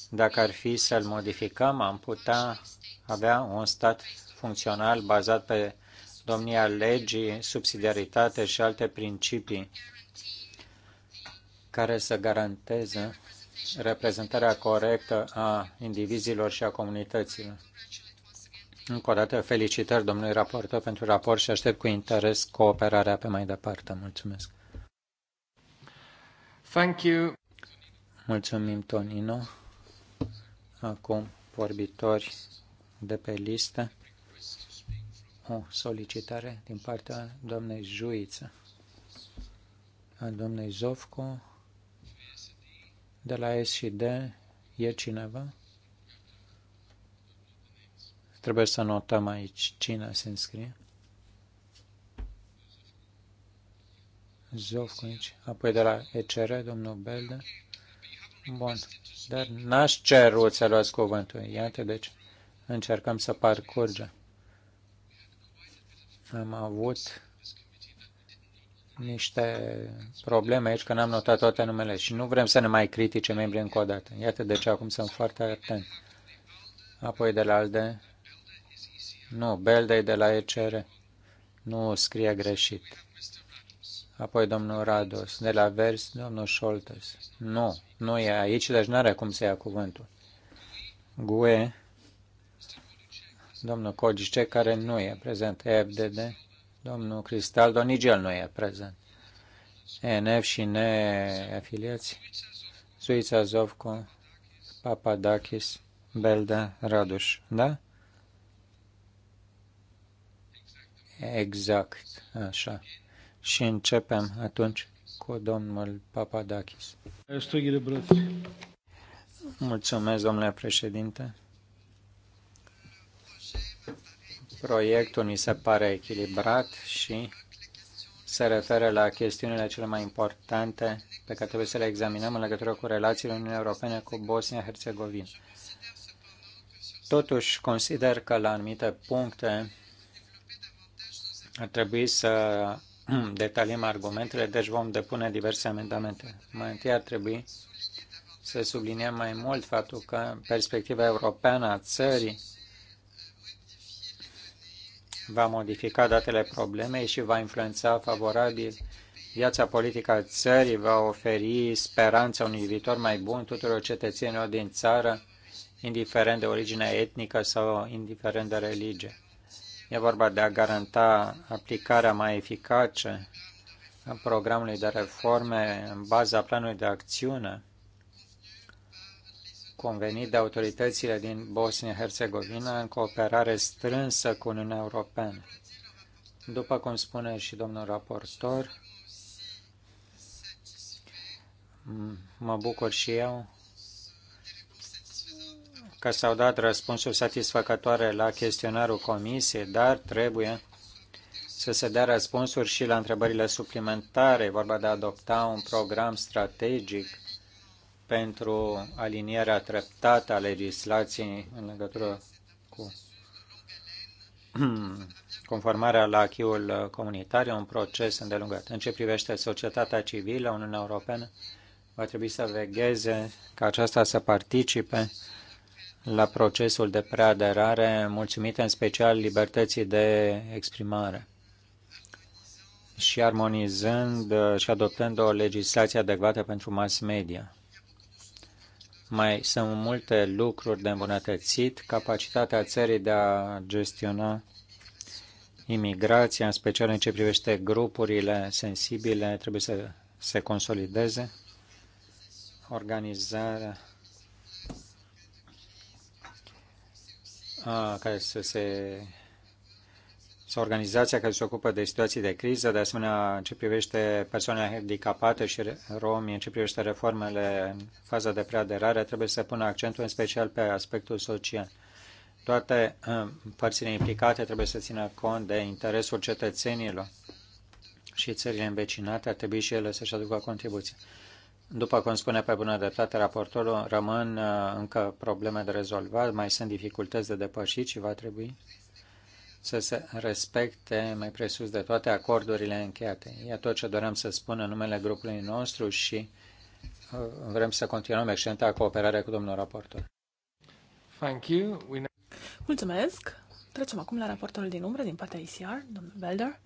Dacă ar fi să-l modificăm, am putea avea un stat funcțional bazat pe domnia legii, subsidiaritate și alte principii care să garanteze reprezentarea corectă a indivizilor și a comunităților. Încă o dată, felicitări domnului raportor pentru raport și aștept cu interes cooperarea pe mai departe. Mulțumesc. Thank you. Mulțumim, Tonino. Acum, vorbitori de pe listă. O solicitare din partea doamnei Juiță, a doamnei Zovco, de la S și D e cineva? Trebuie să notăm aici cine se înscrie. Zofnici, apoi de la ECR, domnul Belde. Bun, dar n-aș cerut să luați cuvântul. Iată, deci încercăm să parcurgem. Am avut niște probleme aici, că n-am notat toate numele și nu vrem să ne mai critice membrii încă o dată. Iată de ce acum sunt foarte atent. Apoi de la ALDE. Nu, Belde de la ECR. Nu scrie greșit. Apoi domnul Rados, de la Vers, domnul Scholtes. Nu, nu e aici, deci nu are cum să ia cuvântul. GUE, domnul Codice care nu e prezent, FDD, Domnul Cristal, nici el nu e prezent. ENF și afiliați. Suița Zovco, Papadakis, Belda, Raduș. Da? Exact, așa. Și începem atunci cu domnul Papadakis. Mulțumesc, domnule președinte. Proiectul mi se pare echilibrat și se referă la chestiunile cele mai importante pe care trebuie să le examinăm în legătură cu relațiile Uniunii Europene cu Bosnia-Herzegovina. Totuși, consider că la anumite puncte ar trebui să detaliem argumentele, deci vom depune diverse amendamente. Mai întâi ar trebui să subliniem mai mult faptul că perspectiva europeană a țării va modifica datele problemei și va influența favorabil viața politică a țării, va oferi speranța unui viitor mai bun tuturor cetățenilor din țară, indiferent de originea etnică sau indiferent de religie. E vorba de a garanta aplicarea mai eficace a programului de reforme în baza planului de acțiune convenit de autoritățile din Bosnia-Herzegovina în cooperare strânsă cu Uniunea Europeană. După cum spune și domnul raportor, mă bucur și eu că s-au dat răspunsuri satisfăcătoare la chestionarul comisiei, dar trebuie să se dea răspunsuri și la întrebările suplimentare. E vorba de a adopta un program strategic pentru alinierea treptată a legislației în legătură cu conformarea la achiul comunitar, e un proces îndelungat. În ce privește societatea civilă, Uniunea Europeană va trebui să vegheze ca aceasta să participe la procesul de preaderare, mulțumită în special libertății de exprimare și armonizând și adoptând o legislație adecvată pentru mass media. Mai sunt multe lucruri de îmbunătățit, capacitatea țării de a gestiona imigrația, în special în ce privește grupurile sensibile, trebuie să se consolideze. Organizarea care să se sau organizația care se ocupă de situații de criză, de asemenea în ce privește persoanele handicapate și romi, în ce privește reformele în faza de preaderare, trebuie să pună accentul în special pe aspectul social. Toate eh, părțile implicate trebuie să țină cont de interesul cetățenilor și țările învecinate ar trebui și ele să-și aducă contribuție. După cum spune pe bună dreptate raportorul, rămân eh, încă probleme de rezolvat, mai sunt dificultăți de depășit și va trebui să se respecte mai presus de toate acordurile încheiate. E tot ce doream să spun în numele grupului nostru și uh, vrem să continuăm excelenta cooperare cu domnul raportor. Thank you. We... Mulțumesc! Trecem acum la raportorul din umbră din partea ICR, domnul Belder.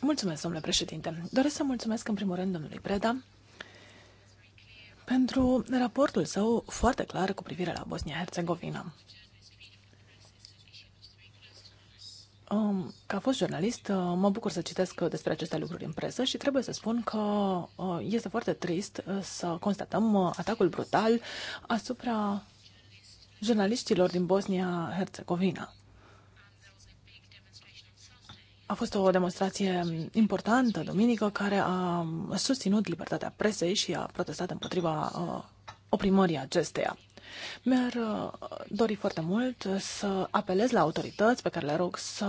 Mulțumesc, domnule președinte. Doresc să mulțumesc în primul rând domnului Preda pentru raportul său foarte clar cu privire la Bosnia-Herzegovina. Um, ca fost jurnalist, uh, mă bucur să citesc despre aceste lucruri în presă și trebuie să spun că uh, este foarte trist uh, să constatăm atacul brutal asupra jurnaliștilor din Bosnia-Herzegovina. A fost o demonstrație importantă duminică care a susținut libertatea presei și a protestat împotriva uh, oprimării acesteia. Mi-ar uh, dori foarte mult să apelez la autorități pe care le rog să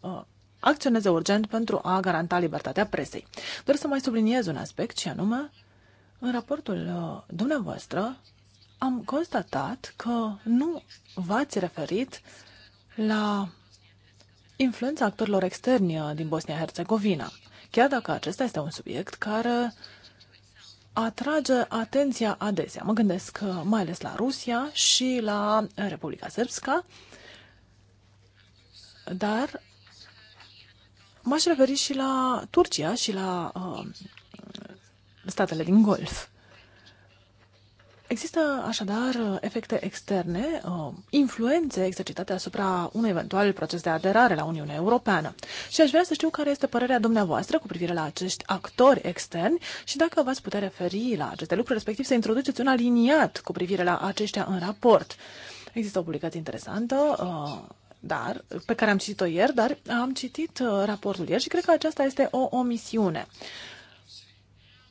uh, acționeze urgent pentru a garanta libertatea presei. Doresc să mai subliniez un aspect și anume, în raportul uh, dumneavoastră am constatat că nu v-ați referit la influența actorilor externi uh, din Bosnia-Herzegovina, chiar dacă acesta este un subiect care atrage atenția adesea. Mă gândesc uh, mai ales la Rusia și la uh, Republica Srpska, dar m-aș referi și la Turcia și la uh, statele din Golf. Există așadar uh, efecte externe, uh, influențe exercitate asupra unui eventual proces de aderare la Uniunea Europeană. Și aș vrea să știu care este părerea dumneavoastră cu privire la acești actori externi și dacă v-ați putea referi la aceste lucruri, respectiv să introduceți un aliniat cu privire la aceștia în raport. Există o publicație interesantă uh, dar, pe care am citit-o ieri, dar am citit raportul ieri și cred că aceasta este o omisiune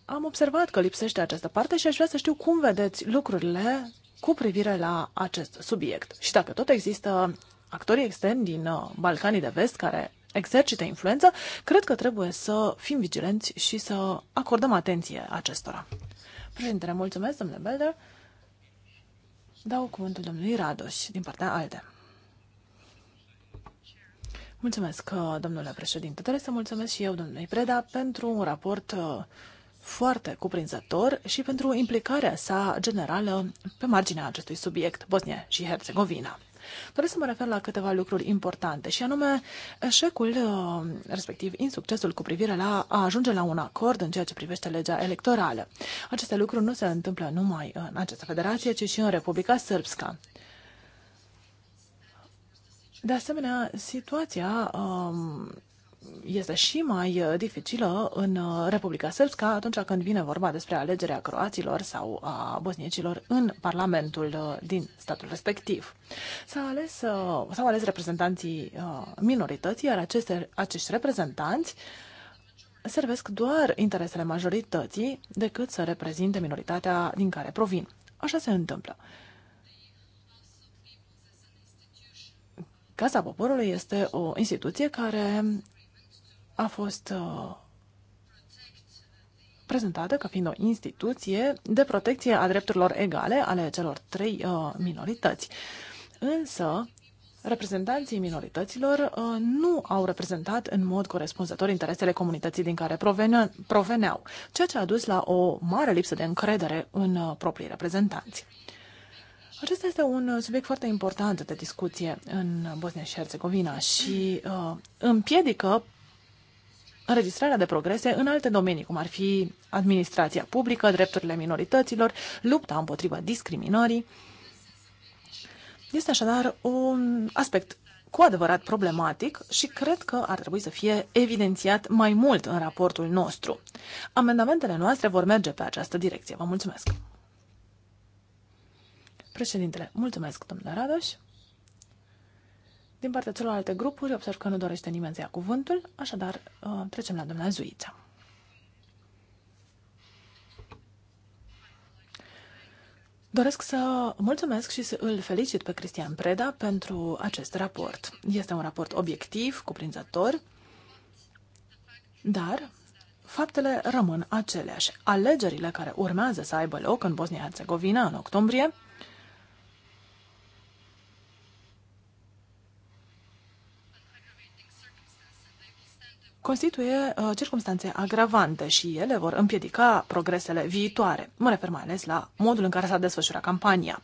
am observat că lipsește această parte și aș vrea să știu cum vedeți lucrurile cu privire la acest subiect. Și dacă tot există actorii externi din uh, Balcanii de Vest care exercită influență, cred că trebuie să fim vigilenți și să acordăm atenție acestora. Președintele, mulțumesc, domnule Belder. Dau cuvântul domnului Radoș din partea ALDE. Mulțumesc, uh, domnule președinte. Trebuie să mulțumesc și eu, domnului Preda, pentru un raport uh, foarte cuprinzător și pentru implicarea sa generală pe marginea acestui subiect, Bosnia și Herțegovina. Doresc să mă refer la câteva lucruri importante și anume eșecul, uh, respectiv insuccesul cu privire la a ajunge la un acord în ceea ce privește legea electorală. Aceste lucruri nu se întâmplă numai în această federație, ci și în Republica Sârbska. De asemenea, situația um, este și mai uh, dificilă în uh, Republica Srpska atunci când vine vorba despre alegerea croaților sau a bosniecilor în Parlamentul uh, din statul respectiv. S-au ales, s-au ales reprezentanții minorității, iar aceste, acești reprezentanți servesc doar interesele majorității decât să reprezinte minoritatea din care provin. Așa se întâmplă. Casa Poporului este o instituție care a fost uh, prezentată ca fiind o instituție de protecție a drepturilor egale ale celor trei uh, minorități. Însă, reprezentanții minorităților uh, nu au reprezentat în mod corespunzător interesele comunității din care proveneau, ceea ce a dus la o mare lipsă de încredere în proprii reprezentanți. Acesta este un subiect foarte important de discuție în Bosnia și Herzegovina și uh, împiedică înregistrarea de progrese în alte domenii, cum ar fi administrația publică, drepturile minorităților, lupta împotriva discriminării. Este așadar un aspect cu adevărat problematic și cred că ar trebui să fie evidențiat mai mult în raportul nostru. Amendamentele noastre vor merge pe această direcție. Vă mulțumesc! Președintele, mulțumesc, domnule Radoș. Din partea celorlalte grupuri, observ că nu dorește nimeni să ia cuvântul, așadar uh, trecem la doamna Zuița. Doresc să mulțumesc și să îl felicit pe Cristian Preda pentru acest raport. Este un raport obiectiv, cuprinzător, dar faptele rămân aceleași. Alegerile care urmează să aibă loc în Bosnia-Herzegovina în octombrie constituie uh, circunstanțe agravante și ele vor împiedica progresele viitoare. Mă refer mai ales la modul în care s-a desfășurat campania.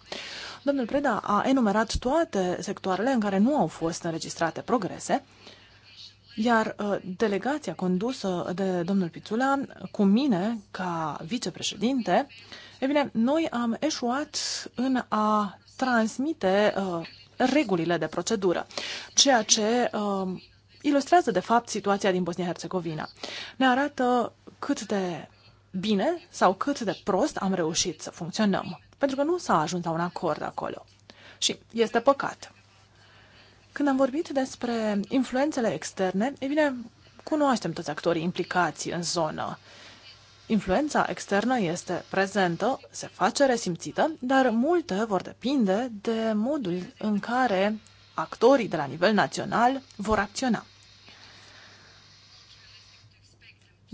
Domnul Preda a enumerat toate sectoarele în care nu au fost înregistrate progrese, iar uh, delegația condusă de domnul Pițula, cu mine ca vicepreședinte, e bine, noi am eșuat în a transmite uh, regulile de procedură, ceea ce uh, ilustrează, de fapt, situația din Bosnia-Herzegovina. Ne arată cât de bine sau cât de prost am reușit să funcționăm, pentru că nu s-a ajuns la un acord acolo. Și este păcat. Când am vorbit despre influențele externe, e bine, cunoaștem toți actorii implicați în zonă. Influența externă este prezentă, se face resimțită, dar multe vor depinde de modul în care actorii de la nivel național vor acționa.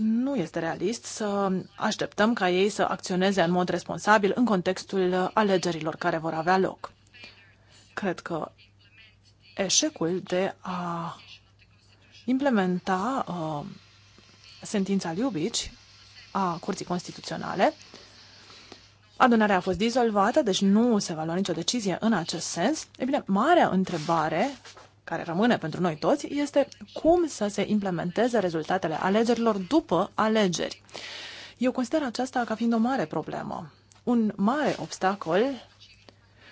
nu este realist să așteptăm ca ei să acționeze în mod responsabil în contextul alegerilor care vor avea loc. Cred că eșecul de a implementa uh, sentința Liubici a Curții Constituționale. Adunarea a fost dizolvată, deci nu se va lua nicio decizie în acest sens. E bine, marea întrebare care rămâne pentru noi toți, este cum să se implementeze rezultatele alegerilor după alegeri. Eu consider aceasta ca fiind o mare problemă, un mare obstacol,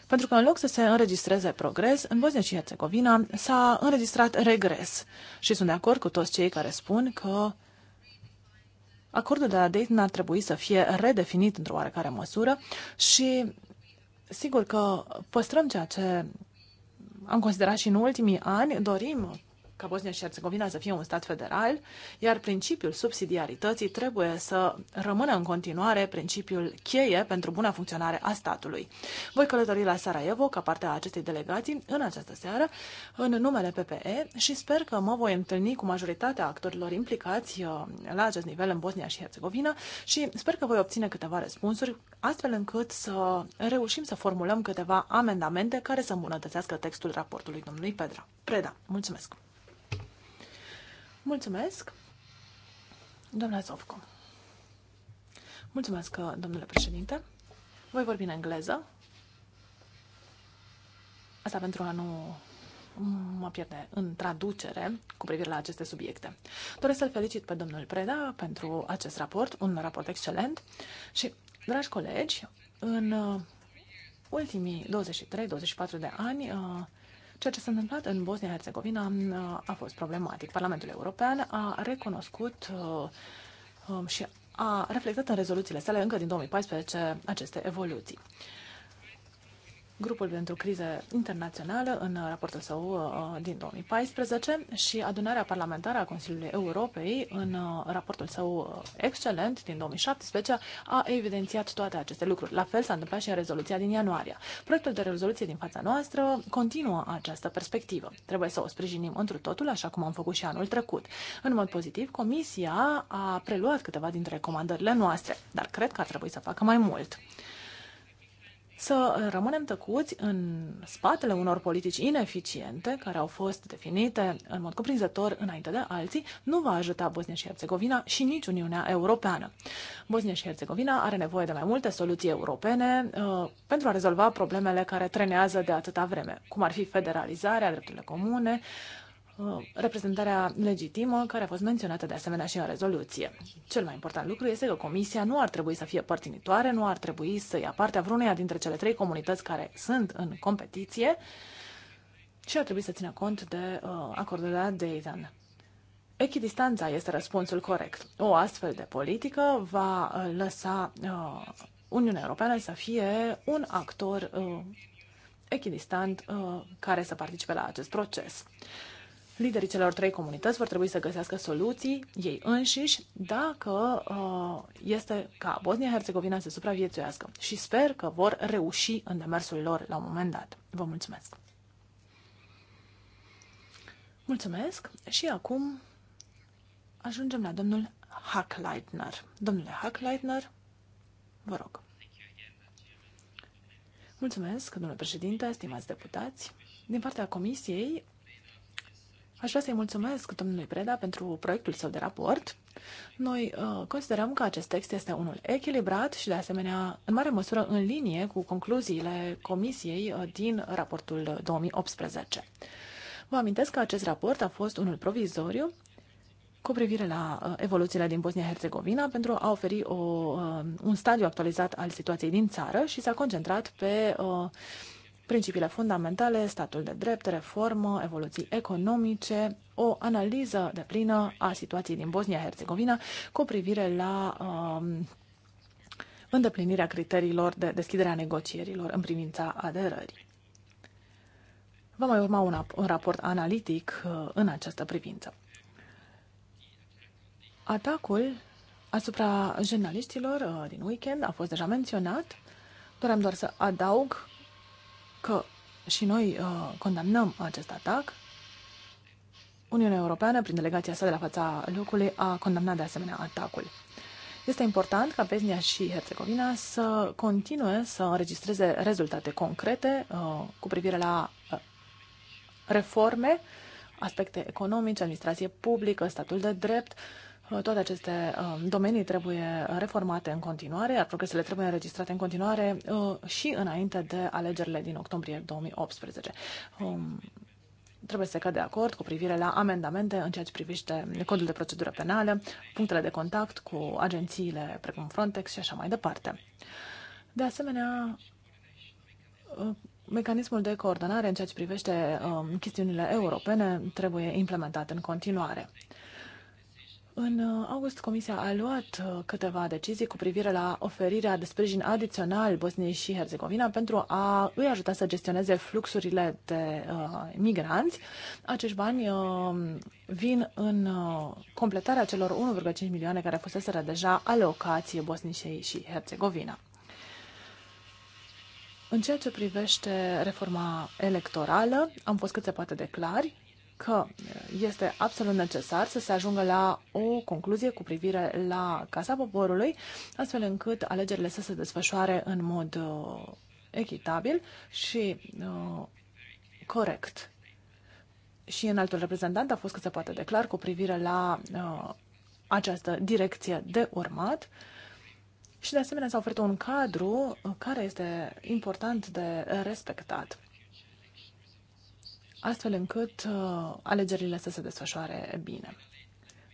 pentru că în loc să se înregistreze progres, în Bosnia și Herțegovina s-a înregistrat regres. Și sunt de acord cu toți cei care spun că acordul de la Dayton ar trebui să fie redefinit într-o oarecare măsură și sigur că păstrăm ceea ce am considerat și în ultimii ani, dorim ca Bosnia și Herțegovina să fie un stat federal, iar principiul subsidiarității trebuie să rămână în continuare principiul cheie pentru buna funcționare a statului. Voi călători la Sarajevo ca parte a acestei delegații în această seară în numele PPE și sper că mă voi întâlni cu majoritatea actorilor implicați uh, la acest nivel în Bosnia și Herțegovina și sper că voi obține câteva răspunsuri astfel încât să reușim să formulăm câteva amendamente care să îmbunătățească textul raportului domnului Pedra. Preda, mulțumesc! Mulțumesc, doamna Zovco. Mulțumesc, domnule președinte. Voi vorbi în engleză. Asta pentru a nu mă pierde în traducere cu privire la aceste subiecte. Doresc să-l felicit pe domnul Preda pentru acest raport, un raport excelent și, dragi colegi, în ultimii 23-24 de ani uh, Ceea ce s-a întâmplat în Bosnia-Herzegovina uh, a fost problematic. Parlamentul European a recunoscut uh, um, și a reflectat în rezoluțiile sale încă din 2014 aceste evoluții grupul pentru crize internațională în raportul său uh, din 2014 și adunarea parlamentară a Consiliului Europei în uh, raportul său uh, excelent din 2017 a evidențiat toate aceste lucruri. La fel s-a întâmplat și în rezoluția din ianuarie. Proiectul de rezoluție din fața noastră continuă această perspectivă. Trebuie să o sprijinim întru totul, așa cum am făcut și anul trecut. În mod pozitiv, Comisia a preluat câteva dintre recomandările noastre, dar cred că ar trebui să facă mai mult să rămânem tăcuți în spatele unor politici ineficiente care au fost definite în mod cuprinzător înainte de alții, nu va ajuta Bosnia și Herțegovina și nici Uniunea Europeană. Bosnia și Herțegovina are nevoie de mai multe soluții europene uh, pentru a rezolva problemele care trenează de atâta vreme, cum ar fi federalizarea, drepturile comune, uh, Uh, reprezentarea legitimă, care a fost menționată de asemenea și în rezoluție. Cel mai important lucru este că Comisia nu ar trebui să fie părținitoare, nu ar trebui să ia partea vreuneia dintre cele trei comunități care sunt în competiție și ar trebui să țină cont de uh, acordul de Dayton. Echidistanța este răspunsul corect. O astfel de politică va uh, lăsa uh, Uniunea Europeană să fie un actor uh, echidistant uh, care să participe la acest proces. Liderii celor trei comunități vor trebui să găsească soluții ei înșiși dacă uh, este ca Bosnia-Herzegovina să supraviețuiască și sper că vor reuși în demersul lor la un moment dat. Vă mulțumesc! Mulțumesc și acum ajungem la domnul Hackleitner. Domnule Hackleitner, vă rog. Mulțumesc, domnule președinte, stimați deputați. Din partea Comisiei Aș vrea să-i mulțumesc domnului Preda pentru proiectul său de raport. Noi uh, considerăm că acest text este unul echilibrat și, de asemenea, în mare măsură în linie cu concluziile Comisiei uh, din raportul 2018. Uh, Vă amintesc că acest raport a fost unul provizoriu cu privire la uh, evoluțiile din Bosnia-Herzegovina pentru a oferi o, uh, un stadiu actualizat al situației din țară și s-a concentrat pe uh, principiile fundamentale, statul de drept, reformă, evoluții economice, o analiză de plină a situației din Bosnia-Herzegovina cu privire la um, îndeplinirea criteriilor de deschidere a negocierilor în privința aderării. Va mai urma un, un raport analitic uh, în această privință. Atacul asupra jurnaliștilor uh, din weekend a fost deja menționat. Doream doar să adaug că și noi uh, condamnăm acest atac. Uniunea Europeană, prin delegația sa de la fața locului, a condamnat de asemenea atacul. Este important ca Bosnia și Herțegovina să continue să înregistreze rezultate concrete uh, cu privire la uh, reforme, aspecte economice, administrație publică, statul de drept, uh, toate aceste uh, domenii trebuie reformate în continuare, iar progresele trebuie înregistrate în continuare uh, și înainte de alegerile din octombrie 2018. Um, trebuie să se de acord cu privire la amendamente în ceea ce privește codul de procedură penală, punctele de contact cu agențiile precum Frontex și așa mai departe. De asemenea, uh, mecanismul de coordonare în ceea ce privește um, chestiunile europene trebuie implementat în continuare. În uh, august, Comisia a luat uh, câteva decizii cu privire la oferirea de sprijin adițional Bosniei și Herzegovina pentru a îi ajuta să gestioneze fluxurile de uh, migranți. Acești bani uh, vin în uh, completarea celor 1,5 milioane care fuseseră deja alocație Bosniei și Herzegovina. În ceea ce privește reforma electorală, am fost cât se poate de clari că este absolut necesar să se ajungă la o concluzie cu privire la Casa Poporului, astfel încât alegerile să se desfășoare în mod uh, echitabil și uh, corect. Și în altul reprezentant a fost că se poate declar cu privire la uh, această direcție de urmat. Și de asemenea s-a oferit un cadru care este important de respectat astfel încât uh, alegerile să se desfășoare bine.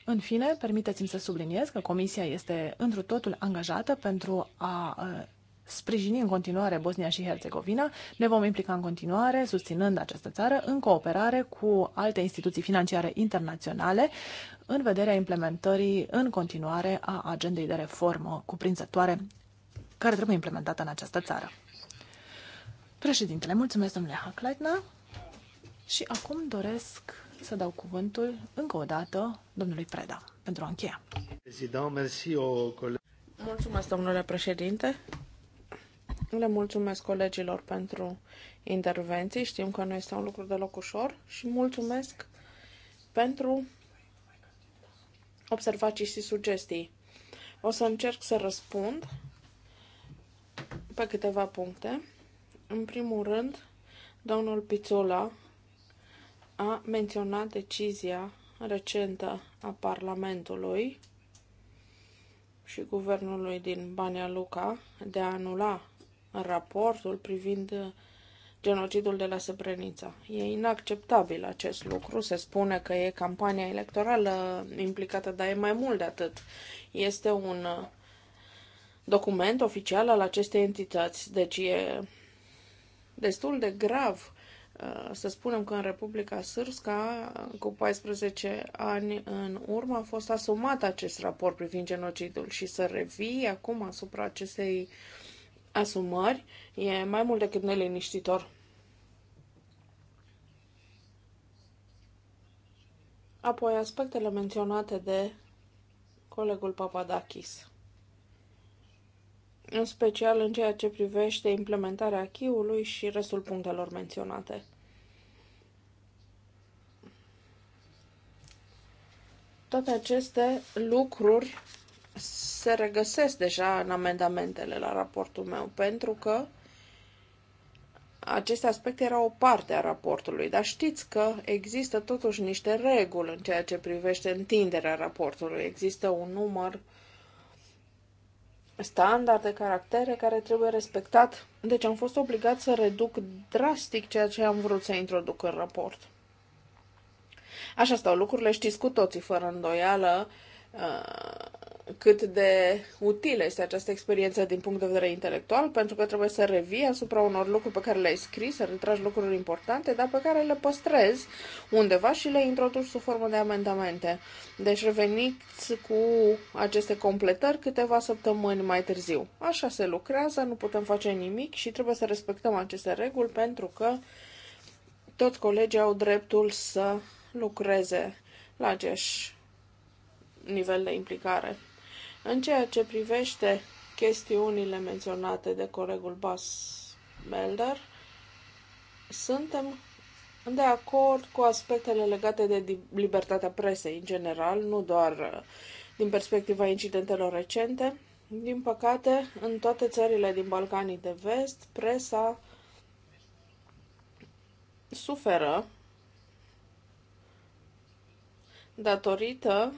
În fine, permiteți-mi să subliniez că Comisia este întru totul angajată pentru a uh, sprijini în continuare Bosnia și Herțegovina. Ne vom implica în continuare, susținând această țară, în cooperare cu alte instituții financiare internaționale, în vederea implementării în continuare a agendei de reformă cuprinzătoare care trebuie implementată în această țară. Președintele, mulțumesc domnule Hackleitner. Și acum doresc să dau cuvântul încă o dată domnului Preda pentru a încheia. Mulțumesc, domnule președinte. Le mulțumesc colegilor pentru intervenții. Știm că nu este un lucru deloc ușor și mulțumesc pentru observații și sugestii. O să încerc să răspund pe câteva puncte. În primul rând, domnul Pițola a menționat decizia recentă a Parlamentului și guvernului din Bania Luca de a anula raportul privind genocidul de la Srebrenica. E inacceptabil acest lucru. Se spune că e campania electorală implicată, dar e mai mult de atât. Este un document oficial al acestei entități, deci e destul de grav Uh, să spunem că în Republica Sârsca, cu 14 ani în urmă, a fost asumat acest raport privind genocidul și să revii acum asupra acestei asumări e mai mult decât neliniștitor. Apoi, aspectele menționate de colegul Papadakis în special în ceea ce privește implementarea achiului și restul punctelor menționate. Toate aceste lucruri se regăsesc deja în amendamentele la raportul meu, pentru că aceste aspecte erau o parte a raportului, dar știți că există totuși niște reguli în ceea ce privește întinderea raportului. Există un număr uh, standard de caractere care trebuie respectat. Deci am fost obligat să reduc drastic ceea ce am vrut să introduc în raport. Așa stau lucrurile, știți cu toții, fără îndoială. Uh, cât de utilă este această experiență din punct de vedere intelectual, pentru că trebuie să revii asupra unor lucruri pe care le-ai scris, să retragi lucruri importante, dar pe care le păstrezi undeva și le introduci sub formă de amendamente. Deci reveniți cu aceste completări câteva săptămâni mai târziu. Așa se lucrează, nu putem face nimic și trebuie să respectăm aceste reguli pentru că toți colegii au dreptul să lucreze la aceeași nivel de implicare. În ceea ce privește chestiunile menționate de colegul Bas Melder, suntem de acord cu aspectele legate de libertatea presei în general, nu doar uh, din perspectiva incidentelor recente. Din păcate, în toate țările din Balcanii de Vest, presa suferă datorită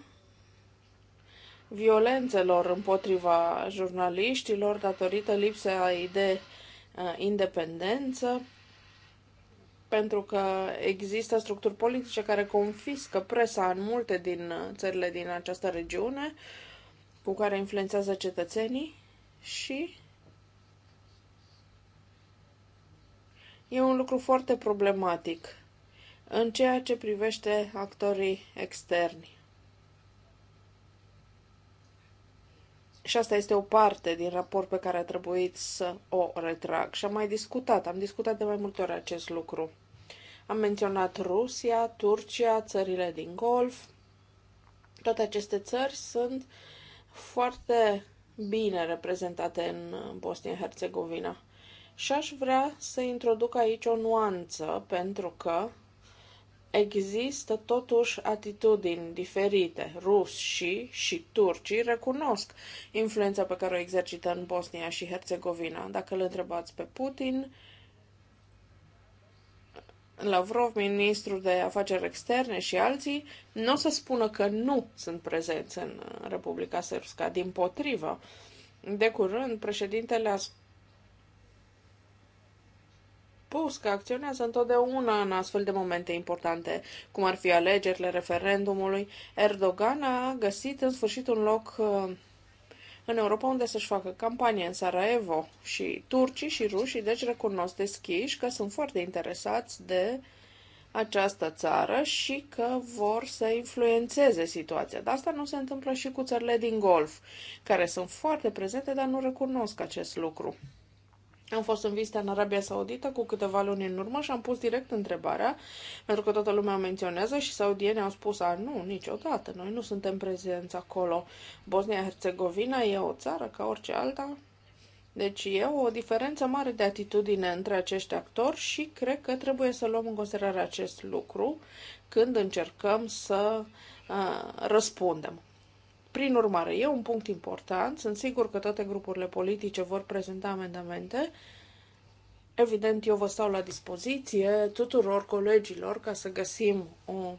violențelor împotriva jurnaliștilor datorită lipsei de uh, independență, pentru că există structuri politice care confiscă presa în multe din uh, țările din această regiune, cu care influențează cetățenii și e un lucru foarte problematic în ceea ce privește actorii externi. Și asta este o parte din raport pe care a trebuit să o retrag. Și am mai discutat, am discutat de mai multe ori acest lucru. Am menționat Rusia, Turcia, țările din Golf. Toate aceste țări sunt foarte bine reprezentate în Bosnia-Herzegovina. Și aș vrea să introduc aici o nuanță, pentru că Există totuși atitudini diferite. Rusi și turcii recunosc influența pe care o exercită în Bosnia și Herțegovina. Dacă îl întrebați pe Putin, Lavrov, ministrul de afaceri externe și alții, nu o să spună că nu sunt prezenți în Republica Srpska. Din potrivă, de curând, președintele a spus spus că acționează întotdeauna în astfel de momente importante, cum ar fi alegerile referendumului. Erdogan a găsit în sfârșit un loc uh, în Europa unde să-și facă campanie în Sarajevo și turcii și rușii deci recunosc deschiși că sunt foarte interesați de această țară și că vor să influențeze situația. Dar asta nu se întâmplă și cu țările din Golf, care sunt foarte prezente, dar nu recunosc acest lucru. Am fost în vizită în Arabia Saudită cu câteva luni în urmă și am pus direct întrebarea, pentru că toată lumea o menționează și saudienii au spus, a, nu, niciodată, noi nu suntem prezenți acolo. Bosnia-Herzegovina e o țară ca orice alta, deci e o diferență mare de atitudine între acești actori și cred că trebuie să luăm în considerare acest lucru când încercăm să uh, răspundem. Prin urmare, e un punct important. Sunt sigur că toate grupurile politice vor prezenta amendamente. Evident, eu vă stau la dispoziție tuturor colegilor ca să găsim o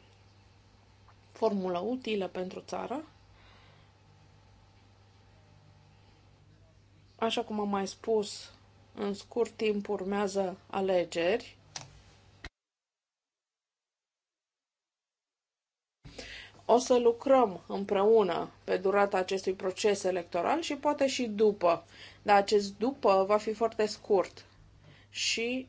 formulă utilă pentru țară. Așa cum am mai spus, în scurt timp urmează alegeri O să lucrăm împreună pe durata acestui proces electoral și poate și după. Dar acest după va fi foarte scurt și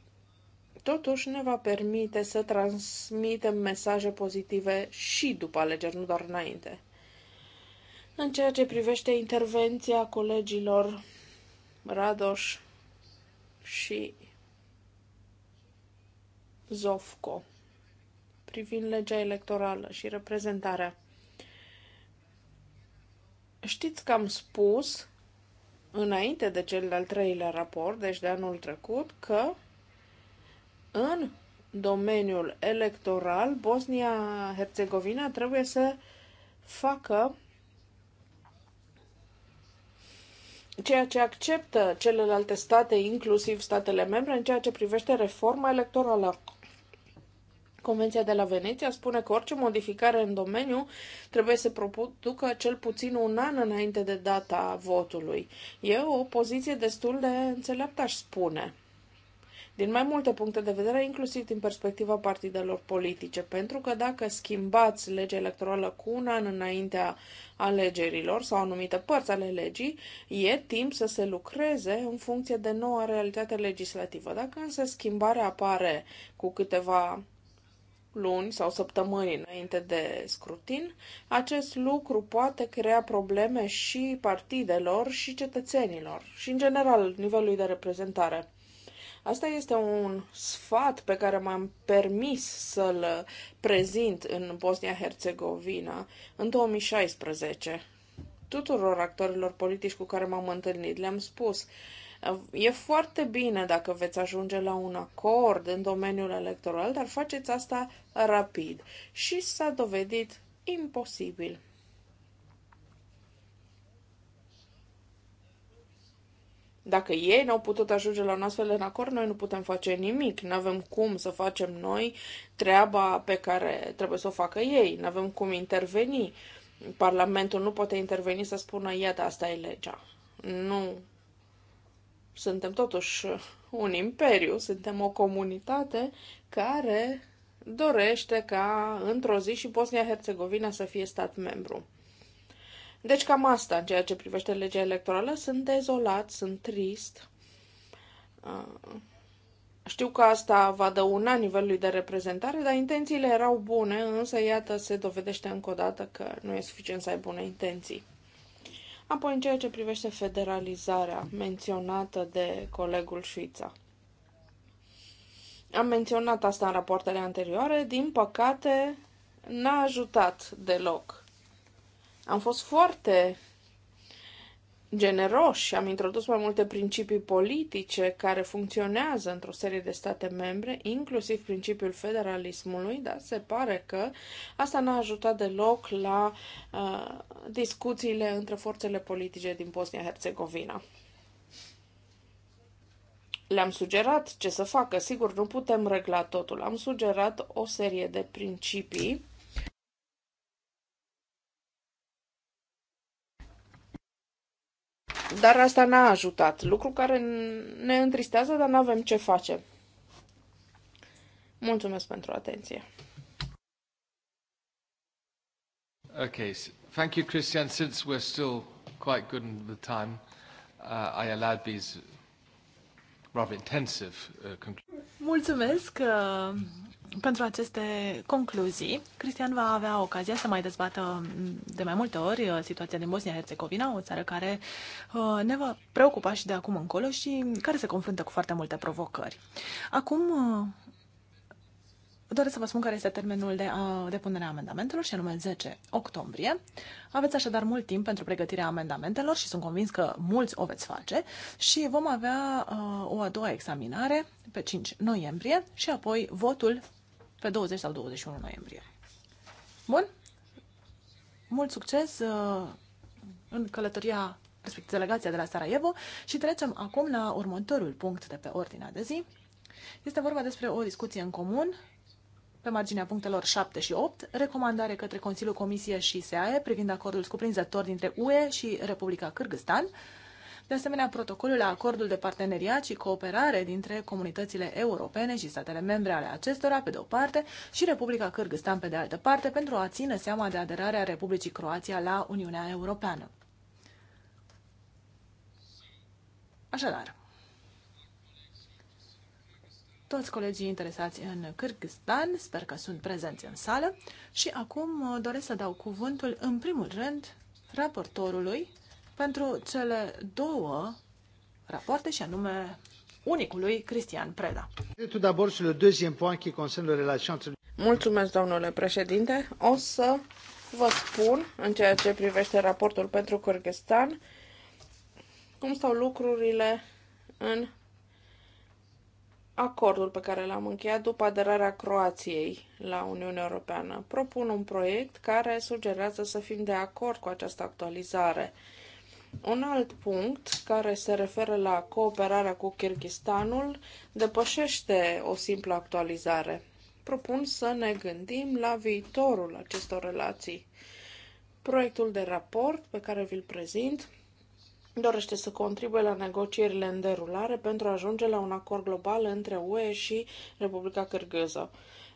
totuși ne va permite să transmitem mesaje pozitive și după alegeri, nu doar înainte. În ceea ce privește intervenția colegilor Radoș și Zofco privind legea electorală și reprezentarea. Știți că am spus înainte de cel de-al treilea raport, deci de anul trecut, că în domeniul electoral Bosnia-Herzegovina trebuie să facă ceea ce acceptă celelalte state, inclusiv statele membre, în ceea ce privește reforma electorală. Convenția de la Veneția spune că orice modificare în domeniu trebuie să producă cel puțin un an înainte de data votului. E o poziție destul de înțeleaptă, aș spune din mai multe puncte de vedere, inclusiv din perspectiva partidelor politice, pentru că dacă schimbați legea electorală cu un an înaintea alegerilor sau anumite părți ale legii, e timp să se lucreze în funcție de noua realitate legislativă. Dacă însă schimbarea apare cu câteva luni sau săptămâni înainte de scrutin, acest lucru poate crea probleme și partidelor și cetățenilor și, în general, nivelului de reprezentare. Asta este un sfat pe care m-am permis să-l prezint în Bosnia-Herzegovina în 2016. Tuturor actorilor politici cu care m-am întâlnit le-am spus E foarte bine dacă veți ajunge la un acord în domeniul electoral, dar faceți asta rapid. Și s-a dovedit imposibil. Dacă ei n-au putut ajunge la un astfel de acord, noi nu putem face nimic. Nu avem cum să facem noi treaba pe care trebuie să o facă ei. Nu avem cum interveni. Parlamentul nu poate interveni să spună, iată, asta e legea. Nu suntem totuși un imperiu, suntem o comunitate care dorește ca într-o zi și Bosnia-Herzegovina să fie stat membru. Deci cam asta în ceea ce privește legea electorală. Sunt dezolat, sunt trist. Ah, știu că asta va dăuna nivelului de reprezentare, dar intențiile erau bune, însă iată se dovedește încă o dată că nu e suficient să ai bune intenții. Apoi, în ceea ce privește federalizarea menționată de colegul Șuița. Am menționat asta în rapoartele anterioare, din păcate n-a ajutat deloc. Am fost foarte generoși, am introdus mai multe principii politice care funcționează într-o serie de state membre, inclusiv principiul federalismului, dar se pare că asta n-a ajutat deloc la uh, discuțiile între forțele politice din Bosnia-Herzegovina. Le-am sugerat ce să facă. Sigur, nu putem regla totul. Am sugerat o serie de principii Dar asta n-a ajutat, lucru care ne întristează, dar nu avem ce face. Mulțumesc pentru atenție. Okay, thank you, Christian. Since we're still quite good in the time, uh, I allowed these rather intensive uh, conclusions. Mulțumesc. Uh pentru aceste concluzii. Cristian va avea ocazia să mai dezbată mm, de mai multe ori uh, situația din Bosnia-Herzegovina, o țară care uh, ne va preocupa și de acum încolo și care se confruntă cu foarte multe provocări. Acum uh, doresc să vă spun care este termenul de depunere a amendamentelor și anume 10 octombrie. Aveți așadar mult timp pentru pregătirea amendamentelor și sunt convins că mulți o veți face și vom avea o a doua examinare pe 5 noiembrie și apoi votul pe 20 sau 21 noiembrie. Bun? Mult succes uh, în călătoria respectiv delegația de la Sarajevo și trecem acum la următorul punct de pe ordinea de zi. Este vorba despre o discuție în comun pe marginea punctelor 7 și 8, recomandare către Consiliul Comisie și SAE privind acordul scuprinzător dintre UE și Republica uh, de asemenea protocolul la acordul de parteneriat și cooperare dintre comunitățile europene și statele membre ale acestora, pe de o parte, și Republica Cârgâstan, pe de altă parte, pentru a ține seama de aderarea Republicii Croația la Uniunea Europeană. Așadar, toți colegii interesați în Kyrgyzstan, sper că sunt prezenți în sală și acum uh, doresc să dau cuvântul în primul rând raportorului pentru cele două rapoarte și anume unicului Cristian Preda. Mulțumesc, domnule președinte. O să vă spun, în ceea ce privește raportul pentru Kyrgyzstan, cum stau lucrurile în acordul pe care l-am încheiat după aderarea Croației la Uniunea Europeană. Propun un proiect care sugerează să fim de acord cu această actualizare un alt punct, care se referă la cooperarea cu Kirghistanul, depășește o simplă actualizare. Propun să ne gândim la viitorul acestor relații. Proiectul de raport pe care vi-l prezint dorește să contribuie la negocierile în derulare pentru a ajunge la un acord global între UE și Republica Cârgâză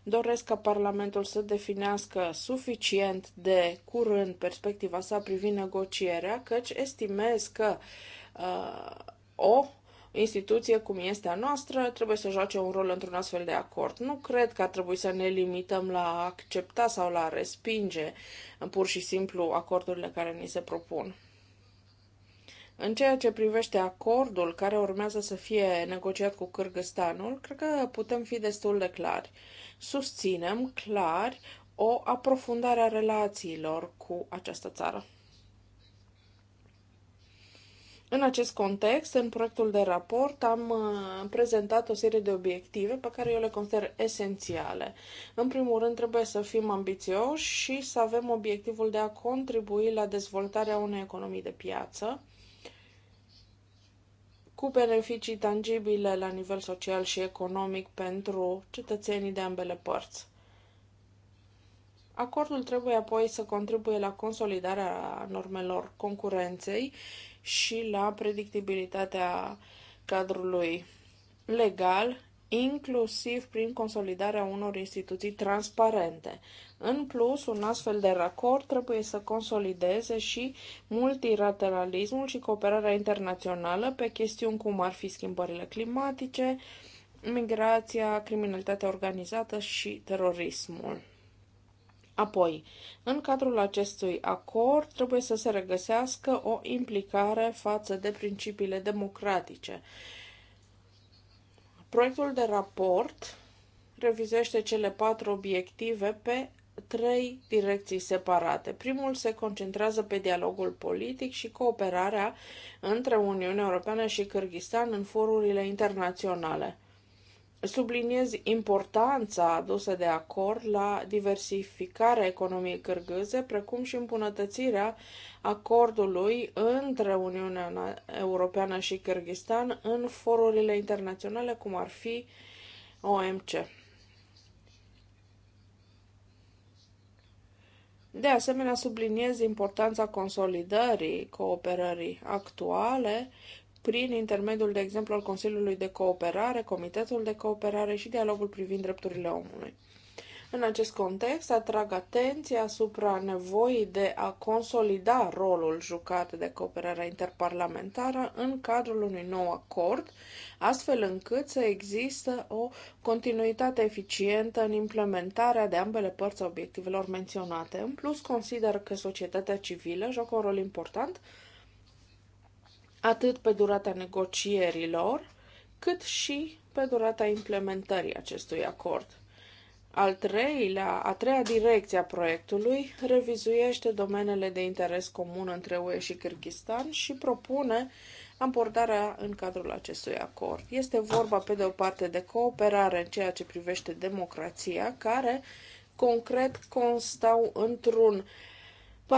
doresc ca Parlamentul să definească suficient de curând perspectiva sa privind negocierea, căci estimez că uh, o instituție cum este a noastră trebuie să joace un rol într-un astfel de acord. Nu cred că ar trebui să ne limităm la a accepta sau la a respinge uh, pur și simplu acordurile care ni se propun. În ceea ce privește acordul care urmează să fie negociat cu Cârgăstanul, cred că putem fi destul de clari susținem clar o aprofundare a relațiilor cu această țară. În acest context, în proiectul de raport, am uh, prezentat o serie de obiective pe care eu le consider esențiale. În primul rând, trebuie să fim ambițioși și să avem obiectivul de a contribui la dezvoltarea unei economii de piață, cu beneficii tangibile la nivel social și economic pentru cetățenii de ambele părți. Acordul trebuie apoi să contribuie la consolidarea normelor concurenței și la predictibilitatea cadrului legal inclusiv prin consolidarea unor instituții transparente. În plus, un astfel de racord trebuie să consolideze și multilateralismul și cooperarea internațională pe chestiuni cum ar fi schimbările climatice, migrația, criminalitatea organizată și terorismul. Apoi, în cadrul acestui acord trebuie să se regăsească o implicare față de principiile democratice Proiectul de raport revizește cele patru obiective pe trei direcții separate. Primul se concentrează pe dialogul politic și cooperarea între Uniunea Europeană și Kyrgyzstan în forurile internaționale subliniez importanța adusă de acord la diversificarea economiei cârgâze, precum și îmbunătățirea acordului între Uniunea Europeană și Kyrgyzstan în forurile internaționale, cum ar fi OMC. De asemenea, subliniez importanța consolidării cooperării actuale prin intermediul, de exemplu, al Consiliului de Cooperare, Comitetul de Cooperare și dialogul privind drepturile omului. În acest context, atrag atenția asupra nevoii de a consolida rolul jucat de cooperarea interparlamentară în cadrul unui nou acord, astfel încât să există o continuitate eficientă în implementarea de ambele părți a obiectivelor menționate. În plus, consider că societatea civilă joacă un rol important atât pe durata negocierilor, cât și pe durata implementării acestui acord. Al treilea, a treia direcție a proiectului revizuiește domenele de interes comun între UE și Kyrgyzstan și propune amportarea în cadrul acestui acord. Este vorba, pe de o parte, de cooperare în ceea ce privește democrația, care concret constau într-un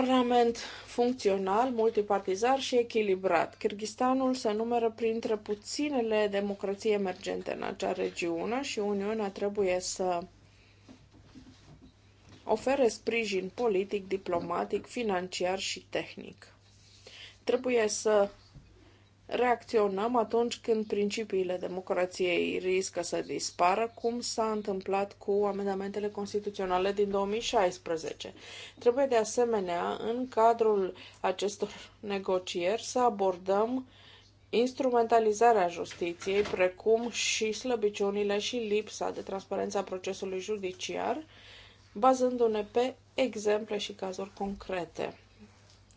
Parlament funcțional, multipartizar și echilibrat. Kyrgyzstanul se numără printre puținele democrații emergente în acea regiune și Uniunea trebuie să ofere sprijin politic, diplomatic, financiar și tehnic. Trebuie să reacționăm atunci când principiile democrației riscă să dispară, cum s-a întâmplat cu amendamentele constituționale din 2016. Trebuie de asemenea, în cadrul acestor negocieri, să abordăm instrumentalizarea justiției, precum și slăbiciunile și lipsa de transparență a procesului judiciar, bazându-ne pe exemple și cazuri concrete.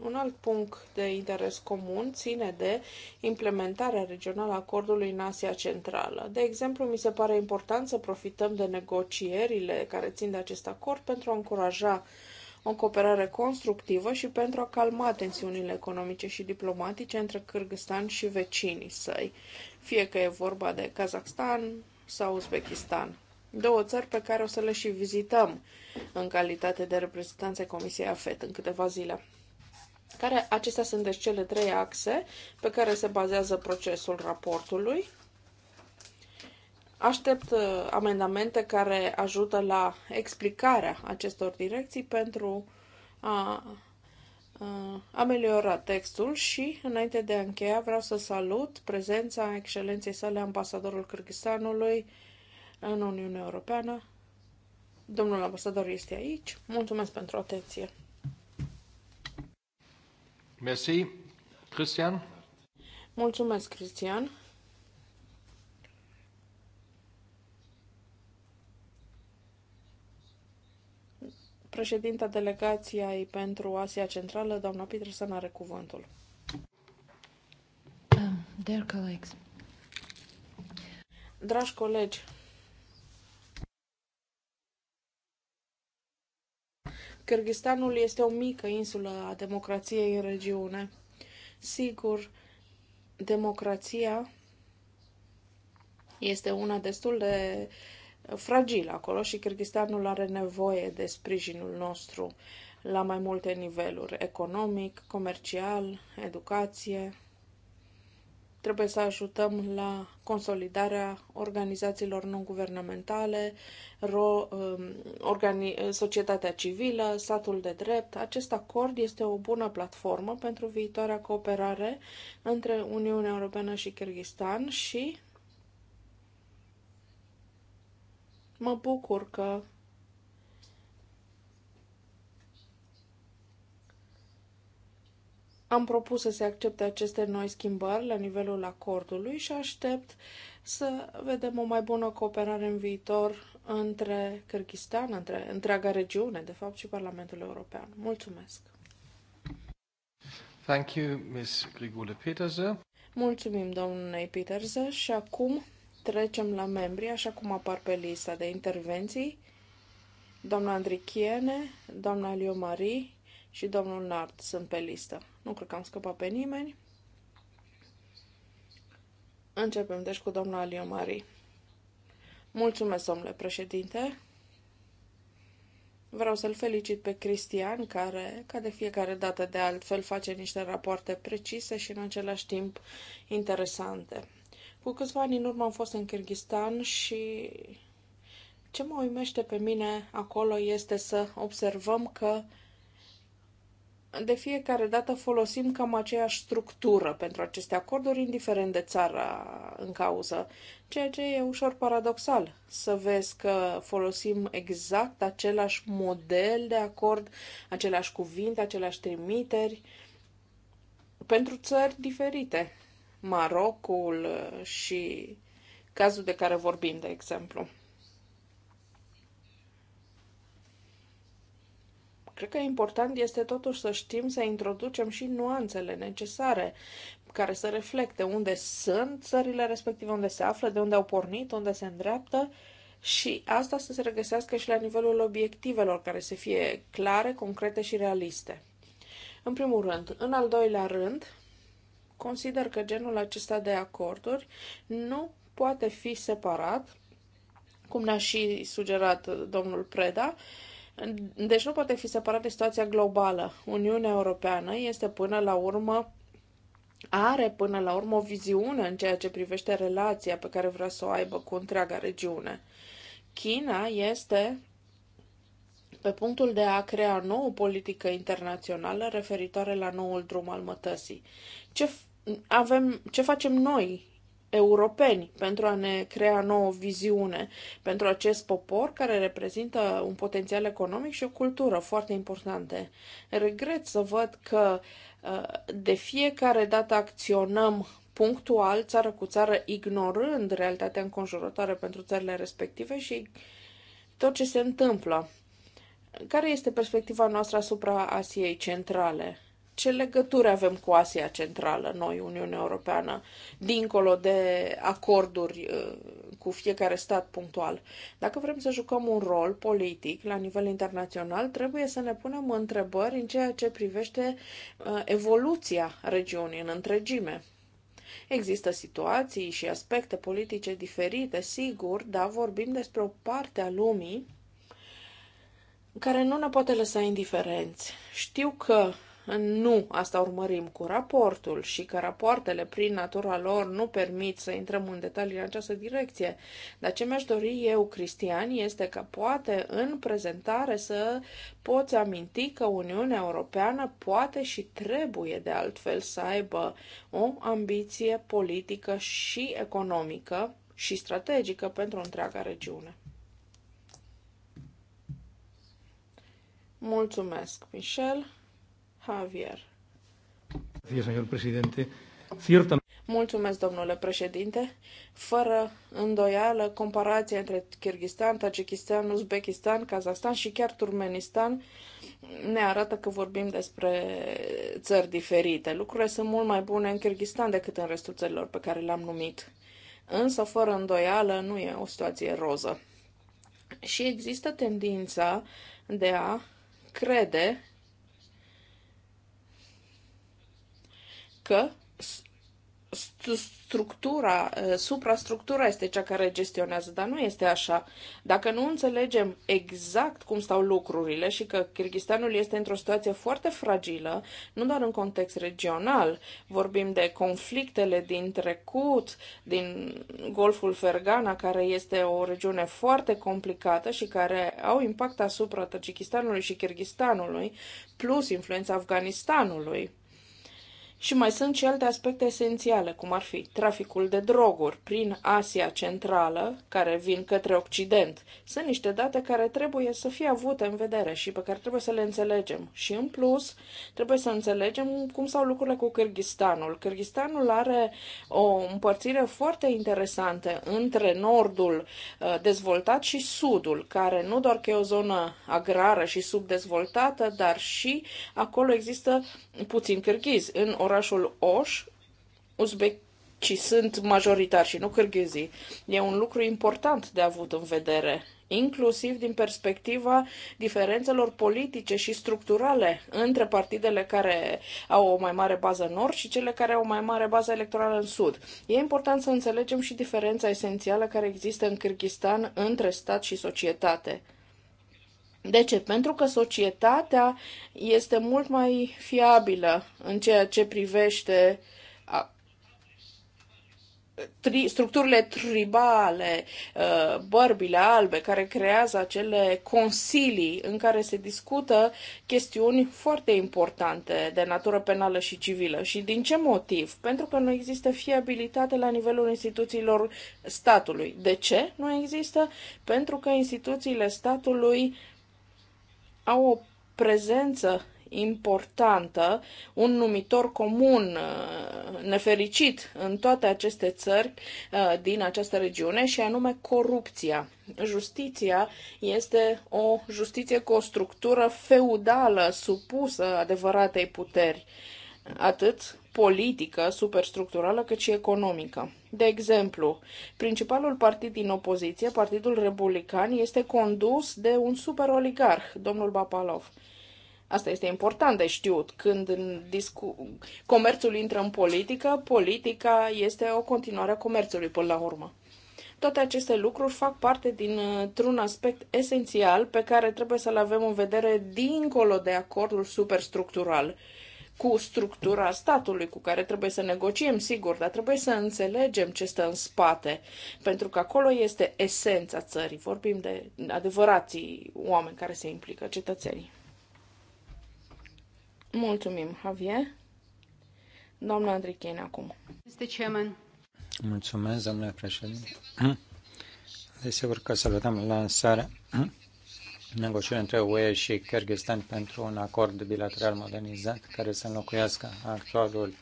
Un alt punct de interes comun ține de implementarea regională a acordului în Asia Centrală. De exemplu, mi se pare important să profităm de negocierile care țin de acest acord pentru a încuraja o cooperare constructivă și pentru a calma tensiunile economice și diplomatice între Kyrgyzstan și vecinii săi, fie că e vorba de Kazakhstan sau Uzbekistan. Două țări pe care o să le și vizităm în calitate de reprezentanțe Comisiei AFET în câteva zile. Care, acestea sunt deci cele trei axe pe care se bazează procesul raportului. Aștept uh, amendamente care ajută la explicarea acestor direcții pentru a uh, ameliora textul și, înainte de a încheia, vreau să salut prezența excelenței sale ambasadorul Kyrgyzstanului în Uniunea Europeană. Domnul ambasador este aici. Mulțumesc pentru atenție. Merci. Cristian? Mulțumesc, Cristian. Președinta delegației pentru Asia Centrală, doamna Peterson, are cuvântul. Um, dear colleagues. Dragi colegi, Kyrgyzstanul este o mică insulă a democrației în regiune. Sigur, democrația este una destul de fragilă acolo și Kyrgyzstanul are nevoie de sprijinul nostru la mai multe niveluri, economic, comercial, educație, Trebuie să ajutăm la consolidarea organizațiilor non-guvernamentale, ro, um, organi, societatea civilă, statul de drept. Acest acord este o bună platformă pentru viitoarea cooperare între Uniunea Europeană și Kyrgyzstan și mă bucur că Am propus să se accepte aceste noi schimbări la nivelul acordului și aștept să vedem o mai bună cooperare în viitor între Kyrgyzstan, între întreaga regiune, de fapt, și Parlamentul European. Mulțumesc! Thank you, Ms. Grigule Peterze. Mulțumim, domnule Peterze, și acum trecem la membri, așa cum apar pe lista de intervenții. Doamna Andrichiene, doamna Leo și domnul Nart sunt pe listă. Nu cred că am scăpat pe nimeni. Începem deci cu domnul Alio Marie. Mulțumesc, domnule președinte. Vreau să-l felicit pe Cristian, care, ca de fiecare dată de altfel, face niște rapoarte precise și în același timp interesante. Cu câțiva ani în urmă am fost în Kyrgyzstan și ce mă uimește pe mine acolo este să observăm că uh, de fiecare dată folosim cam aceeași structură pentru aceste acorduri, indiferent de țara în cauză, ceea ce e ușor paradoxal să vezi că folosim exact același model de acord, aceleași cuvinte, aceleași trimiteri pentru țări diferite. Marocul uh, și cazul de care vorbim, de exemplu. Cred că important este totuși să știm să introducem și nuanțele necesare care să reflecte unde sunt țările respective, unde se află, de unde au pornit, unde se îndreaptă și asta să se regăsească și la nivelul obiectivelor care să fie clare, concrete și realiste. În primul rând. În al doilea rând, consider că genul acesta de acorduri nu poate fi separat, cum ne-a și sugerat domnul Preda, uh, deci nu poate fi separat de situația globală. Uniunea Europeană este până la urmă are până la urmă o viziune în ceea ce privește relația pe care vrea să o aibă cu întreaga regiune. China este pe punctul de a crea o nouă politică internațională referitoare la noul drum al mătăsii. Ce avem, ce facem noi europeni pentru a ne crea nouă viziune pentru acest popor care reprezintă un potențial economic și o cultură foarte importante. Regret să văd că uh, de fiecare dată acționăm punctual, țară cu țară, ignorând realitatea înconjurătoare pentru țările respective și tot ce se întâmplă. Care este perspectiva noastră asupra Asiei Centrale? ce legături avem cu Asia Centrală, noi, Uniunea Europeană, dincolo de acorduri uh, cu fiecare stat punctual. Dacă vrem să jucăm un rol politic la nivel internațional, trebuie să ne punem întrebări în ceea ce privește uh, evoluția regiunii în întregime. Există situații și aspecte politice diferite, sigur, dar vorbim despre o parte a lumii care nu ne poate lăsa indiferenți. Știu că nu asta urmărim cu raportul și că rapoartele prin natura lor nu permit să intrăm în detalii în această direcție. Dar ce mi-aș dori eu, Cristian, este că poate în prezentare să poți aminti că Uniunea Europeană poate și trebuie de altfel să aibă o ambiție politică și economică și strategică pentru întreaga regiune. Mulțumesc, Michel. Javier. Mulțumesc, domnule președinte. Fără îndoială, comparația între Kirghistan, Tajikistan, Uzbekistan, Kazahstan și chiar Turmenistan ne arată că vorbim despre țări diferite. Lucrurile sunt mult mai bune în Kirghistan decât în restul țărilor pe care le-am numit. Însă, fără îndoială, nu e o situație roză. Și există tendința de a crede că structura, suprastructura este cea care gestionează, dar nu este așa. Dacă nu înțelegem exact cum stau lucrurile și că Kirghistanul este într-o situație foarte fragilă, nu doar în context regional, vorbim de conflictele din trecut, din Golful Fergana, care este o regiune foarte complicată și care au impact asupra Tajikistanului și Kirghistanului, plus influența Afganistanului și mai sunt și alte aspecte esențiale, cum ar fi traficul de droguri prin Asia Centrală, care vin către Occident. Sunt niște date care trebuie să fie avute în vedere și pe care trebuie să le înțelegem. Și în plus, trebuie să înțelegem cum stau lucrurile cu Kyrgyzstanul. Kyrgyzstanul are o împărțire foarte interesantă între nordul uh, dezvoltat și sudul, care nu doar că e o zonă agrară și subdezvoltată, dar și acolo există puțin kirghiz. În orașul Oș, Uzbeci sunt majoritari și nu cârghezii. E un lucru important de avut în vedere, inclusiv din perspectiva diferențelor politice și structurale între partidele care au o mai mare bază în nord și cele care au o mai mare bază electorală în sud. E important să înțelegem și diferența esențială care există în Kyrgyzstan între stat și societate. De ce? Pentru că societatea este mult mai fiabilă în ceea ce privește a, tri, structurile tribale, ă, bărbile albe, care creează acele consilii în care se discută chestiuni foarte importante de natură penală și civilă. Și din ce motiv? Pentru că nu există fiabilitate la nivelul instituțiilor statului. De ce nu există? Pentru că instituțiile statului au o prezență importantă, un numitor comun uh, nefericit în toate aceste țări uh, din această regiune și anume corupția. Justiția este o justiție cu o structură feudală supusă adevăratei puteri, atât politică superstructurală, cât și economică. De exemplu, principalul partid din opoziție, Partidul Republican, este condus de un superoligarh, domnul Bapalov. Asta este important de știut. Când în discu- comerțul intră în politică, politica este o continuare a comerțului până la urmă. Toate aceste lucruri fac parte dintr-un uh, aspect esențial pe care trebuie să-l avem în vedere dincolo de acordul superstructural cu structura statului cu care trebuie să negociem, sigur, dar trebuie să înțelegem ce stă în spate, pentru că acolo este esența țării. Vorbim de adevărații oameni care se implică, cetățenii. Mulțumim, Javier. Doamna Andrichene, acum. Este Chairman. Mulțumesc, domnule președinte. Desigur că salutăm lansarea negociuri între UE și Kyrgyzstan pentru un acord bilateral modernizat care să înlocuiască actualul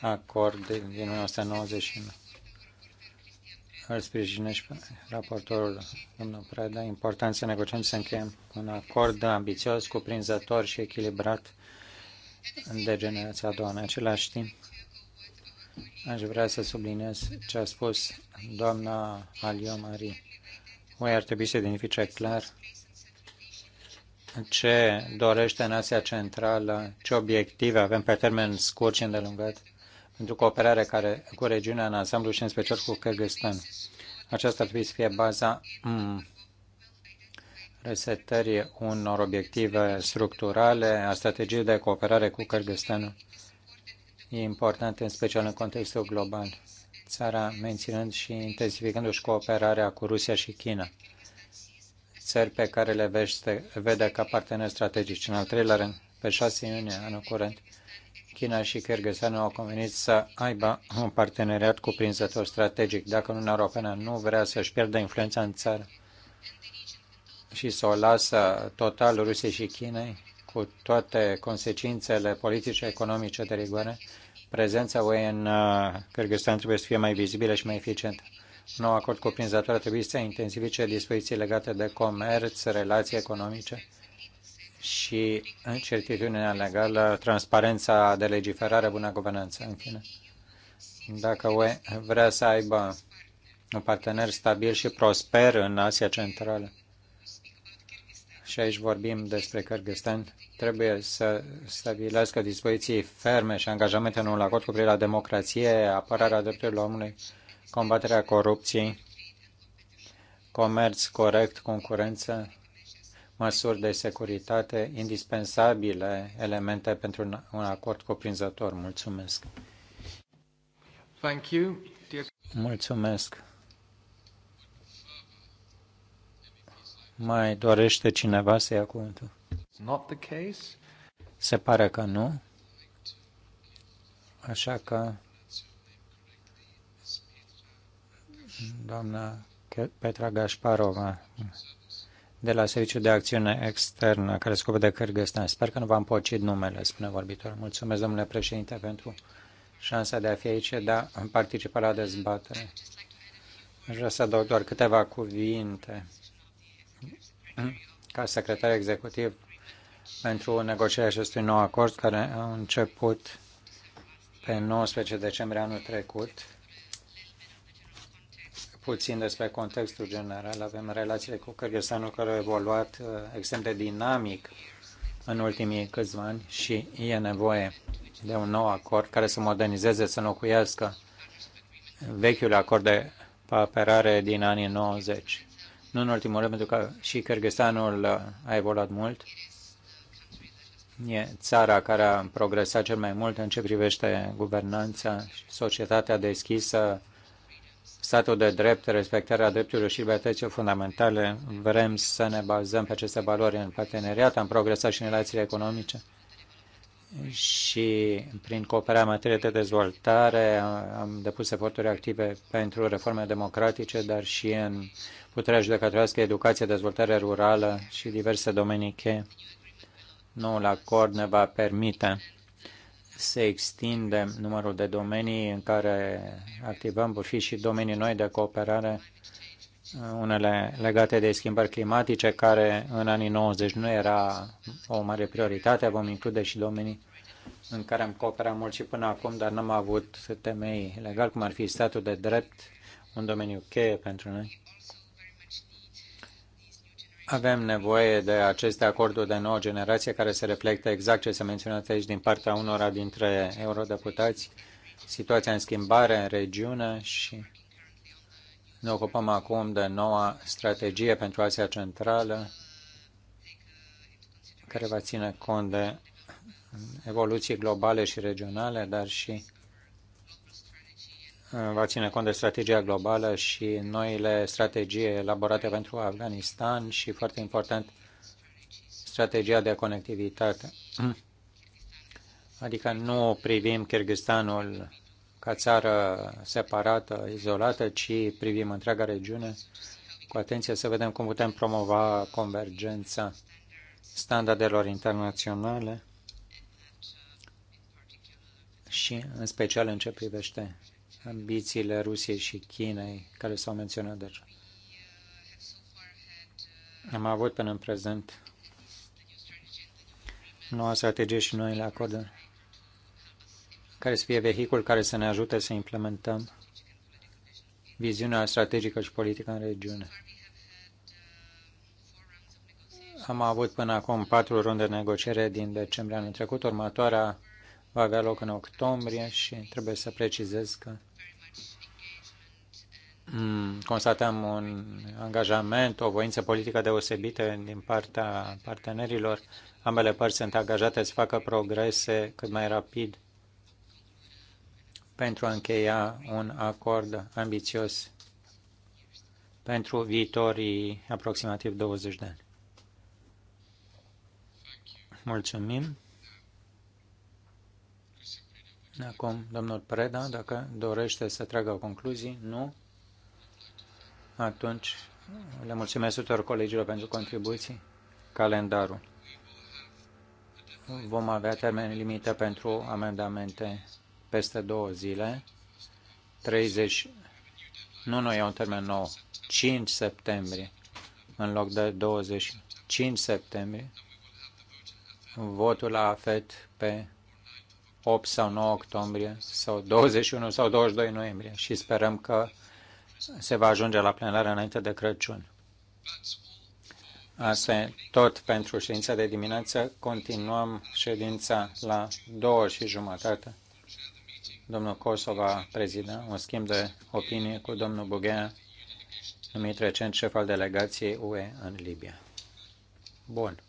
acord din 1999. Îl sprijinești și raportorul domnul Preda. Important să negociem să încheiem un acord ambițios, cuprinzător și echilibrat de generația a doua. În același timp, aș vrea să subliniez ce a spus doamna Alio Marie. Voi ar trebui să identifice clar ce dorește în Asia Centrală, ce obiective avem pe termen scurt și îndelungat pentru cooperare care, cu regiunea în ansamblu și în special cu Kyrgyzstan. Aceasta ar trebui să fie baza mm, resetării unor obiective structurale a strategiei de cooperare cu Kyrgyzstan. E important în special în contextul global, țara menținând și intensificându-și cooperarea cu Rusia și China țări pe care le vește, vede ca parteneri strategici. În al treilea rând, pe 6 iunie anul curent, China și Kyrgyzstan au convenit să aibă un parteneriat cuprinzător strategic. Dacă Uniunea Europeană nu vrea să-și pierdă influența în țară și să o lasă total Rusiei și Chinei, cu toate consecințele politice, economice de rigoare, prezența UE în uh, Kyrgyzstan trebuie să fie mai vizibilă și mai eficientă nou acord cuprinzător a trebuit să intensifice dispoziții legate de comerț, relații economice și certitudinea legală, transparența de legiferare, bună guvernanță, în fine. Dacă UE vrea să aibă un partener stabil și prosper în Asia Centrală, și aici vorbim despre Kyrgyzstan, trebuie să stabilească dispoziții ferme și angajamente în un acord cu privire la democrație, apărarea drepturilor omului, combaterea corupției, comerț corect, concurență, măsuri de securitate, indispensabile elemente pentru un acord cuprinzător. Mulțumesc! Thank you. Mulțumesc! Mai dorește cineva să ia cuvântul? Not the case. Se pare că nu. Așa că doamna Petra Gașparova, de la Serviciul de Acțiune Externă, care scopă de Kyrgyzstan. Sper că nu v-am pocit numele, spune vorbitor. Mulțumesc, domnule președinte, pentru șansa de a fi aici, de a participa la dezbatere. Aș vrea să adaug doar câteva cuvinte ca secretar executiv pentru negocierea acestui nou acord care a început pe 19 decembrie anul trecut puțin despre contextul general. Avem relațiile cu Kyrgyzstanul care au evoluat uh, extrem de dinamic în ultimii câțiva ani și e nevoie de un nou acord care să modernizeze, să înlocuiască vechiul acord de apărare din anii 90. Nu în ultimul rând, pentru că și Kyrgyzstanul uh, a evoluat mult. E țara care a progresat cel mai mult în ce privește guvernanța și societatea deschisă, statul de drept, respectarea drepturilor și libertăților fundamentale. Vrem să ne bazăm pe aceste valori în parteneriat, am progresat și în relațiile economice și prin cooperarea în materie de dezvoltare am depus eforturi active pentru reforme democratice, dar și în puterea judecătorească, educație, dezvoltare rurală și diverse domenii cheie. Noul acord ne va permite se extinde numărul de domenii în care activăm, vor fi și domenii noi de cooperare, unele legate de schimbări climatice, care în anii 90 nu era o mare prioritate. Vom include și domenii în care am cooperat mult și până acum, dar n-am avut temei legal, cum ar fi statul de drept, un domeniu cheie pentru noi avem nevoie de aceste acorduri de nouă generație care se reflectă exact ce s-a menționat aici din partea unora dintre eurodeputați, situația în schimbare în regiune și ne ocupăm acum de noua strategie pentru Asia Centrală care va ține cont de evoluții globale și regionale, dar și va ține cont de strategia globală și noile strategii elaborate pentru Afganistan și, foarte important, strategia de conectivitate. Adică nu privim Kyrgyzstanul ca țară separată, izolată, ci privim întreaga regiune cu atenție să vedem cum putem promova convergența standardelor internaționale și în special în ce privește ambițiile Rusiei și Chinei, care s-au menționat deja. Am avut până în prezent noua strategie și noile acorduri care să fie vehicul care să ne ajute să implementăm viziunea strategică și politică în regiune. Am avut până acum patru runde de negociere din decembrie anul trecut. Următoarea va avea loc în octombrie și trebuie să precizez că Mm, constatăm un angajament, o voință politică deosebită din partea partenerilor. Ambele părți sunt angajate să facă progrese cât mai rapid pentru a încheia un acord ambițios pentru viitorii aproximativ 20 de ani. Mulțumim. Acum, domnul Preda, dacă dorește să tragă concluzii, nu? Atunci, le mulțumesc tuturor colegilor pentru contribuții. Calendarul. Vom avea termen limită pentru amendamente peste două zile. 30. Nu, nu, e un termen nou. 5 septembrie în loc de 25 septembrie. Votul la AFET pe 8 sau 9 octombrie sau 21 sau 22 noiembrie și sperăm că se va ajunge la plenară înainte de Crăciun. Asta e tot pentru ședința de dimineață. Continuăm ședința la două și jumătate. Domnul Coso va prezida un schimb de opinie cu domnul Bughea, numit recent șef al delegației UE în Libia. Bun.